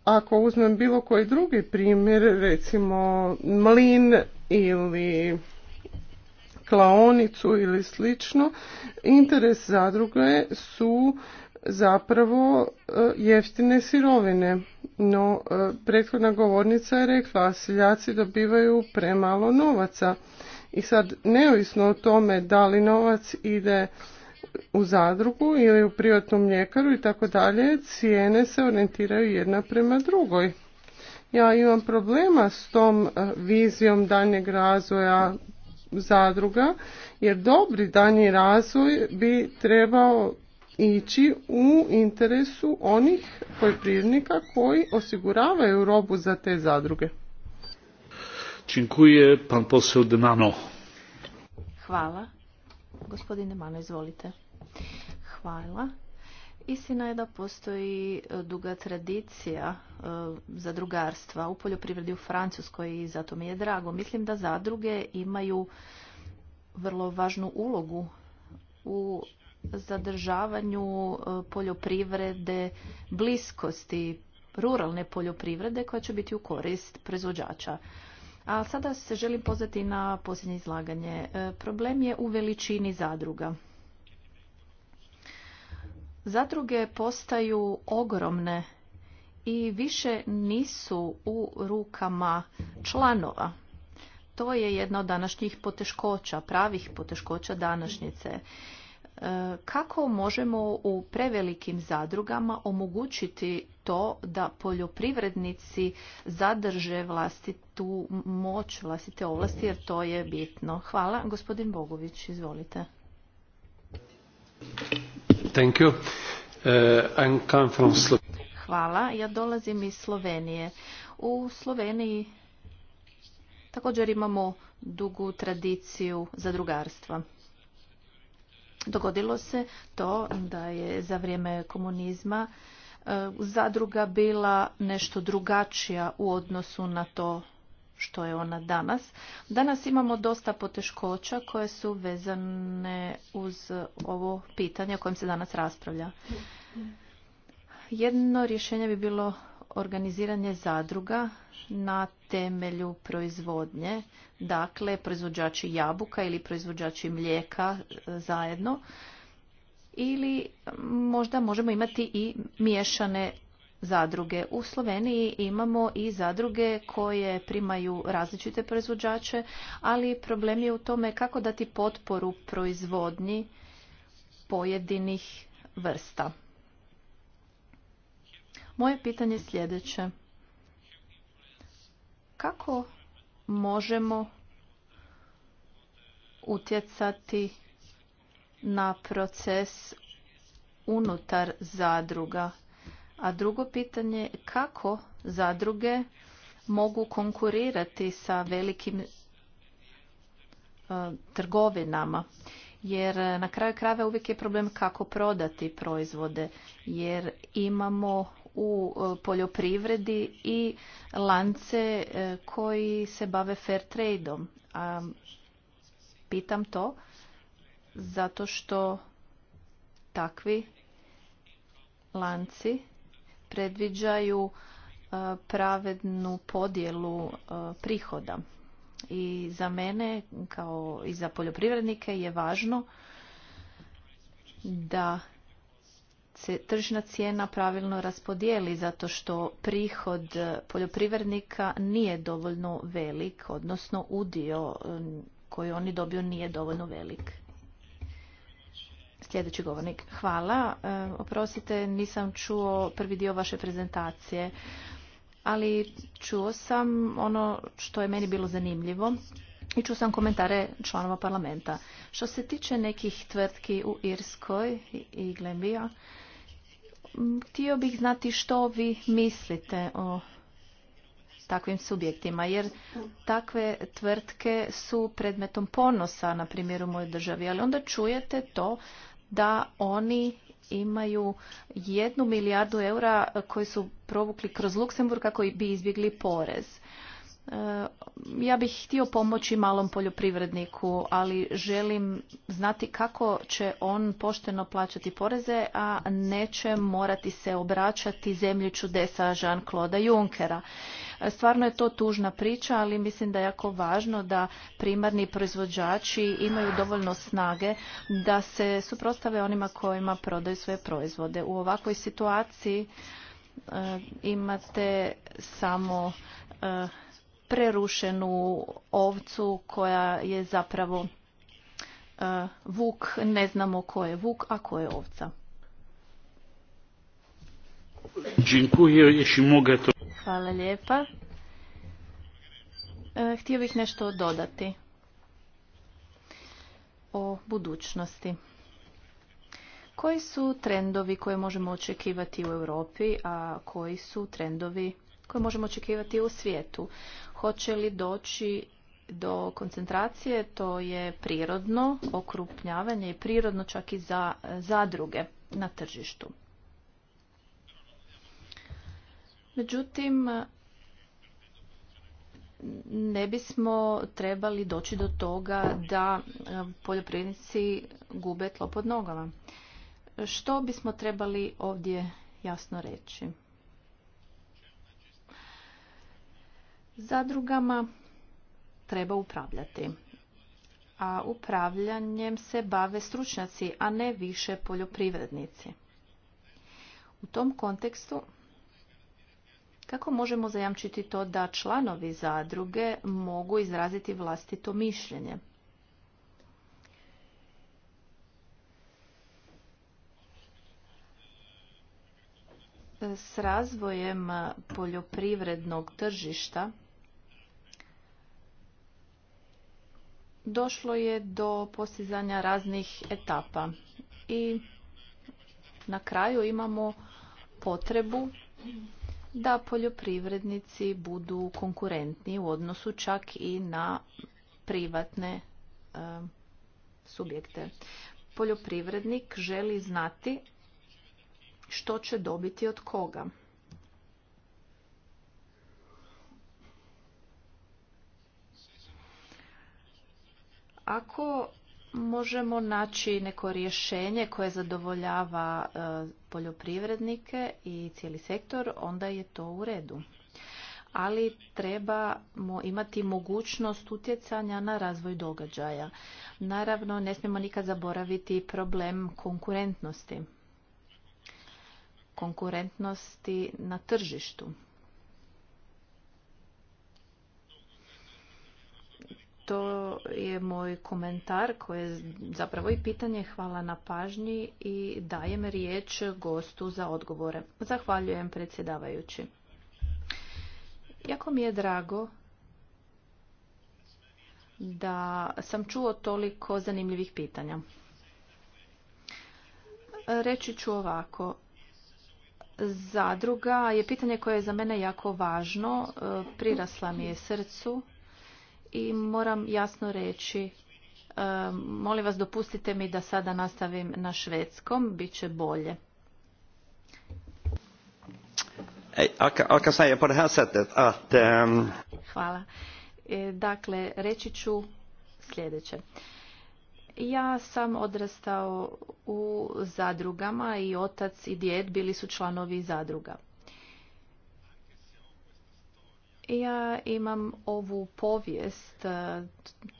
ako uzmem bilo koji drugi primjer, recimo mlin ili klaonicu ili slično, interes zadruge su zapravo e, jeftine sirovine. No, e, prethodna govornica je rekla, siljaci dobivaju premalo novaca. I sad, neovisno o tome da li novac ide u zadrugu ili u privatnom mljekaru i tako dalje, cijene se orijentiraju jedna prema drugoj. Ja imam problema s tom e, vizijom daljnjeg razvoja zadruga, jer dobri danji razvoj bi trebao ići u interesu onih poljoprivrednika koji osiguravaju robu za te zadruge. Činkuje, pan Denano. Hvala. Gospodine Mano, izvolite. Hvala. Istina je da postoji e, duga tradicija e, zadrugarstva u poljoprivredi u Francuskoj i zato mi je drago. Mislim da zadruge imaju vrlo važnu ulogu u zadržavanju e, poljoprivrede bliskosti ruralne poljoprivrede koja će biti u korist proizvođača. A sada se želim pozvati na posljednje izlaganje. E, problem je u veličini zadruga. Zadruge postaju ogromne i više nisu u rukama članova. To je jedna od današnjih poteškoća, pravih poteškoća današnjice kako možemo u prevelikim zadrugama omogućiti to da poljoprivrednici zadrže vlastitu moć, vlastite ovlasti, jer to je bitno. Hvala. Gospodin Bogović, izvolite. Uh, Hvala. Ja dolazim iz Slovenije. U Sloveniji također imamo dugu tradiciju zadrugarstva dogodilo se to da je za vrijeme komunizma e, zadruga bila nešto drugačija u odnosu na to što je ona danas. Danas imamo dosta poteškoća koje su vezane uz ovo pitanje o kojem se danas raspravlja. Jedno rješenje bi bilo organiziranje zadruga na temelju proizvodnje, dakle proizvođači jabuka ili proizvođači mlijeka e, zajedno ili možda možemo imati i miješane zadruge. U Sloveniji imamo i zadruge koje primaju različite proizvođače, ali problem je u tome kako dati potporu proizvodnji pojedinih vrsta. Moje pitanje je sljedeće. Kako možemo utjecati na proces unutar zadruga? A drugo pitanje je kako zadruge mogu konkurirati sa velikim e, trgovinama jer e, na kraju krajeva uvijek je problem kako prodati proizvode jer imamo u e, poljoprivredi i lance e, koji se bave fair tradeom. A pitam to zato što takvi lanci predviđaju e, pravednu podjelu prihoda. I za mene kao i za poljoprivrednike je važno da se tržna cijena pravilno raspodijeli zato što prihod e, poljoprivrednika nije dovoljno velik, odnosno udio e, koji oni dobiju nije dovoljno velik. Sljedeći govornik. Hvala. E, oprostite, nisam čuo prvi dio vaše prezentacije, ali čuo sam ono što je meni bilo zanimljivo i čuo sam komentare članova parlamenta. Što se tiče nekih tvrtki u Irskoj i Glembija, Mm, htio bih znati što vi mislite o takvim subjektima, jer takve tvrtke su predmetom ponosa, na primjer u mojoj državi, ali onda čujete to da oni imaju jednu milijardu eura koji su provukli kroz Luksemburg kako bi izbjegli porez. E, ja bih htio pomoći malom poljoprivredniku, ali želim znati kako će on pošteno plaćati poreze, a neće morati se obraćati zemlju čudesa Jean-Claude Junckera. E, stvarno je to tužna priča, ali mislim da je jako važno da primarni proizvođači imaju dovoljno snage da se suprostave onima kojima prodaju svoje proizvode. U ovakvoj situaciji e, imate samo prerušenu ovcu koja je zapravo e, vuk, ne znamo ko je vuk, a ko je ovca. Hvala lijepa. E, htio bih nešto dodati o budućnosti. Koji su trendovi koje možemo očekivati u Europi, a koji su trendovi koje možemo očekivati u svijetu. Hoće li doći do koncentracije, to je prirodno okrupnjavanje i prirodno čak i za zadruge na tržištu. Međutim, ne bismo trebali doći do toga da poljoprivrednici gube tlo pod nogama. Što bismo trebali ovdje jasno reći? Zadrugama treba upravljati. A upravljanjem se bave stručnjaci, a ne više poljoprivrednici. U tom kontekstu kako možemo zajamčiti to da članovi zadruge mogu izraziti vlastito mišljenje? S razvojem poljoprivrednog tržišta došlo je do postizanja raznih etapa i na kraju imamo potrebu da poljoprivrednici budu konkurentni u odnosu čak i na privatne e, subjekte. Poljoprivrednik želi znati što će dobiti od koga. Ako možemo naći neko rješenje koje zadovoljava e, poljoprivrednike i cijeli sektor, onda je to u redu. Ali trebamo imati mogućnost utjecanja na razvoj događaja. Naravno, ne smijemo nikad zaboraviti problem konkurentnosti. Konkurentnosti na tržištu. to je moj komentar koje je zapravo i pitanje. Hvala na pažnji i dajem riječ gostu za odgovore. Zahvaljujem predsjedavajući. Jako mi je drago da sam čuo toliko zanimljivih pitanja. Reći ću ovako. Zadruga je pitanje koje je za mene jako važno. E, prirasla mi je srcu i moram jasno reći e, molim vas dopustite mi da sada nastavim na švedskom, bit će bolje. Hvala. Dakle, reći ću sljedeće. Ja sam odrastao u zadrugama i otac i djed bili su članovi zadruga. Ja imam ovu povijest, e,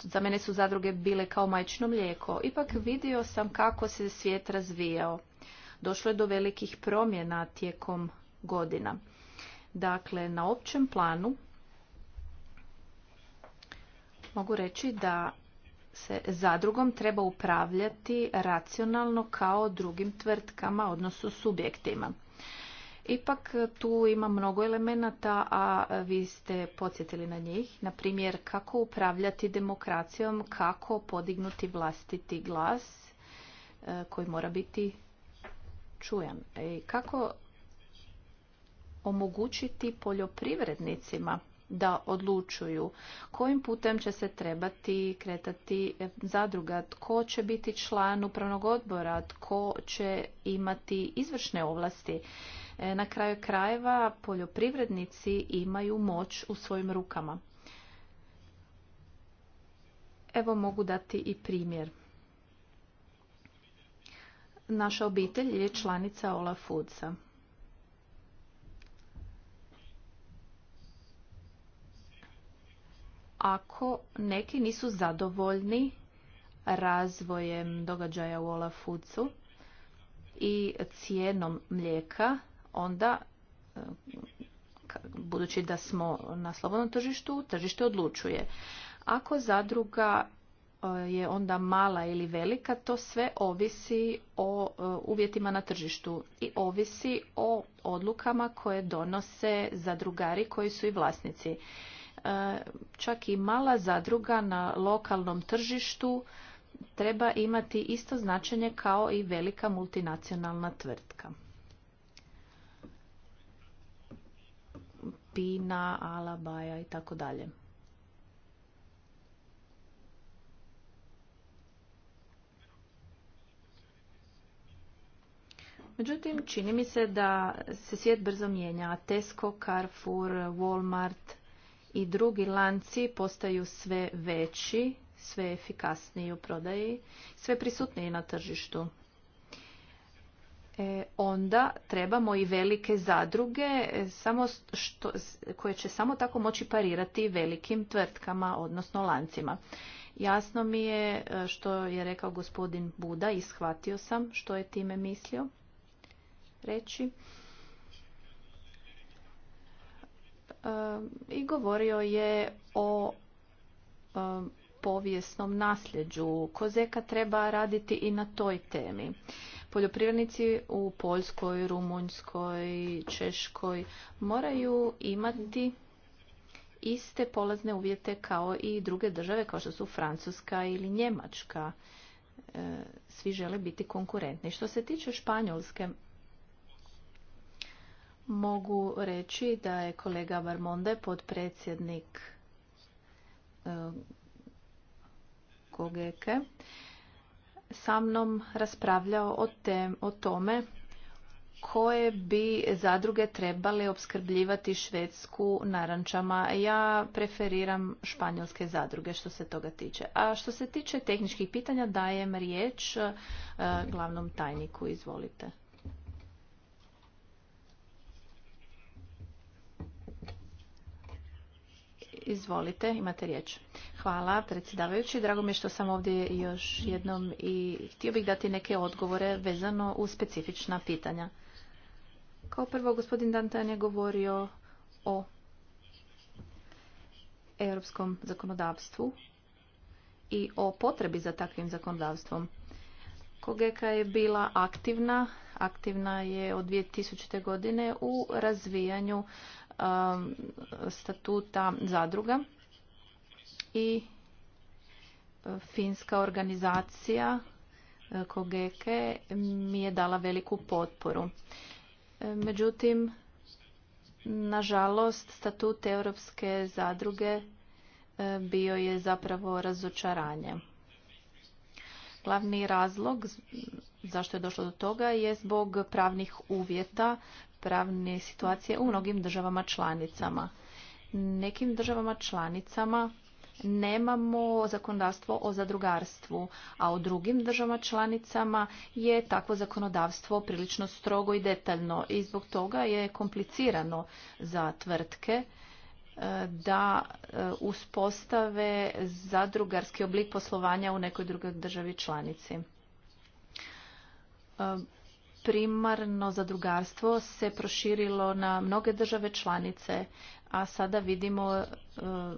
za mene su zadruge bile kao majčno mlijeko, ipak vidio sam kako se svijet razvijao. Došlo je do velikih promjena tijekom godina. Dakle, na općem planu mogu reći da se zadrugom treba upravljati racionalno kao drugim tvrtkama, odnosno subjektima. Ipak e, tu ima mnogo elemenata, a e, vi ste podsjetili na njih. Na primjer, kako upravljati demokracijom, kako podignuti vlastiti glas e, koji mora biti čujan. kako omogućiti poljoprivrednicima da odlučuju kojim putem će se trebati kretati zadruga, tko će biti član upravnog odbora, tko će imati izvršne ovlasti. E, na kraju krajeva poljoprivrednici imaju moć u svojim rukama. Evo mogu dati i primjer. Naša obitelj je članica Ola Foodsa. Ako neki nisu zadovoljni razvojem događaja u Ola Foodsu i cijenom mlijeka, onda e, budući da smo na slobodnom tržištu, tržište odlučuje. Ako zadruga e, je onda mala ili velika, to sve ovisi o e, uvjetima na tržištu i ovisi o odlukama koje donose zadrugari koji su i vlasnici. Čak i mala zadruga na lokalnom tržištu treba imati isto značenje kao i velika multinacionalna tvrtka. Pina, Alabaja i tako dalje. Međutim, čini mi se da se svijet brzo mijenja. Tesco, Carrefour, Walmart i drugi lanci postaju sve veći, sve efikasniji u prodaji, sve prisutniji na tržištu. E, onda trebamo i velike zadruge e, samo što, koje će samo tako moći parirati velikim tvrtkama, odnosno lancima. Jasno mi je e, što je rekao gospodin Buda i shvatio sam što je time mislio reći. I govorio je o povijesnom nasljeđu. Kozeka treba raditi i na toj temi. Poljoprivrednici u Poljskoj, Rumunjskoj, Češkoj moraju imati iste polazne uvjete kao i druge države kao što su Francuska ili Njemačka. E, svi žele biti konkurentni. Što se tiče Španjolske, mogu reći da je kolega Varmonde podpredsjednik e, Kogeke sa mnom raspravljao o, tem, o tome koje bi zadruge trebale opskrbljivati Švedsku narančama. Ja preferiram španjolske zadruge što se toga tiče. A što se tiče tehničkih pitanja dajem riječ eh, glavnom tajniku. Izvolite. Izvolite, imate riječ. Hvala predsjedavajući. Drago mi je što sam ovdje još jednom i htio bih dati neke odgovore vezano u specifična pitanja. Kao prvo, gospodin Dantan je govorio o europskom zakonodavstvu i o potrebi za takvim zakonodavstvom. Kogeka je bila aktivna, aktivna je od 2000. godine u razvijanju Um, statuta zadruga i e, finska organizacija e, Kogeke mi je dala veliku potporu. E, međutim, nažalost, statut Europske zadruge bio je zapravo razočaranje. Glavni razlog zašto je došlo do toga je zbog pravnih uvjeta, pravne situacije u mnogim državama članicama. Nekim državama članicama nemamo zakonodavstvo o zadrugarstvu, a u drugim državama članicama je takvo zakonodavstvo prilično strogo i detaljno i zbog toga je komplicirano za tvrtke e, da e, uspostave zadrugarski oblik poslovanja u nekoj drugoj državi članici. E, primarno zadrugarstvo se proširilo na mnoge države članice, a sada vidimo e,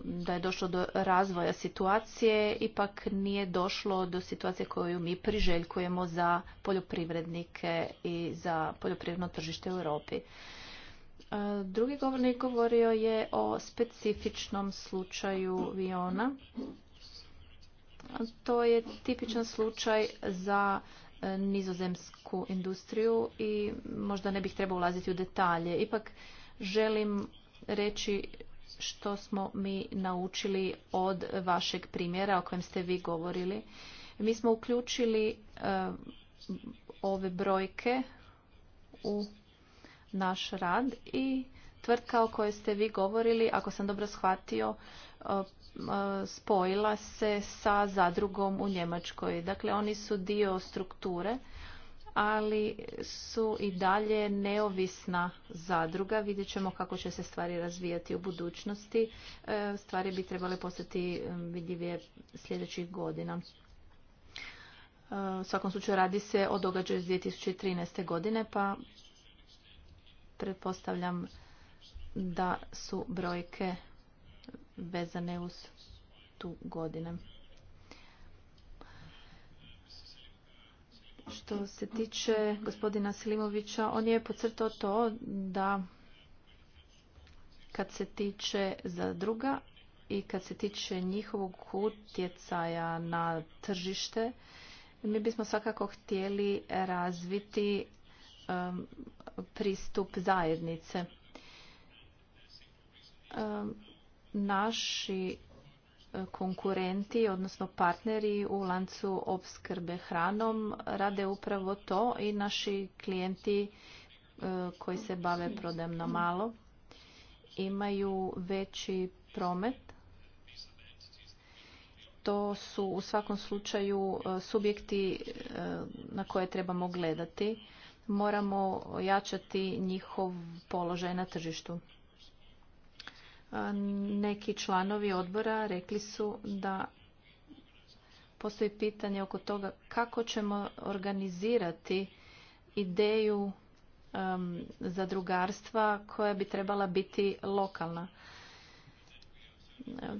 da je došlo do razvoja situacije, ipak nije došlo do situacije koju mi priželjkujemo za poljoprivrednike i za poljoprivredno tržište u Europi. E, drugi govornik govorio je o specifičnom slučaju Viona. To je tipičan slučaj za nizozemsku industriju i možda ne bih trebao ulaziti u detalje. Ipak želim reći što smo mi naučili od vašeg primjera o kojem ste vi govorili. Mi smo uključili e, ove brojke u naš rad i tvrtka o kojoj ste vi govorili, ako sam dobro shvatio, spojila se sa zadrugom u Njemačkoj. Dakle, oni su dio strukture, ali su i dalje neovisna zadruga. Vidjet ćemo kako će se stvari razvijati u budućnosti. E, stvari bi trebale postati vidljivije sljedećih godina. E, u svakom slučaju radi se o događaju iz 2013. godine, pa pretpostavljam da su brojke vezane uz tu godine. Što se tiče gospodina Slimovića, on je podcrtao to da kad se tiče zadruga i kad se tiče njihovog utjecaja na tržište, mi bismo svakako htjeli razviti um, pristup zajednice. Um, naši e, konkurenti, odnosno partneri u lancu opskrbe hranom rade upravo to i naši klijenti e, koji se bave prodajem na malo imaju veći promet. To su u svakom slučaju e, subjekti na koje trebamo gledati. Moramo jačati njihov položaj na tržištu neki članovi odbora rekli su da postoji pitanje oko toga kako ćemo organizirati ideju za zadrugarstva koja bi trebala biti lokalna.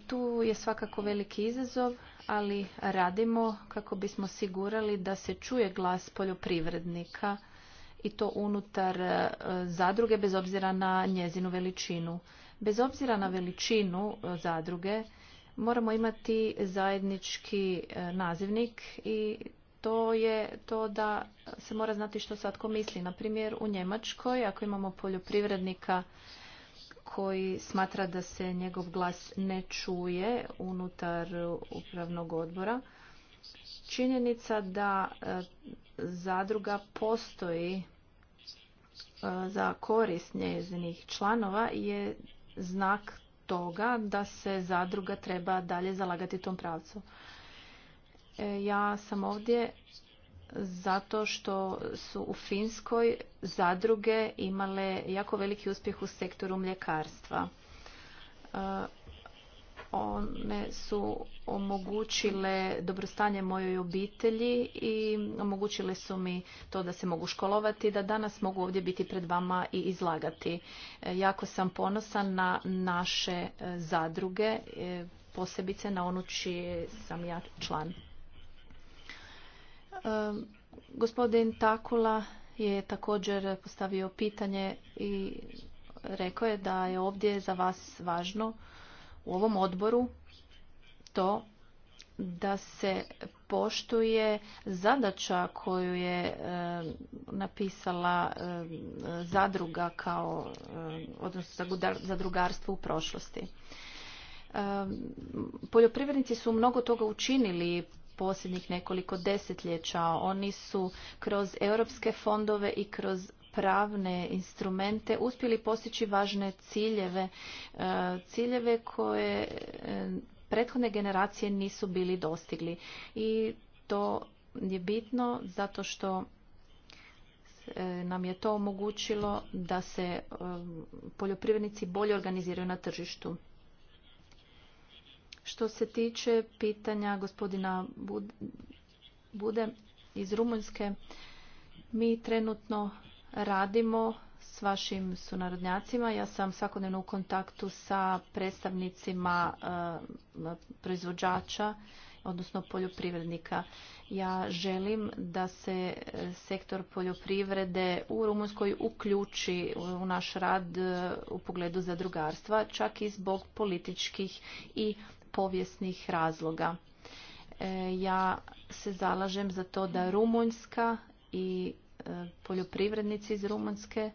Tu je svakako veliki izazov, ali radimo kako bismo sigurali da se čuje glas poljoprivrednika i to unutar e, zadruge bez obzira na njezinu veličinu. Bez obzira na veličinu e, zadruge, moramo imati zajednički e, nazivnik i to je to da se mora znati što svatko misli. Na primjer, u Njemačkoj, ako imamo poljoprivrednika koji smatra da se njegov glas ne čuje unutar upravnog odbora, činjenica da e, zadruga postoji za korist njezinih članova je znak toga da se zadruga treba dalje zalagati u tom pravcu. E, ja sam ovdje zato što su u Finskoj zadruge imale jako veliki uspjeh u sektoru mljekarstva. E, one su omogućile dobrostanje mojoj obitelji i omogućile su mi to da se mogu školovati, da danas mogu ovdje biti pred vama i izlagati. E, jako sam ponosan na naše e, zadruge, e, posebice na onu čije sam ja član. Gospodin Takula je također postavio pitanje i rekao je da je ovdje za vas važno u ovom odboru to da se poštuje zadaća koju je e, napisala e, zadruga kao e, odnosno zadrugarstvo u prošlosti. Poljoprivrednici su mnogo toga učinili posljednjih nekoliko desetljeća. Oni su kroz europske fondove i kroz pravne instrumente uspjeli postići važne ciljeve, e, ciljeve koje e, prethodne generacije nisu bili dostigli. I to je bitno zato što e, nam je to omogućilo da se poljoprivrednici bolje organiziraju na tržištu. Što se tiče pitanja gospodina Bude iz Rumunjske, mi trenutno radimo s vašim sunarodnjacima. Ja sam svakodnevno u kontaktu sa predstavnicima eh, proizvođača, odnosno poljoprivrednika. Ja želim da se eh, sektor poljoprivrede u Rumunjskoj uključi u naš rad eh, u pogledu zadrugarstva, čak i zbog političkih i povijesnih razloga. Ja se zalažem za to da Rumunjska i poljoprivrednici iz Rumunjske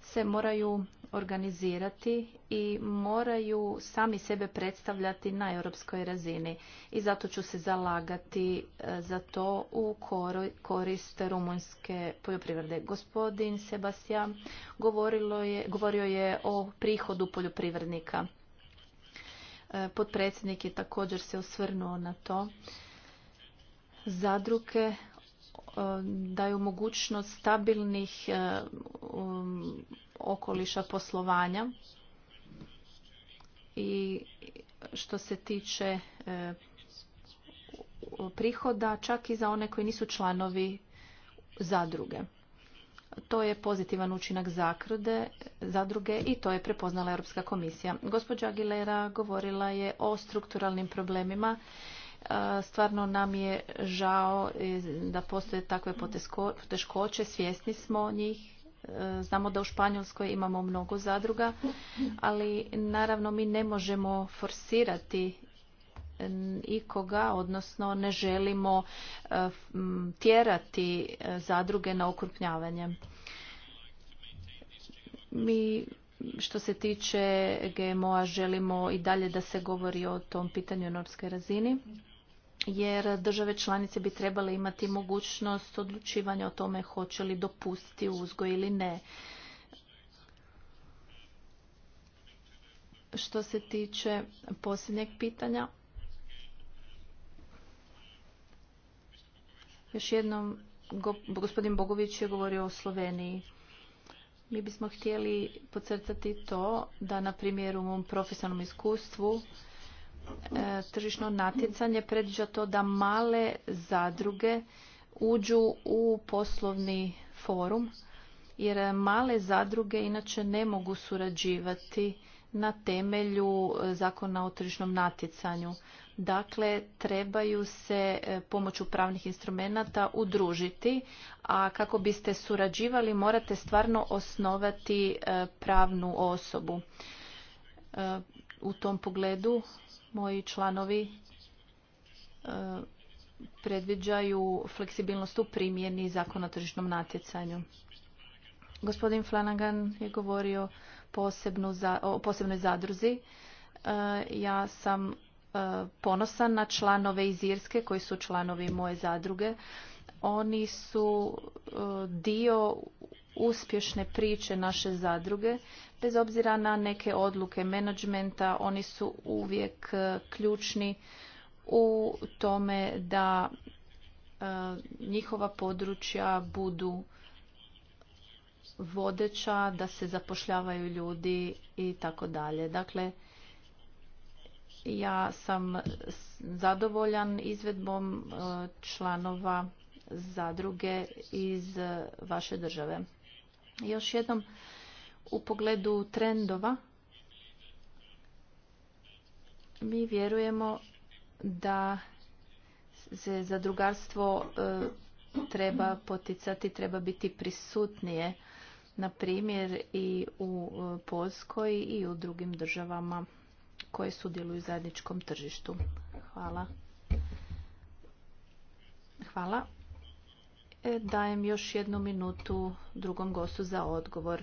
se moraju organizirati i moraju sami sebe predstavljati na europskoj razini. I zato ću se zalagati e, za to u korist rumunjske poljoprivrede. Gospodin Sebastian govorilo je, govorio je o prihodu poljoprivrednika. E, potpredsjednik je također se osvrnuo na to. Zadruke E, daju mogućnost stabilnih e, um, okoliša poslovanja i što se tiče e, prihoda čak i za one koji nisu članovi zadruge. To je pozitivan učinak zakrode, zadruge i to je prepoznala Europska komisija. Gospođa Aguilera govorila je o strukturalnim problemima Stvarno nam je žao e, da postoje takve poteškoće, svjesni smo njih. E, znamo da u Španjolskoj imamo mnogo zadruga, ali naravno mi ne možemo forsirati e, ikoga, odnosno ne želimo tjerati zadruge na okrupnjavanje. Mi što se tiče GMO-a želimo i dalje da se govori o tom pitanju na razini jer države članice bi trebale imati mogućnost odlučivanja o tome hoće li dopustiti uzgoj ili ne. Što se tiče posljednjeg pitanja, još jednom gospodin Bogović je govorio o Sloveniji. Mi bismo htjeli podcrtati to da na primjeru u mom profesionalnom iskustvu E, tržišno natjecanje predviđa to da male zadruge uđu u poslovni forum jer male zadruge inače ne mogu surađivati na temelju e, zakona o tržišnom natjecanju. Dakle, trebaju se e, pomoću pravnih instrumenata udružiti, a kako biste surađivali morate stvarno osnovati pravnu osobu. U tom pogledu moji članovi e, predviđaju fleksibilnost u primjeni zakona o tržišnom natjecanju. Gospodin Flanagan je govorio o posebnoj zadruzi. E, ja sam e, ponosan na članove iz Irske koji su članovi moje zadruge oni su e, dio uspješne priče naše zadruge. Bez obzira na neke odluke menadžmenta, oni su uvijek e, ključni u tome da e, njihova područja budu vodeća, da se zapošljavaju ljudi i tako dalje. Dakle, ja sam zadovoljan izvedbom članova zadruge iz e, vaše države. Još jednom, u pogledu trendova, mi vjerujemo da se zadrugarstvo e, treba poticati, treba biti prisutnije, na primjer i u e, Poljskoj i u drugim državama koje sudjeluju u zajedničkom tržištu. Hvala. Hvala. E, dajem još jednu minutu drugom gostu za odgovor.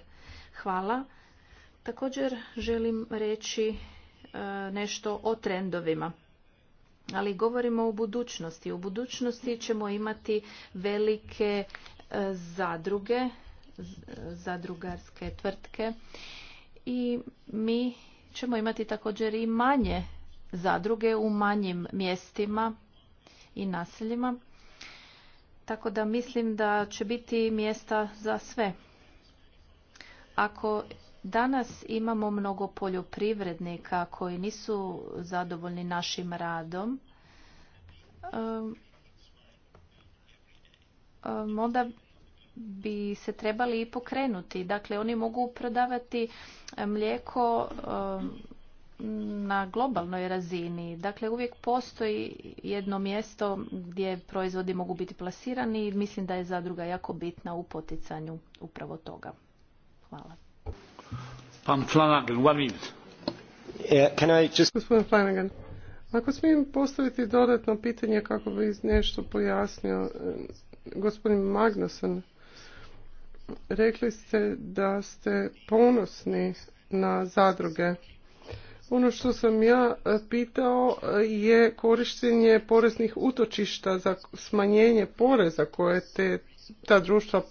Hvala. Također želim reći e, nešto o trendovima. Ali govorimo o budućnosti. U budućnosti ćemo imati velike e, zadruge, zadrugarske tvrtke i mi ćemo imati također i manje zadruge u manjim mjestima i naseljima tako da mislim da će biti mjesta za sve. Ako danas imamo mnogo poljoprivrednika koji nisu zadovoljni našim radom, onda bi se trebali i pokrenuti. Dakle, oni mogu prodavati mlijeko na globalnoj razini. Dakle, uvijek postoji jedno mjesto gdje proizvodi mogu biti plasirani i mislim da je zadruga jako bitna u poticanju upravo toga. Hvala. Pan Flanagan, one minute. Gospodin Flanagan, ako smijem postaviti dodatno pitanje kako bi nešto pojasnio, eh, gospodin Magnuson, rekli ste da ste ponosni na zadruge ono što sam ja e, pitao e, je korištenje poreznih utočišta za smanjenje poreza koje te, ta društva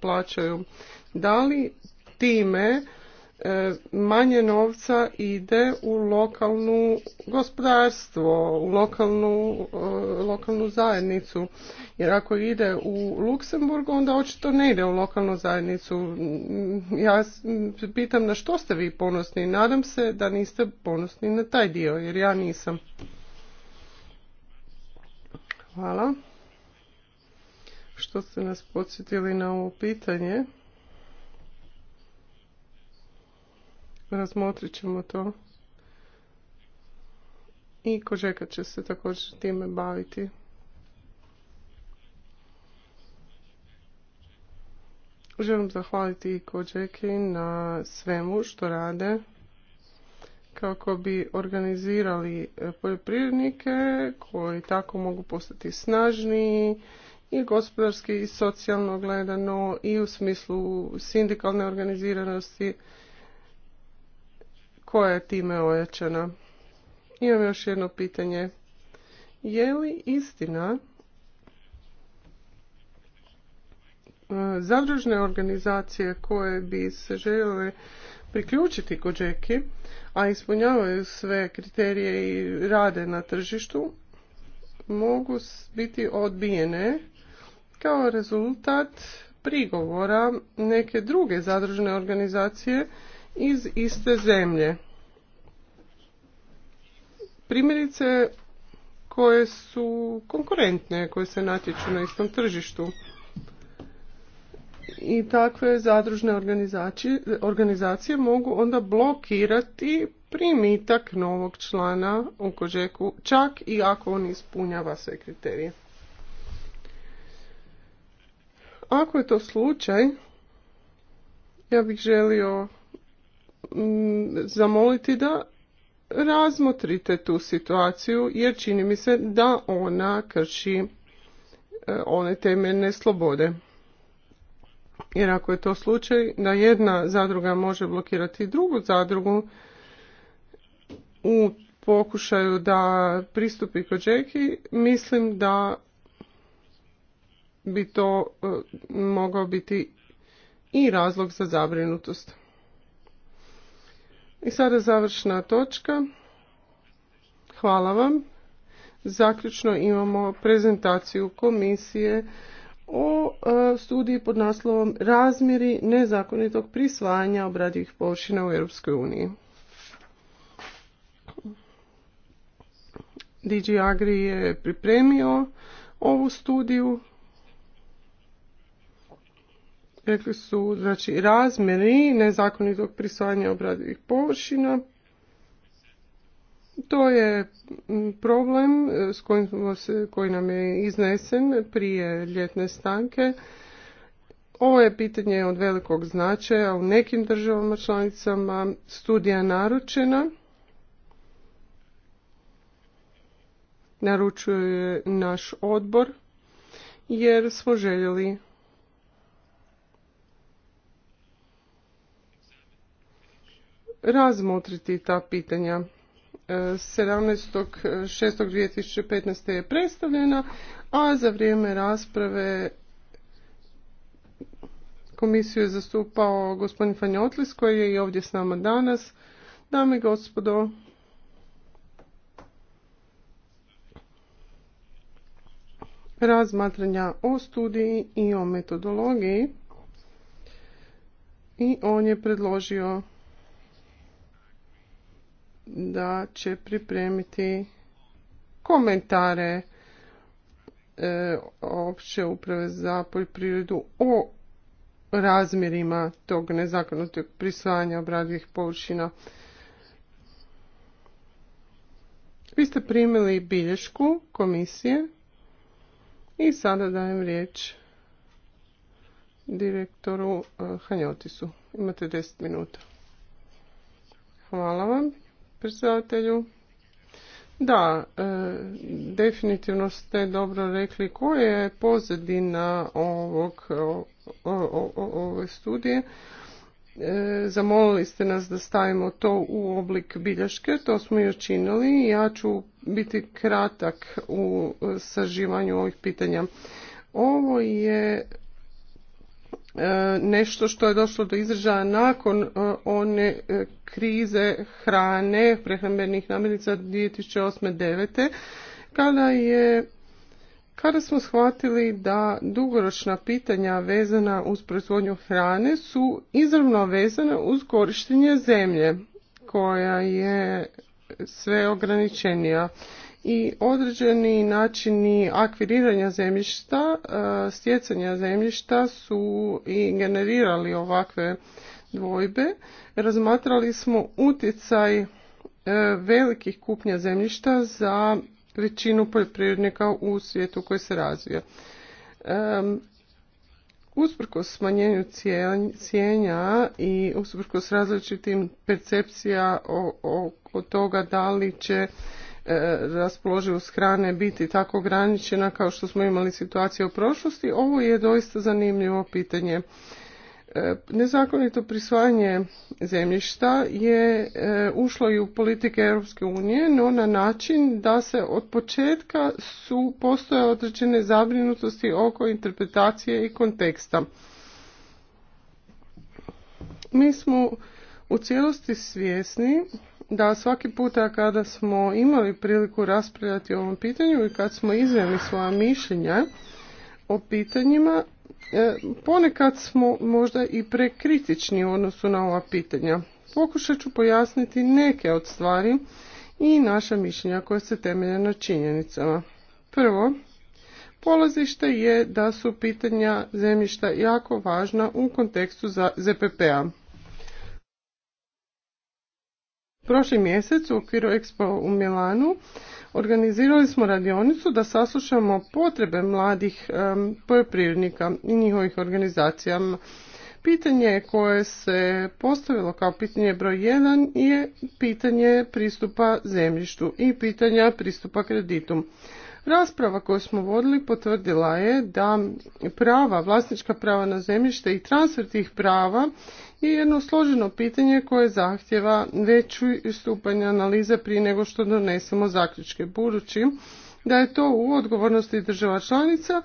plaćaju. Da li time E, manje novca ide u lokalnu gospodarstvo, u lokalnu, e, lokalnu zajednicu. Jer ako ide u Luksemburg, onda očito ne ide u lokalnu zajednicu. Mm, ja pitam na što ste vi ponosni. Nadam se da niste ponosni na taj dio, jer ja nisam. Hvala što ste nas podsjetili na ovo pitanje. razmotrit ćemo to. I kožeka će se također time baviti. Želim zahvaliti i Kođeki na svemu što rade kako bi organizirali e, poljoprivrednike koji tako mogu postati snažni i gospodarski i socijalno gledano i u smislu sindikalne organiziranosti koja je time ojačana. Imam još jedno pitanje. Je li istina e, zadružne organizacije koje bi se željele priključiti kod a ispunjavaju sve kriterije i rade na tržištu, mogu biti odbijene kao rezultat prigovora neke druge zadružne organizacije iz iste zemlje. Primjerice koje su konkurentne, koje se natječu na istom tržištu. I takve zadružne organizacije, organizacije mogu onda blokirati primitak novog člana u kožeku, čak i ako on ispunjava sve kriterije. Ako je to slučaj, ja bih želio zamoliti da razmotrite tu situaciju jer čini mi se da ona krši e, one temeljne slobode. Jer ako je to slučaj da jedna zadruga može blokirati drugu zadrugu u pokušaju da pristupi Jackie, mislim da bi to e, mogao biti i razlog za zabrinutost. I sada završna točka. Hvala vam. Zaključno imamo prezentaciju komisije o e, studiji pod naslovom Razmjeri nezakonitog prisvajanja obradivih površina u Europskoj uniji. DG Agri je pripremio ovu studiju rekli su znači razmjeri nezakonitog prisvajanja obradivih površina. To je mm, problem eh, s kojim se, koji nam je iznesen prije ljetne stanke. Ovo je pitanje od velikog značaja. U nekim državama članicama studija naručena. Naručuje naš odbor jer smo željeli razmotriti ta pitanja. 17.6.2015. E, je predstavljena, a za vrijeme rasprave komisiju je zastupao gospodin Fanjotlis koji je i ovdje s nama danas. Dame i gospodo, razmatranja o studiji i o metodologiji i on je predložio da će pripremiti komentare e, opće uprave za poljoprivredu o razmjerima tog nezakonitog prisvajanja obradivih površina. Vi ste primili bilješku komisije i sada dajem riječ direktoru e, Hanjotisu. Imate 10 minuta. Hvala vam predsjedatelju. Da, e, definitivno ste dobro rekli koja je pozadina ovog ove studije. E, zamolili ste nas da stavimo to u oblik bilješke, to smo i učinili. Ja ću biti kratak u saživanju ovih pitanja. Ovo je nešto što je došlo do izražaja nakon e, one e, krize hrane prehrambenih namirnica 2008-2009 kada je kada smo shvatili da dugoročna pitanja vezana uz proizvodnju hrane su izravno vezana uz korištenje zemlje koja je sve ograničenija i određeni načini akviriranja zemljišta, e, stjecanja zemljišta su i generirali ovakve dvojbe. Razmatrali smo utjecaj e, velikih kupnja zemljišta za većinu poljoprivrednika u svijetu koji se razvija. E, usprkos smanjenju cijenja i usprkos različitim percepcija o toga da li će E, raspoloživost hrane biti tako ograničena kao što smo imali situacije u prošlosti, ovo je doista zanimljivo pitanje. E, nezakonito prisvajanje zemljišta je e, ušlo i u politike Europske unije, no na način da se od početka su postoje određene zabrinutosti oko interpretacije i konteksta. Mi smo u cijelosti svjesni da svaki puta kada smo imali priliku raspravljati o ovom pitanju i kad smo izveli svoja mišljenja o pitanjima, e, ponekad smo možda i prekritični u odnosu na ova pitanja. Pokušat ću pojasniti neke od stvari i naša mišljenja koja se temelje na činjenicama. Prvo, polazište je da su pitanja zemljišta jako važna u kontekstu ZPP-a. Prošli mjesec u okviru Expo u Milanu organizirali smo radionicu da saslušamo potrebe mladih poljoprivrednika i njihovih organizacija. Pitanje koje se postavilo kao pitanje broj 1 je pitanje pristupa zemljištu i pitanja pristupa kreditu. Rasprava koju smo vodili potvrdila je da prava, vlasnička prava na zemljište i transfer tih prava je jedno složeno pitanje koje zahtjeva veću stupanj analize prije nego što donesemo zaključke. Budući da je to u odgovornosti država članica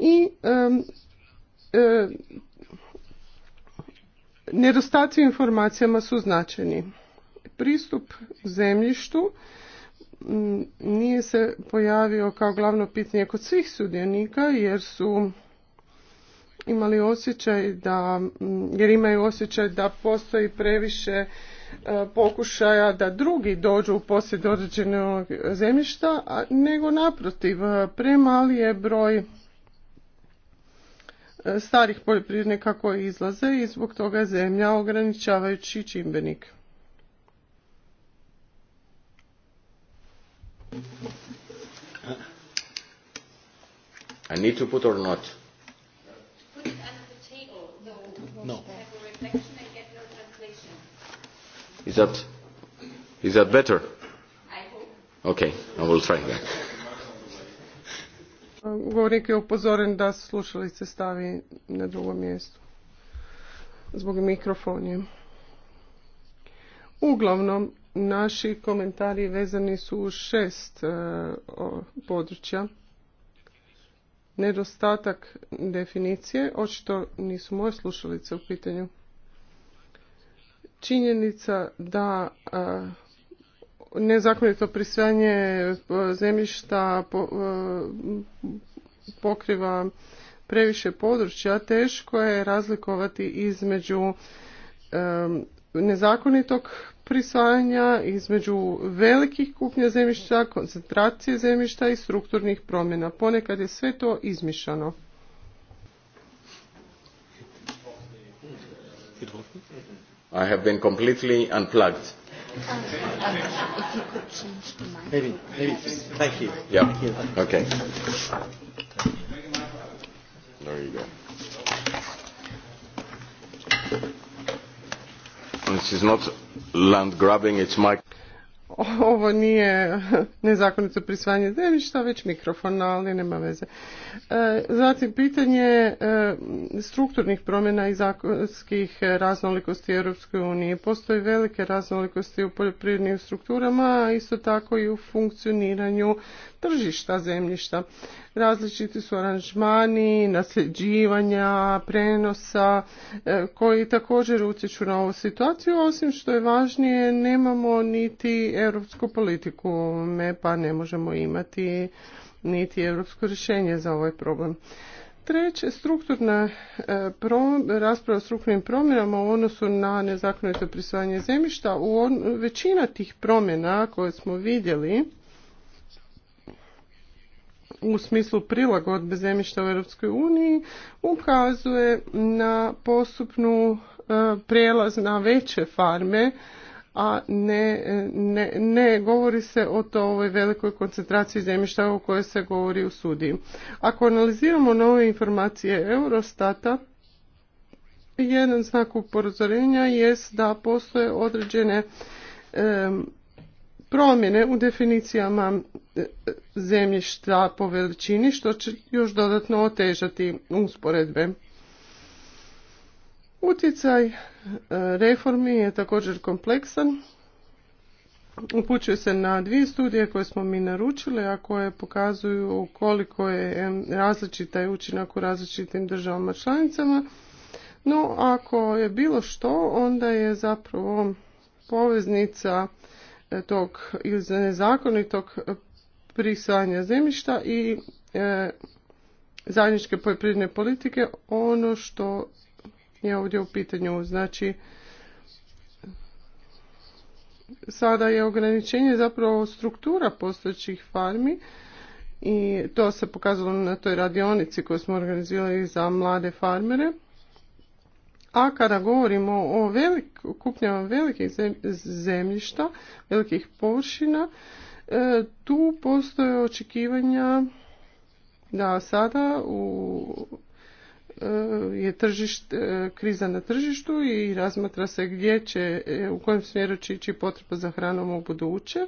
i e, informacijama su značajni. Pristup zemljištu nije se pojavio kao glavno pitanje kod svih sudionika jer su imali osjećaj da, jer imaju osjećaj da postoji previše e, pokušaja da drugi dođu u posjed određenog zemljišta, nego naprotiv, e, premali je broj e, starih poljoprivrednika koji izlaze i zbog toga zemlja ograničavajući čimbenik. I need to put or not? Put No. is that is that better? Okay, I will try that. Govornik je upozoren da slušalice stavi na drugo mjesto zbog mikrofonije. Uglavnom, Naši komentari vezani su u šest e, područja. Nedostatak definicije, očito nisu moje slušalice u pitanju. Činjenica da e, nezakonito prisvajanje e, zemljišta pokriva previše područja, teško je razlikovati između nezakonitog prisvajanja između velikih kupnja zemljišta, koncentracije zemljišta i strukturnih promjena. Ponekad je sve to izmišano. I have been completely unplugged. Maybe, maybe. Thank you. Yeah. Okay. There you go is not land grabbing, it's my ovo nije nezakonito prisvajanje zemljišta, već mikrofon, ali nema veze. E, zatim pitanje e, strukturnih promjena i zakonskih raznolikosti Europskoj uniji. Postoje velike raznolikosti u poljoprivrednim strukturama, a isto tako i u funkcioniranju tržišta zemljišta. Različiti su aranžmani, nasljeđivanja, prenosa e, koji također utječu na ovu situaciju, osim što je važnije nemamo niti europsku politiku pa ne možemo imati niti europsko rješenje za ovaj problem. Treće, strukturna e, rasprava o strukturnim promjenama u odnosu na nezakonito prisvajanje zemljišta. U većina tih promjena koje smo vidjeli u smislu prilagodbe zemljišta u Europskoj uniji ukazuje na postupnu e, prijelaz na veće farme a ne, ne, ne govori se o to ovoj velikoj koncentraciji zemljišta o kojoj se govori u sudiji. Ako analiziramo nove informacije Eurostata, jedan znak upozorenja jest da postoje određene promjene u definicijama zemljišta po veličini, što će još dodatno otežati usporedbe. Utjecaj e, reformi je također kompleksan. Upućuje se na dvije studije koje smo mi naručili, a koje pokazuju koliko je e, različitaj učinak u različitim državama članicama. No, ako je bilo što, onda je zapravo poveznica e, tog ili nezakonitog prisvajanja zemljišta i zajedničke poljoprivredne politike ono što je ovdje u pitanju. Znači, sada je ograničenje zapravo struktura postojećih farmi i to se pokazalo na toj radionici koju smo organizirali za mlade farmere. A kada govorimo o velik, kupnjama velikih zemljišta, velikih površina, e, tu postoje očekivanja da sada u Eh, je tržišt, eh, kriza na tržištu i razmatra se gdje će, eh, u kojem smjeru će ići potreba za hranom u buduće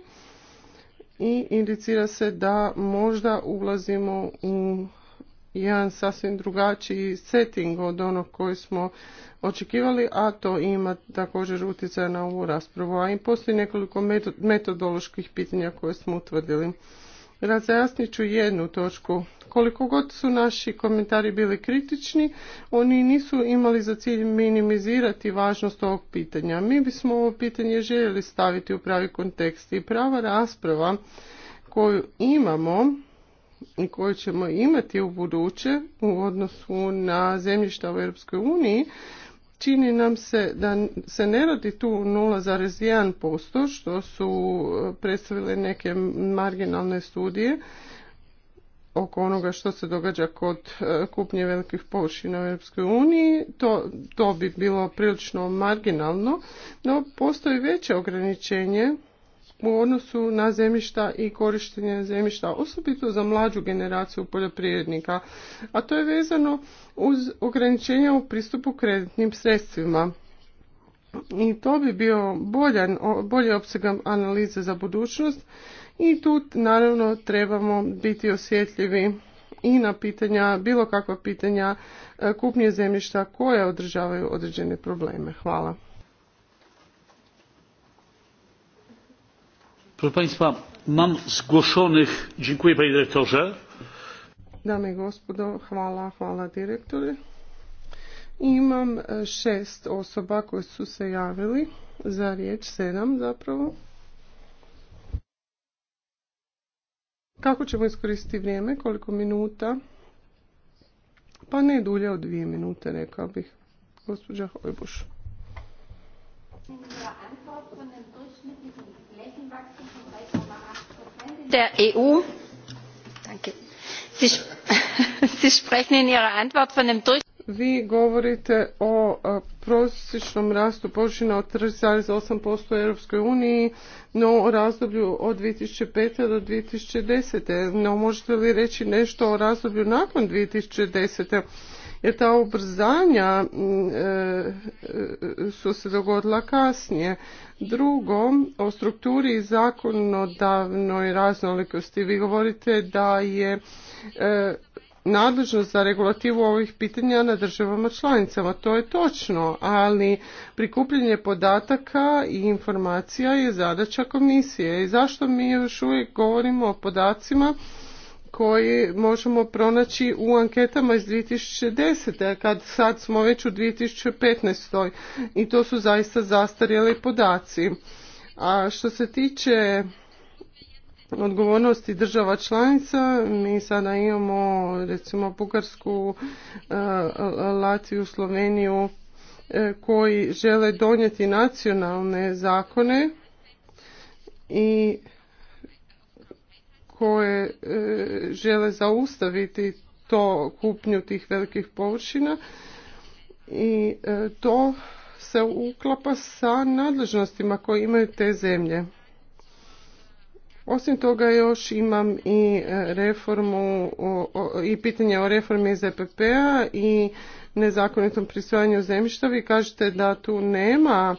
i indicira se da možda ulazimo u jedan sasvim drugačiji setting od onog koji smo očekivali, a to ima također utjecaja na ovu raspravu. A i postoji nekoliko metodoloških pitanja koje smo utvrdili. Razjasnit ću jednu točku. Koliko god su naši komentari bili kritični, oni nisu imali za cilj minimizirati važnost ovog pitanja. Mi bismo ovo pitanje željeli staviti u pravi kontekst i prava rasprava koju imamo i koju ćemo imati u buduće u odnosu na zemljišta u Europskoj uniji čini nam se da se ne radi tu 0,1% što su e, predstavile neke marginalne studije oko onoga što se događa kod e, kupnje velikih površina u Europskoj uniji, to, to bi bilo prilično marginalno, no postoji veće ograničenje u odnosu na zemljišta i korištenje zemljišta, osobito za mlađu generaciju poljoprivrednika, a to je vezano uz ograničenja u pristupu kreditnim sredstvima. I to bi bio boljan, bolji opseg analize za budućnost i tu naravno trebamo biti osjetljivi i na pitanja, bilo kakva pitanja e, kupnje zemljišta koja održavaju određene probleme. Hvala. Proszę Państwa, mam zgłoszonych... Dziękuję Panie Dyrektorze. Dame i gospodo, hvala, hvala direktore. Imam e, šest osoba koje su se javili za riječ, sedam zapravo. Kako ćemo iskoristiti vrijeme? Koliko minuta? Pa ne dulje od dvije minute, rekao bih. Gospođa Hojbuš der EU. Danke. (laughs) Sie, sprechen in Ihrer Antwort von dem Durch vi govorite o prosječnom rastu površina od 3,8% u Europskoj uniji, no o razdoblju od 2005. do 2010. No možete li reći nešto o razdoblju nakon 2010. Jer ta ubrzanja e, e, su se dogodila kasnije. Drugo, o strukturi i zakonodavnoj raznolikosti. Vi govorite da je e, nadležnost za regulativu ovih pitanja na državama članicama. To je točno, ali prikupljanje podataka i informacija je zadaća komisije. I zašto mi još uvijek govorimo o podacima koji možemo pronaći u anketama iz 2010. kad sad smo već u 2015. i to su zaista zastarjeli podaci. A što se tiče odgovornosti država članica. Mi sada imamo recimo Bugarsku, e, Latviju, Sloveniju e, koji žele donijeti nacionalne zakone i koje e, žele zaustaviti to kupnju tih velikih površina i e, to se uklapa sa nadležnostima koje imaju te zemlje. Osim toga još imam i e, reformu i pitanje o reformi ZPP-a i nezakonitom prisvajanju zemljišta. Vi kažete da tu nema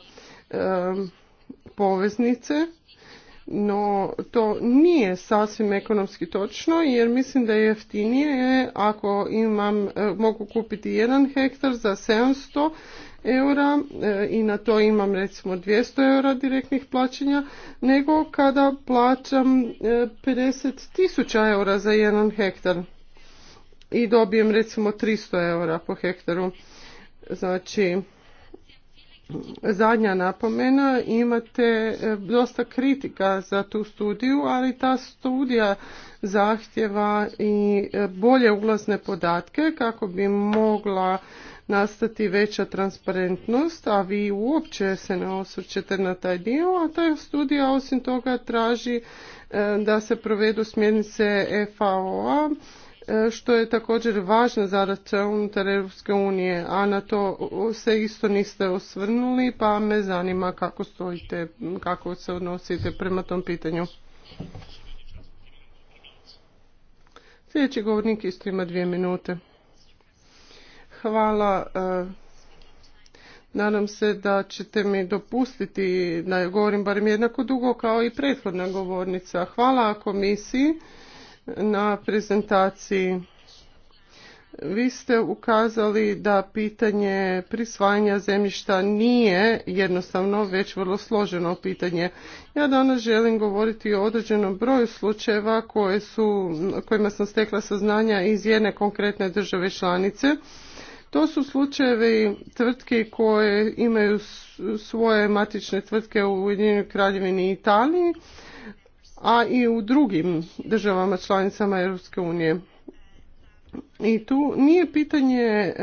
poveznice no to nije sasvim ekonomski točno jer mislim da je jeftinije ako imam, e, mogu kupiti jedan hektar za 700 eura e, i na to imam recimo 200 eura direktnih plaćanja nego kada plaćam 50 e, tisuća eura za jedan hektar i dobijem recimo 300 eura po hektaru. Znači, zadnja napomena, imate e, dosta kritika za tu studiju, ali ta studija zahtjeva i e, bolje ulazne podatke kako bi mogla nastati veća transparentnost, a vi uopće se ne osvrćete na taj dio, a ta studija osim toga traži e, da se provedu smjernice FAO-a E, što je također važna zadaća unutar Europske unije, a na to se isto niste osvrnuli, pa me zanima kako stojite, kako se odnosite prema tom pitanju. Sljedeći govornik isto ima dvije minute. Hvala. E, nadam se da ćete mi dopustiti da govorim barem jednako dugo kao i prethodna govornica. Hvala komisiji na prezentaciji. Vi ste ukazali da pitanje prisvajanja zemljišta nije jednostavno, već vrlo složeno pitanje. Ja danas želim govoriti o određenom broju slučajeva koje su, kojima sam stekla saznanja iz jedne konkretne države članice. To su slučajevi tvrtke koje imaju svoje matične tvrtke u Ujedinjenoj kraljevini i Italiji, a i u drugim državama članicama Europske unije. I tu nije pitanje e,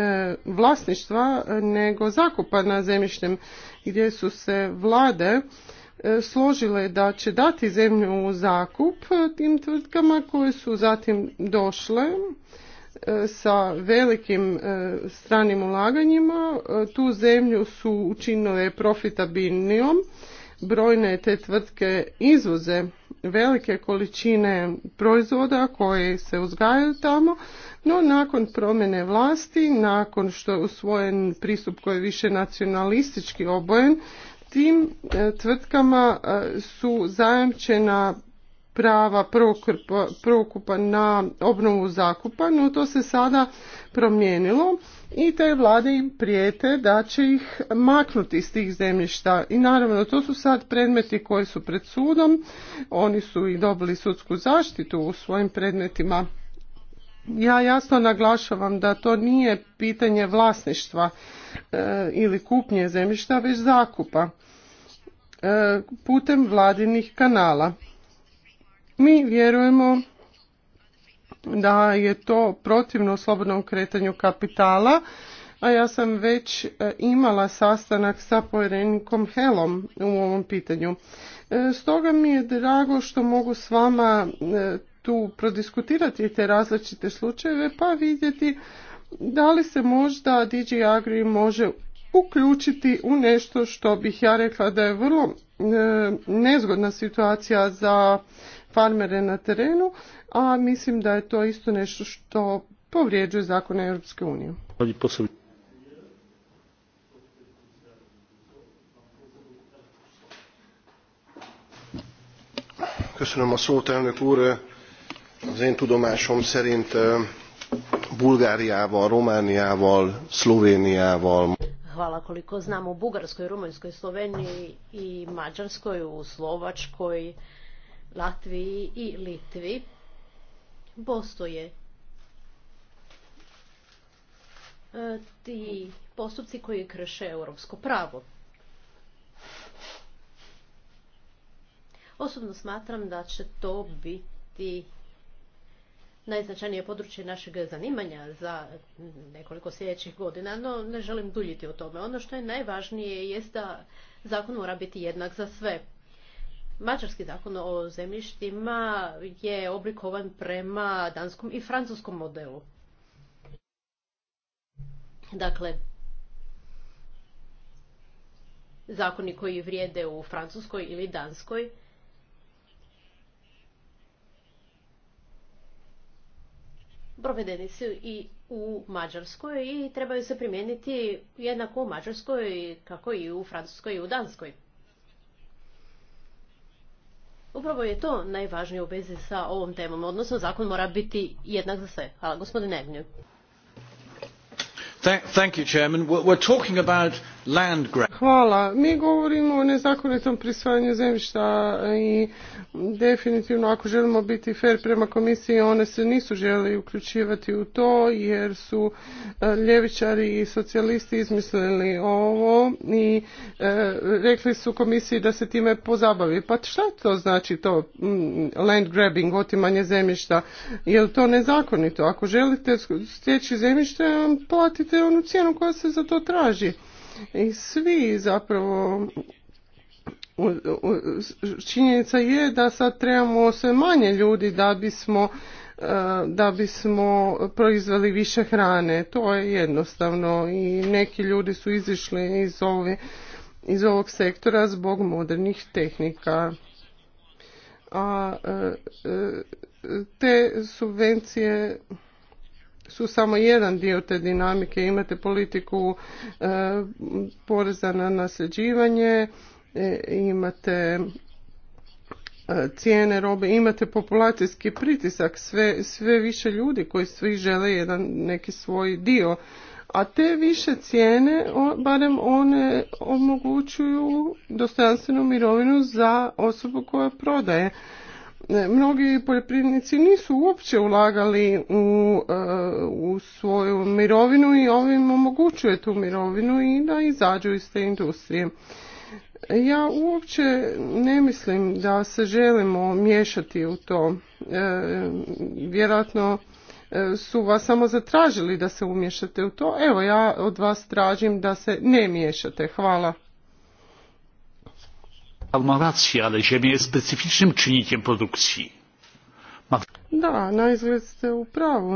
vlasništva nego zakupa na zemljištem gdje su se vlade e, složile da će dati zemlju u zakup tim tvrtkama koje su zatim došle e, sa velikim stranim ulaganjima. Tu zemlju su učinile profitabilnijom. Brojne te tvrtke izvoze velike količine proizvoda koje se uzgajaju tamo, no nakon promjene vlasti, nakon što je usvojen pristup koji je više nacionalistički obojen, tim e, tvrtkama e, su zajamčena prava prokupa na obnovu zakupa, no to se sada promijenilo i te vlade im prijete da će ih maknuti iz tih zemljišta. I naravno to su sad predmeti koji su pred sudom, oni su i dobili sudsku zaštitu u svojim predmetima. Ja jasno naglašavam da to nije pitanje vlasništva e, ili kupnje zemljišta, već zakupa e, putem vladinih kanala. Mi vjerujemo da je to protivno slobodnom kretanju kapitala, a ja sam već e, imala sastanak sa povjerenikom Helom u ovom pitanju. E, stoga mi je drago što mogu s vama e, tu prodiskutirati te različite slučajeve pa vidjeti da li se možda DJ Agri može uključiti u nešto što bih ja rekla da je vrlo nezgodna situacija za farmere na terenu, a mislim da je to isto nešto što povrijeđuje zakone Europske unije. Köszönöm a szót, elnök úr. Az én tudomásom szerint Bulgáriával, Romániával, Szlovéniával. Hvala koliko znam u Bugarskoj, Rumunjskoj, Sloveniji i Mađarskoj, u Slovačkoj Latviji i Litvi postoje e, ti postupci koji krše europsko pravo. Osobno smatram da će to biti najznačajnije područje našeg zanimanja za nekoliko sljedećih godina, no ne želim duljiti o tome. Ono što je najvažnije jest da zakon mora biti jednak za sve. Mađarski zakon o zemljištima je oblikovan prema danskom i francuskom modelu. Dakle, zakoni koji vrijede u Francuskoj ili Danskoj provedeni su i u Mađarskoj i trebaju se primijeniti jednako u Mađarskoj kako i u Francuskoj i u Danskoj. Upravo je to najvažnije u vezi sa ovom temom, odnosno zakon mora biti jednak za sve. Hvala, gospodine Egnju. Thank you, Chairman. We're talking about Hvala. Mi govorimo o nezakonitom prisvajanju zemljišta i definitivno ako želimo biti fair prema komisiji one se nisu želi uključivati u to jer su e, ljevičari i socijalisti izmislili ovo i e, rekli su komisiji da se time pozabavi. Pa šta to znači to mm, land grabbing, otimanje zemljišta? Je li to nezakonito? Ako želite stjeći zemljište platite onu cijenu koja se za to traži i svi zapravo činjenica je da sad trebamo sve manje ljudi da bismo e, da bismo proizveli više hrane. To je jednostavno i neki ljudi su izišli iz, ove, iz ovog sektora zbog modernih tehnika. A e, e, te subvencije su samo jedan dio te dinamike. Imate politiku e, poreza na nasljeđivanje, e, imate e, cijene robe, imate populacijski pritisak, sve, sve više ljudi koji svi žele jedan neki svoj dio. A te više cijene, barem one omogućuju dostojanstvenu mirovinu za osobu koja prodaje mnogi poljoprivrednici nisu uopće ulagali u, e, u svoju mirovinu i ovim omogućuje tu mirovinu i da izađu iz te industrije. Ja uopće ne mislim da se želimo miješati u to. E, vjerojatno e, su vas samo zatražili da se umješate u to. Evo ja od vas tražim da se ne miješate. Hvala. Ma rację, ale ziemia jest specyficznym czynnikiem produkcji. Da, naizgled ste u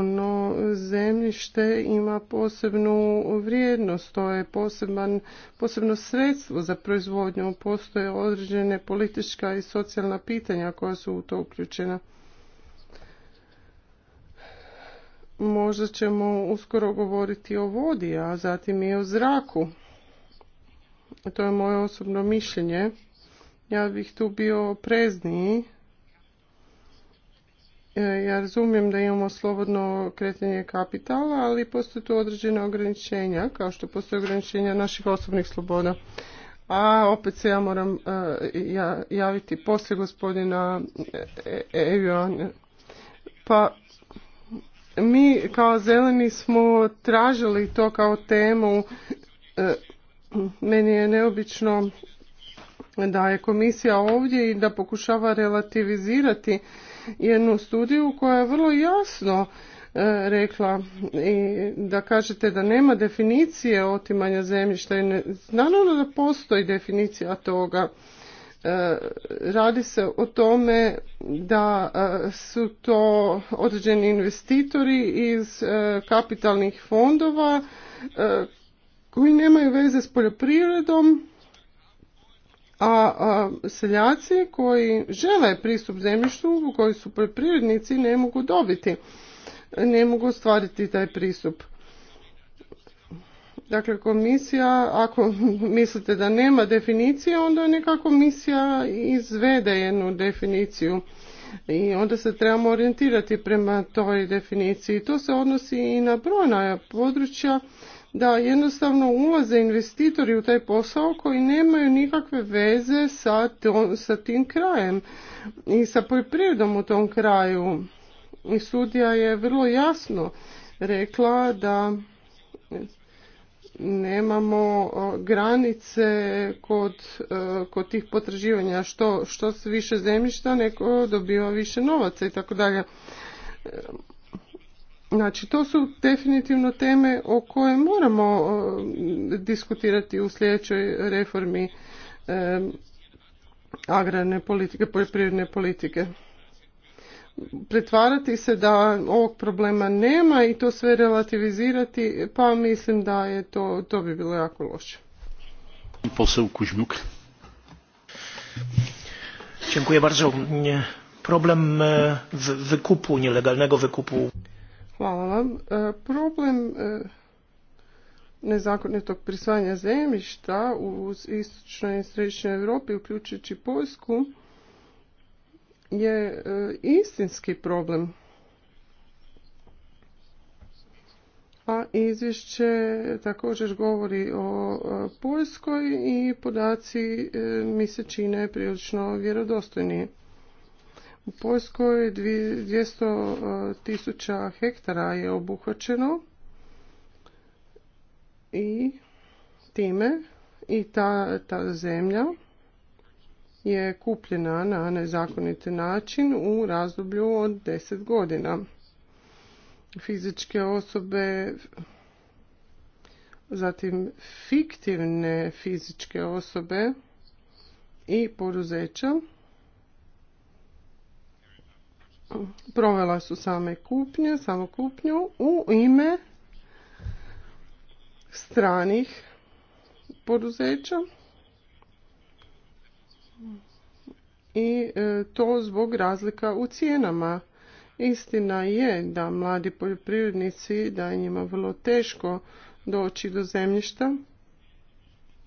no zemljište ima posebnu vrijednost, to je poseban, posebno sredstvo za proizvodnju, postoje određene politička i socijalna pitanja koja su u to uključena. Možda ćemo uskoro govoriti o vodi, a zatim i o zraku. To je moje osobno mišljenje ja bih tu bio oprezniji. E, ja razumijem da imamo slobodno kretanje kapitala, ali postoje tu određena ograničenja, kao što postoje ograničenja naših osobnih sloboda. A opet se ja moram e, javiti poslije gospodina e, Evioana. Pa mi kao zeleni smo tražili to kao temu. Meni je neobično Dakle, da je komisija ovdje i da pokušava relativizirati jednu studiju koja je vrlo jasno e, rekla i da kažete da nema definicije otimanja zemljišta i naravno da postoji definicija toga e, radi se o tome da e, su to određeni investitori iz kapitalnih fondova koji nemaju veze s poljoprivredom a seljaci koji žele pristup zemljištu, koji su poljoprivrednici, ne mogu dobiti, ne mogu ostvariti taj pristup. Dakle, komisija, ako (laughs) mislite da nema definicije, onda neka komisija izvede jednu definiciju i onda se trebamo orijentirati prema toj definiciji. To se odnosi i na brojna područja da jednostavno ulaze investitori u taj posao koji nemaju nikakve veze sa, sa tim krajem i sa poljoprivredom u tom kraju. I sudija je vrlo jasno rekla da nemamo granice kod, e, kod tih potraživanja što, što više zemljišta neko dobiva više novaca i tako dalje Znači, to su definitivno teme o koje moramo e, diskutirati u sljedećoj reformi e, agrarne politike, poljoprivredne politike. Pretvarati se da ovog problema nema i to sve relativizirati, pa mislim da je to, to bi bilo jako loše. Dziękuję bardzo. Problem e, wykupu, nielegalnego wykupu Hvala vam. E, problem e, nezakonitog prisvajanja zemljišta u istočnoj i središnjoj Europi, uključujući Poljsku, je e, istinski problem. A izvješće također govori o Poljskoj i podaci mi se čine prilično vjerodostojni. U Poljskoj 200 e, tisuća hektara je obuhvaćeno i time i ta, ta zemlja je kupljena na nezakoniti način u razdoblju od 10 godina. Fizičke osobe, zatim fiktivne fizičke osobe i poduzeća provela su same kupnje, samo kupnju u ime stranih poduzeća i e, to zbog razlika u cijenama. Istina je da mladi poljoprivrednici, da je njima vrlo teško doći do zemljišta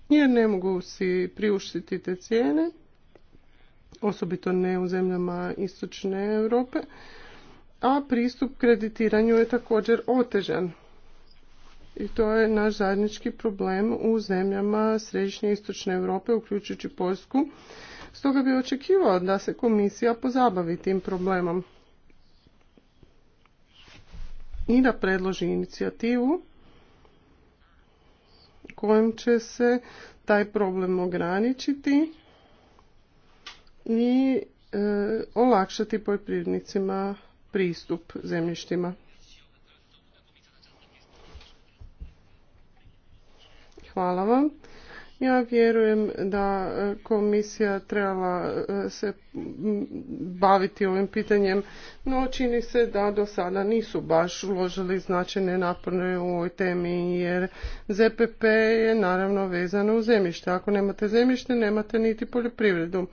jer ne mogu si priuštiti te cijene osobito ne u zemljama istočne Europe, a pristup kreditiranju je također otežan. I to je naš zajednički problem u zemljama središnje istočne Europe, uključujući Poljsku. Stoga bi očekivao da se komisija pozabavi tim problemom i da predloži inicijativu kojom će se taj problem ograničiti i e, olakšati poljoprivrednicima pristup zemljištima. Hvala vam. Ja vjerujem da e, komisija trebala e, se baviti ovim pitanjem, no čini se da do sada nisu baš uložili značajne napore u ovoj temi, jer ZPP je naravno vezano u zemljište. Ako nemate zemljište, nemate niti poljoprivredu.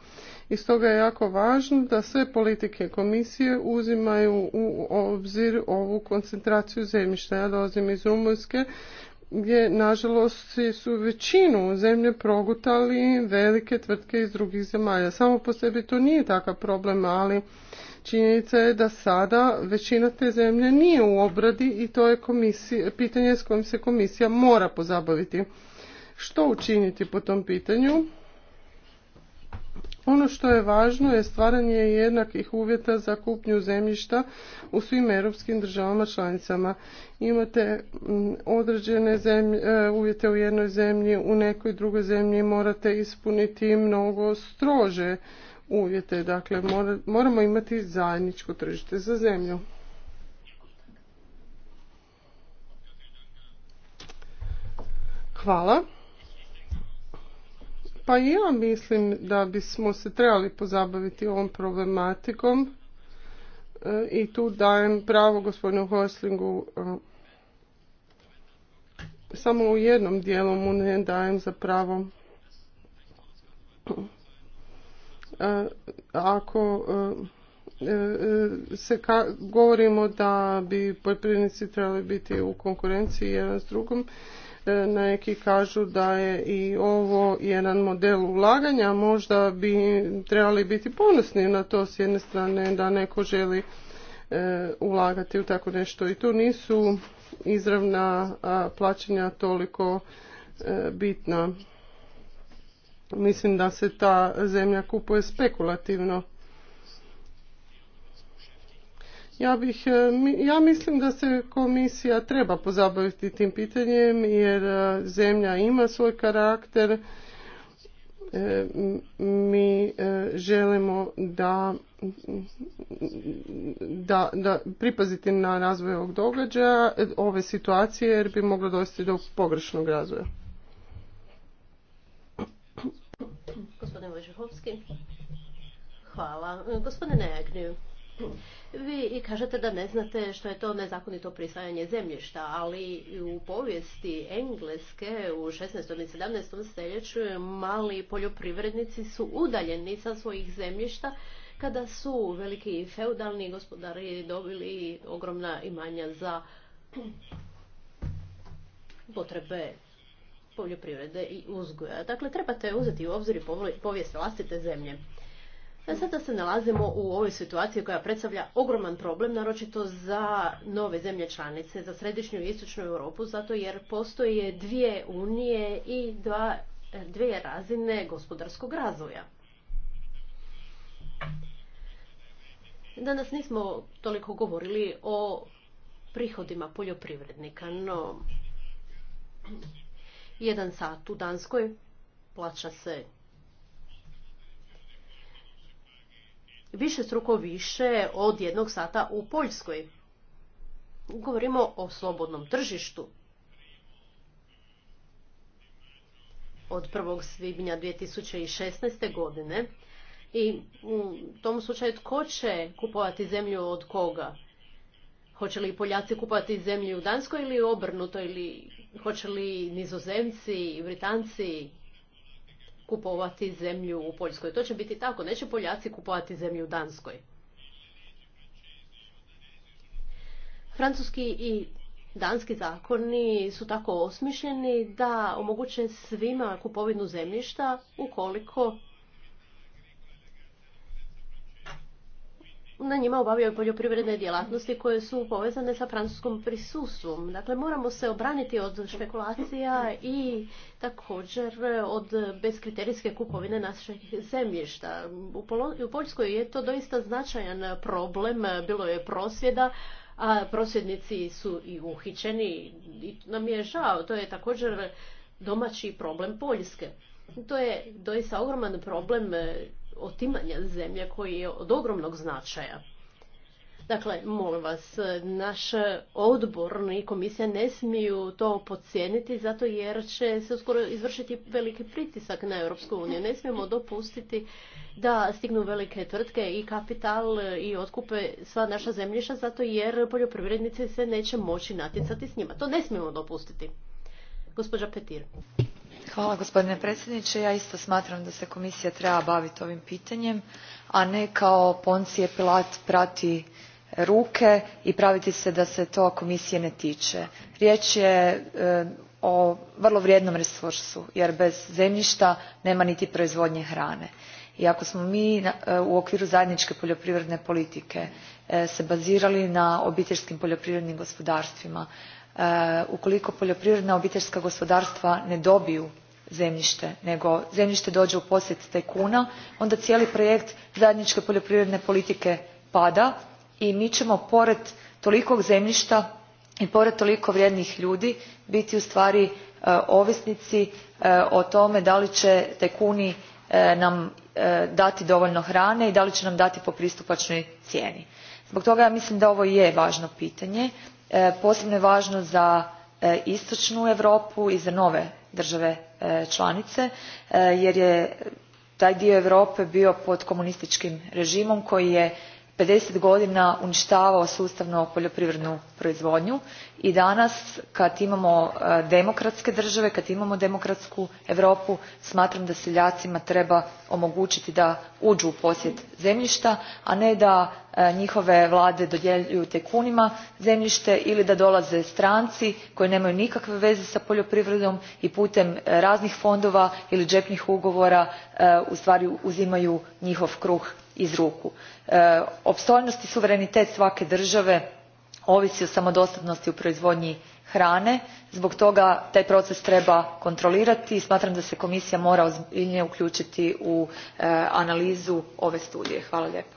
I stoga je jako važno da sve politike komisije uzimaju u obzir ovu koncentraciju zemljišta. Ja dolazim iz Rumunjske gdje nažalost su većinu zemlje progutali velike tvrtke iz drugih zemalja. Samo po sebi to nije takav problem, ali činjenica je da sada većina te zemlje nije u obradi i to je pitanje s kojim se komisija mora pozabaviti. Što učiniti po tom pitanju? Ono što je važno je stvaranje jednakih uvjeta za kupnju zemljišta u svim europskim državama članicama. Imate mm, određene e, uvjete u jednoj zemlji, u nekoj drugoj zemlji morate ispuniti mnogo strože uvjete. Dakle, moramo imati zajedničko tržište za zemlju. Hvala. Pa ja mislim da bismo se trebali pozabaviti ovom problematikom e, i tu dajem pravo gospodinu Hoslingu e, samo u jednom dijelu mu ne dajem za pravo e, ako se govorimo da bi poljoprivrednici trebali biti u konkurenciji jedan s drugom neki kažu da je i ovo jedan model ulaganja, možda bi trebali biti ponosni na to s jedne strane da neko želi e, ulagati u tako nešto i tu nisu izravna plaćanja toliko e, bitna. Mislim da se ta zemlja kupuje spekulativno. Ja, bih, e, ja mislim da se komisija treba pozabaviti tim pitanjem jer e, zemlja ima svoj karakter. E, mi želimo da, da, da pripaziti na razvoj ovog događaja, ove situacije jer bi moglo doći do pogrešnog razvoja. Gospodine Hvala. Gospodine Agniju. Vi kažete da ne znate što je to nezakonito prisvajanje zemljišta, ali u povijesti Engleske u 16. i 17. stoljeću mali poljoprivrednici su udaljeni sa svojih zemljišta kada su veliki feudalni gospodari dobili ogromna imanja za potrebe poljoprivrede i uzgoja. Dakle, trebate uzeti u obzir povijest vlastite zemlje. E, sada se nalazimo u ovoj situaciji koja predstavlja ogroman problem, naročito za nove zemlje članice, za središnju i istočnu Europu, zato jer postoje dvije unije i dva, e, dvije razine gospodarskog razvoja. Danas nismo toliko govorili o prihodima poljoprivrednika, no jedan sat u Danskoj plaća se više struko više od jednog sata u Poljskoj. Govorimo o slobodnom tržištu. Od 1. svibnja 2016. godine i u tom slučaju tko će kupovati zemlju od koga? Hoće li Poljaci kupovati zemlju u Danskoj ili obrnuto ili hoće li Nizozemci, Britanci, kupovati zemlju u Poljskoj. To će biti tako, neće Poljaci kupovati zemlju u Danskoj. Francuski i danski zakoni su tako osmišljeni da omoguće svima kupovinu zemljišta ukoliko na njima obavljaju poljoprivredne djelatnosti koje su povezane sa francuskom prisustvom. Dakle, moramo se obraniti od špekulacija i također od beskriterijske kupovine naših zemljišta. U, u Poljskoj je to doista značajan problem, bilo je prosvjeda, a prosvjednici su i uhićeni i nam je žao, to je također domaći problem Poljske. To je doista ogroman problem otimanja zemlje koji je od ogromnog značaja. Dakle, molim vas, naš odbor i komisija ne smiju to podcijeniti zato jer će se uskoro izvršiti veliki pritisak na Europsku uniju. Ne smijemo dopustiti da stignu velike tvrtke i kapital i otkupe sva naša zemljišta zato jer poljoprivrednici se neće moći natjecati s njima. To ne smijemo dopustiti. Gospođa Petir. Hvala gospodine predsjedniče. Ja isto smatram da se komisija treba baviti ovim pitanjem, a ne kao Poncije Pilat prati ruke i praviti se da se to komisije ne tiče. Riječ je eh, o vrlo vrijednom resursu jer bez zemljišta nema niti proizvodnje hrane. I ako smo mi eh, u okviru zajedničke poljoprivredne politike eh, se bazirali na obiteljskim poljoprivrednim gospodarstvima E, ukoliko poljoprivredna obiteljska gospodarstva ne dobiju zemljište nego zemljište dođe u posjed tajkuna onda cijeli projekt zajedničke poljoprivredne politike pada i mi ćemo pored tolikog zemljišta i pored toliko vrijednih ljudi biti ustvari e, ovisnici e, o tome da li će tajkuni nam dati dovoljno hrane i da li će nam dati po pristupačnoj cijeni. zbog toga ja mislim da ovo je važno pitanje. E, posebno je važno za e, istočnu europu i za nove države e, članice jer je taj dio europe bio pod komunističkim režimom koji je pedeset godina uništavao sustavno poljoprivrednu proizvodnju i danas kad imamo e, demokratske države, kad imamo demokratsku europu smatram da seljacima treba omogućiti da uđu u posjed zemljišta, a ne da e, njihove vlade dodjeljuju tajkunima zemljište ili da dolaze stranci koji nemaju nikakve veze s poljoprivredom i putem e, raznih fondova ili džepnih ugovora ustvari uzimaju njihov kruh iz ruku. E, opstojnost i suverenitet svake države ovisi o samodostatnosti u proizvodnji hrane zbog toga taj proces treba kontrolirati i smatram da se komisija mora ozbiljnije uključiti u e, analizu ove studije. hvala lijepo.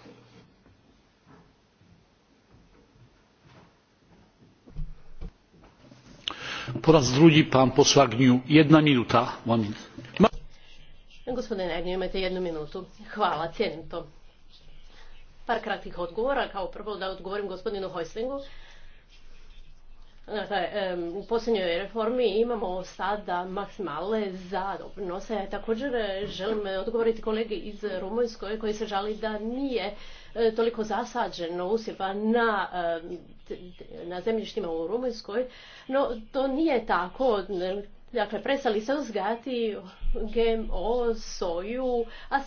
to par kratkih odgovora. Kao prvo da odgovorim gospodinu Hojslingu. Dakle, u posljednjoj reformi imamo sada maksimale za doprinose. Također e, želim odgovoriti kolegi iz Rumunjskoj koji se žali da nije e, toliko zasađeno usjeva na, na zemljištima u Rumunjskoj. No, to nije tako. Dakle, prestali se uzgajati GMO soju, a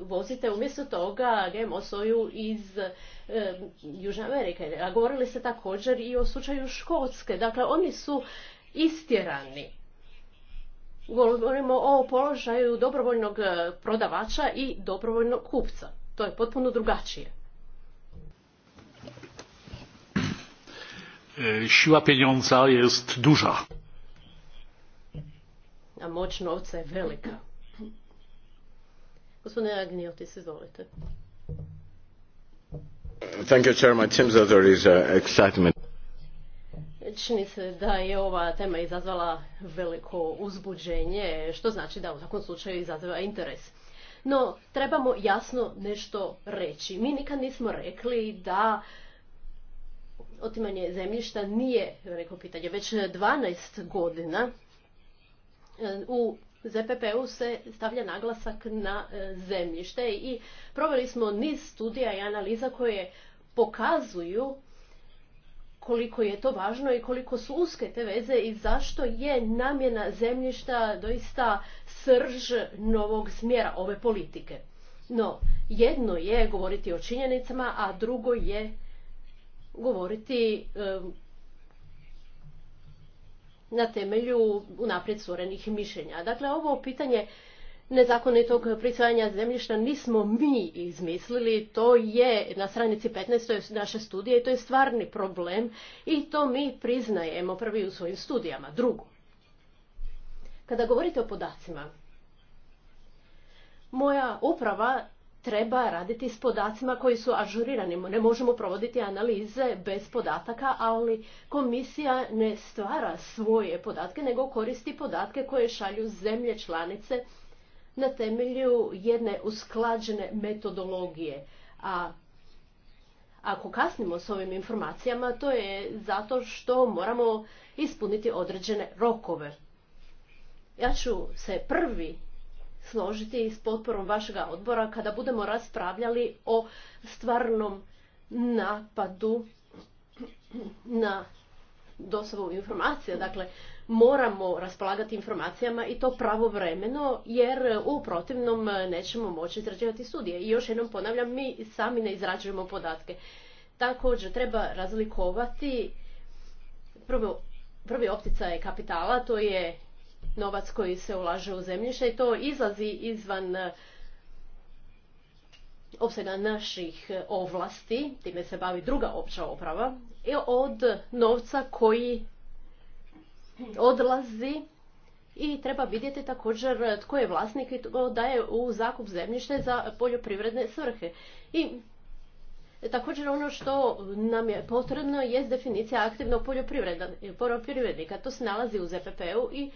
vozite umjesto toga GMO soju iz e, Južne Amerike. A govorili se također i o slučaju Škotske. Dakle, oni su istjerani. Govorimo o položaju dobrovoljnog eh, prodavača i dobrovoljnog kupca. To je potpuno drugačije. E, siła pieniądza jest duża a moć novca je velika. Gospodine Agniotis, izvolite. Thank you, Chairman. is uh, excitement. Čini se da je ova tema izazvala veliko uzbuđenje, što znači da u takvom slučaju izaziva interes. No, trebamo jasno nešto reći. Mi nikad nismo rekli da otimanje zemljišta nije veliko pitanje. Već 12 godina E, u zppu u se stavlja naglasak na e, zemljište i proveli smo niz studija i analiza koje pokazuju koliko je to važno i koliko su uske te veze i zašto je namjena zemljišta doista srž novog smjera ove politike. No, jedno je govoriti o činjenicama, a drugo je govoriti e, na temelju unaprijed stvorenih mišljenja. Dakle, ovo pitanje nezakonitog prisvajanja zemljišta nismo mi izmislili, to je na stranici 15. naše studije i to je stvarni problem i to mi priznajemo prvi u svojim studijama. Drugo, kada govorite o podacima, moja uprava treba raditi s podacima koji su ažurirani. Ne možemo provoditi analize bez podataka, ali komisija ne stvara svoje podatke, nego koristi podatke koje šalju zemlje članice na temelju jedne usklađene metodologije. A ako kasnimo s ovim informacijama, to je zato što moramo ispuniti određene rokove. Ja ću se prvi složiti s potporom vašega odbora kada budemo raspravljali o stvarnom napadu na dostavu informacija. Dakle, moramo raspolagati informacijama i to pravovremeno jer u protivnom nećemo moći izrađivati studije. I još jednom ponavljam, mi sami ne izrađujemo podatke. Također treba razlikovati prvo, prvi je kapitala, to je novac koji se ulaže u zemljište i to izlazi izvan e, opsega naših e, ovlasti, time se bavi druga opća oprava, i od novca koji odlazi i treba vidjeti također e, tko je vlasnik i tko daje u zakup zemljište za poljoprivredne svrhe. I također ono što nam je potrebno je definicija aktivnog poljoprivrednika. To se nalazi u ZPP-u i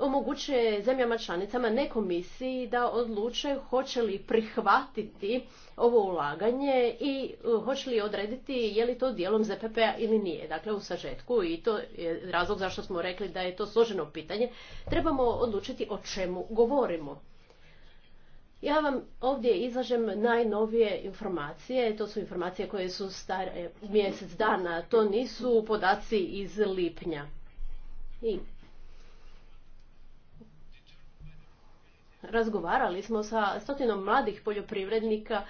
omogućuje zemljama članicama, ne komisiji, da odluče hoće li prihvatiti ovo ulaganje i e, hoće li odrediti je li to dijelom ZPP-a ili nije. Dakle, u sažetku i to je razlog zašto smo rekli da je to složeno pitanje. Trebamo odlučiti o čemu govorimo. Ja vam ovdje izlažem najnovije informacije, to su informacije koje su stare mjesec dana, to nisu podaci iz lipnja. I razgovarali smo sa stotinom mladih poljoprivrednika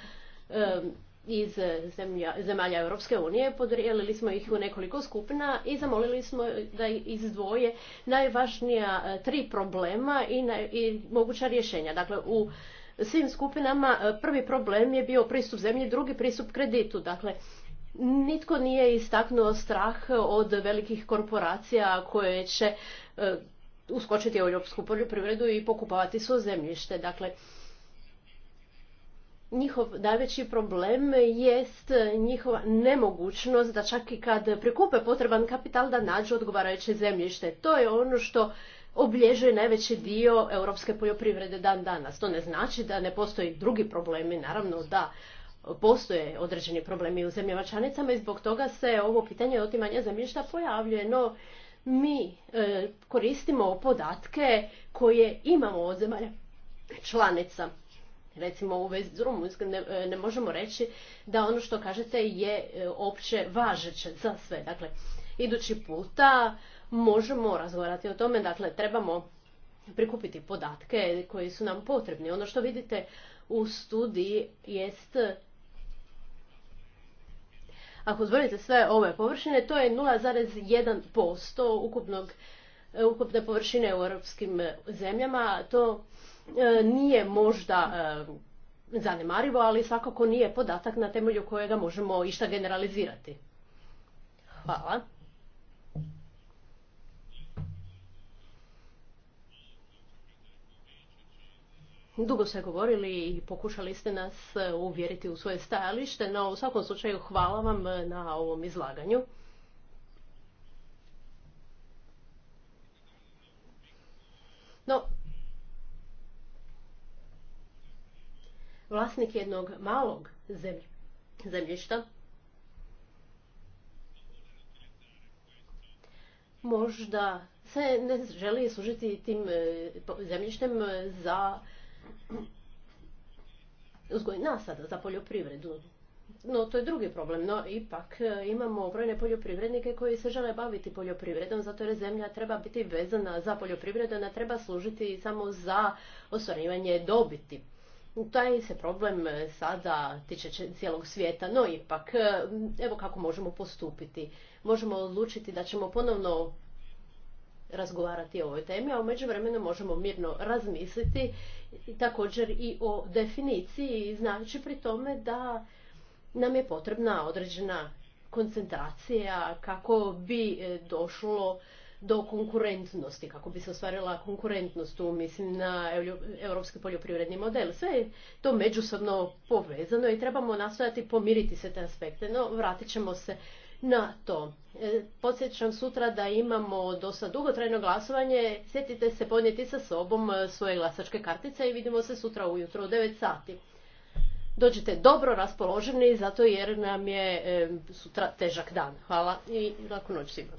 iz zemlja, zemalja Europske unije, podrijelili smo ih u nekoliko skupina i zamolili smo da izdvoje najvažnija e, tri problema i, i moguća rješenja. Dakle, u svim skupinama e, prvi problem je bio pristup zemlji, drugi pristup kreditu. Dakle, nitko nije istaknuo strah od velikih korporacija koje će e, uskočiti u europsku poljoprivredu i pokupovati svo zemljište. Dakle, njihov najveći problem jest njihova nemogućnost da čak i kad prikupe potreban kapital da nađu odgovarajuće zemljište. To je ono što oblježuje najveći dio europske poljoprivrede dan danas. To ne znači da ne postoji drugi problemi, naravno da postoje određeni problemi u zemljama članicama i zbog toga se ovo pitanje otimanja zemljišta pojavljuje. No, mi e, koristimo podatke koje imamo od zemalja članica. Recimo u vezi ne, e, ne možemo reći da ono što kažete je e, opće važeće za sve. Dakle, idući puta možemo razgovarati o tome, dakle trebamo prikupiti podatke koji su nam potrebni. Ono što vidite u studiji jest ako zbrojite sve ove površine, to je 0,1% ukupnog e, ukupne površine u europskim e, zemljama. To e, nije možda zanemarivo, ali svakako nije podatak na temelju kojega možemo išta generalizirati. Hvala. Dugo ste govorili i pokušali ste nas e, uvjeriti u svoje stajalište, no u svakom slučaju hvala vam e, na ovom izlaganju. No, vlasnik jednog malog zemljišta možda se ne želi služiti tim e, zemljištem za uzgoj nasada za poljoprivredu. No, to je drugi problem, no ipak e, imamo brojne poljoprivrednike koji se žele baviti poljoprivredom, zato jer zemlja treba biti vezana za poljoprivredu, ona treba služiti samo za ostvarivanje dobiti. Taj se problem e, sada tiče cijelog svijeta, no ipak, e, evo kako možemo postupiti. Možemo odlučiti da ćemo ponovno razgovarati o ovoj temi, a u međuvremenu možemo mirno razmisliti također i o definiciji, znajući pri tome da nam je potrebna određena koncentracija kako bi e, došlo do konkurentnosti, kako bi se ostvarila konkurentnost tu, mislim, na europski poljoprivredni model. Sve je to međusobno povezano i trebamo nastojati pomiriti se te aspekte, no vratit ćemo se na to. E, podsjećam sutra da imamo dosta dugotrajno glasovanje. Sjetite se podnijeti sa sobom e, svoje glasačke kartice i vidimo se sutra ujutro u 9 sati. Dođite dobro raspoloženi zato jer nam je e, sutra težak dan. Hvala i laku noć svima.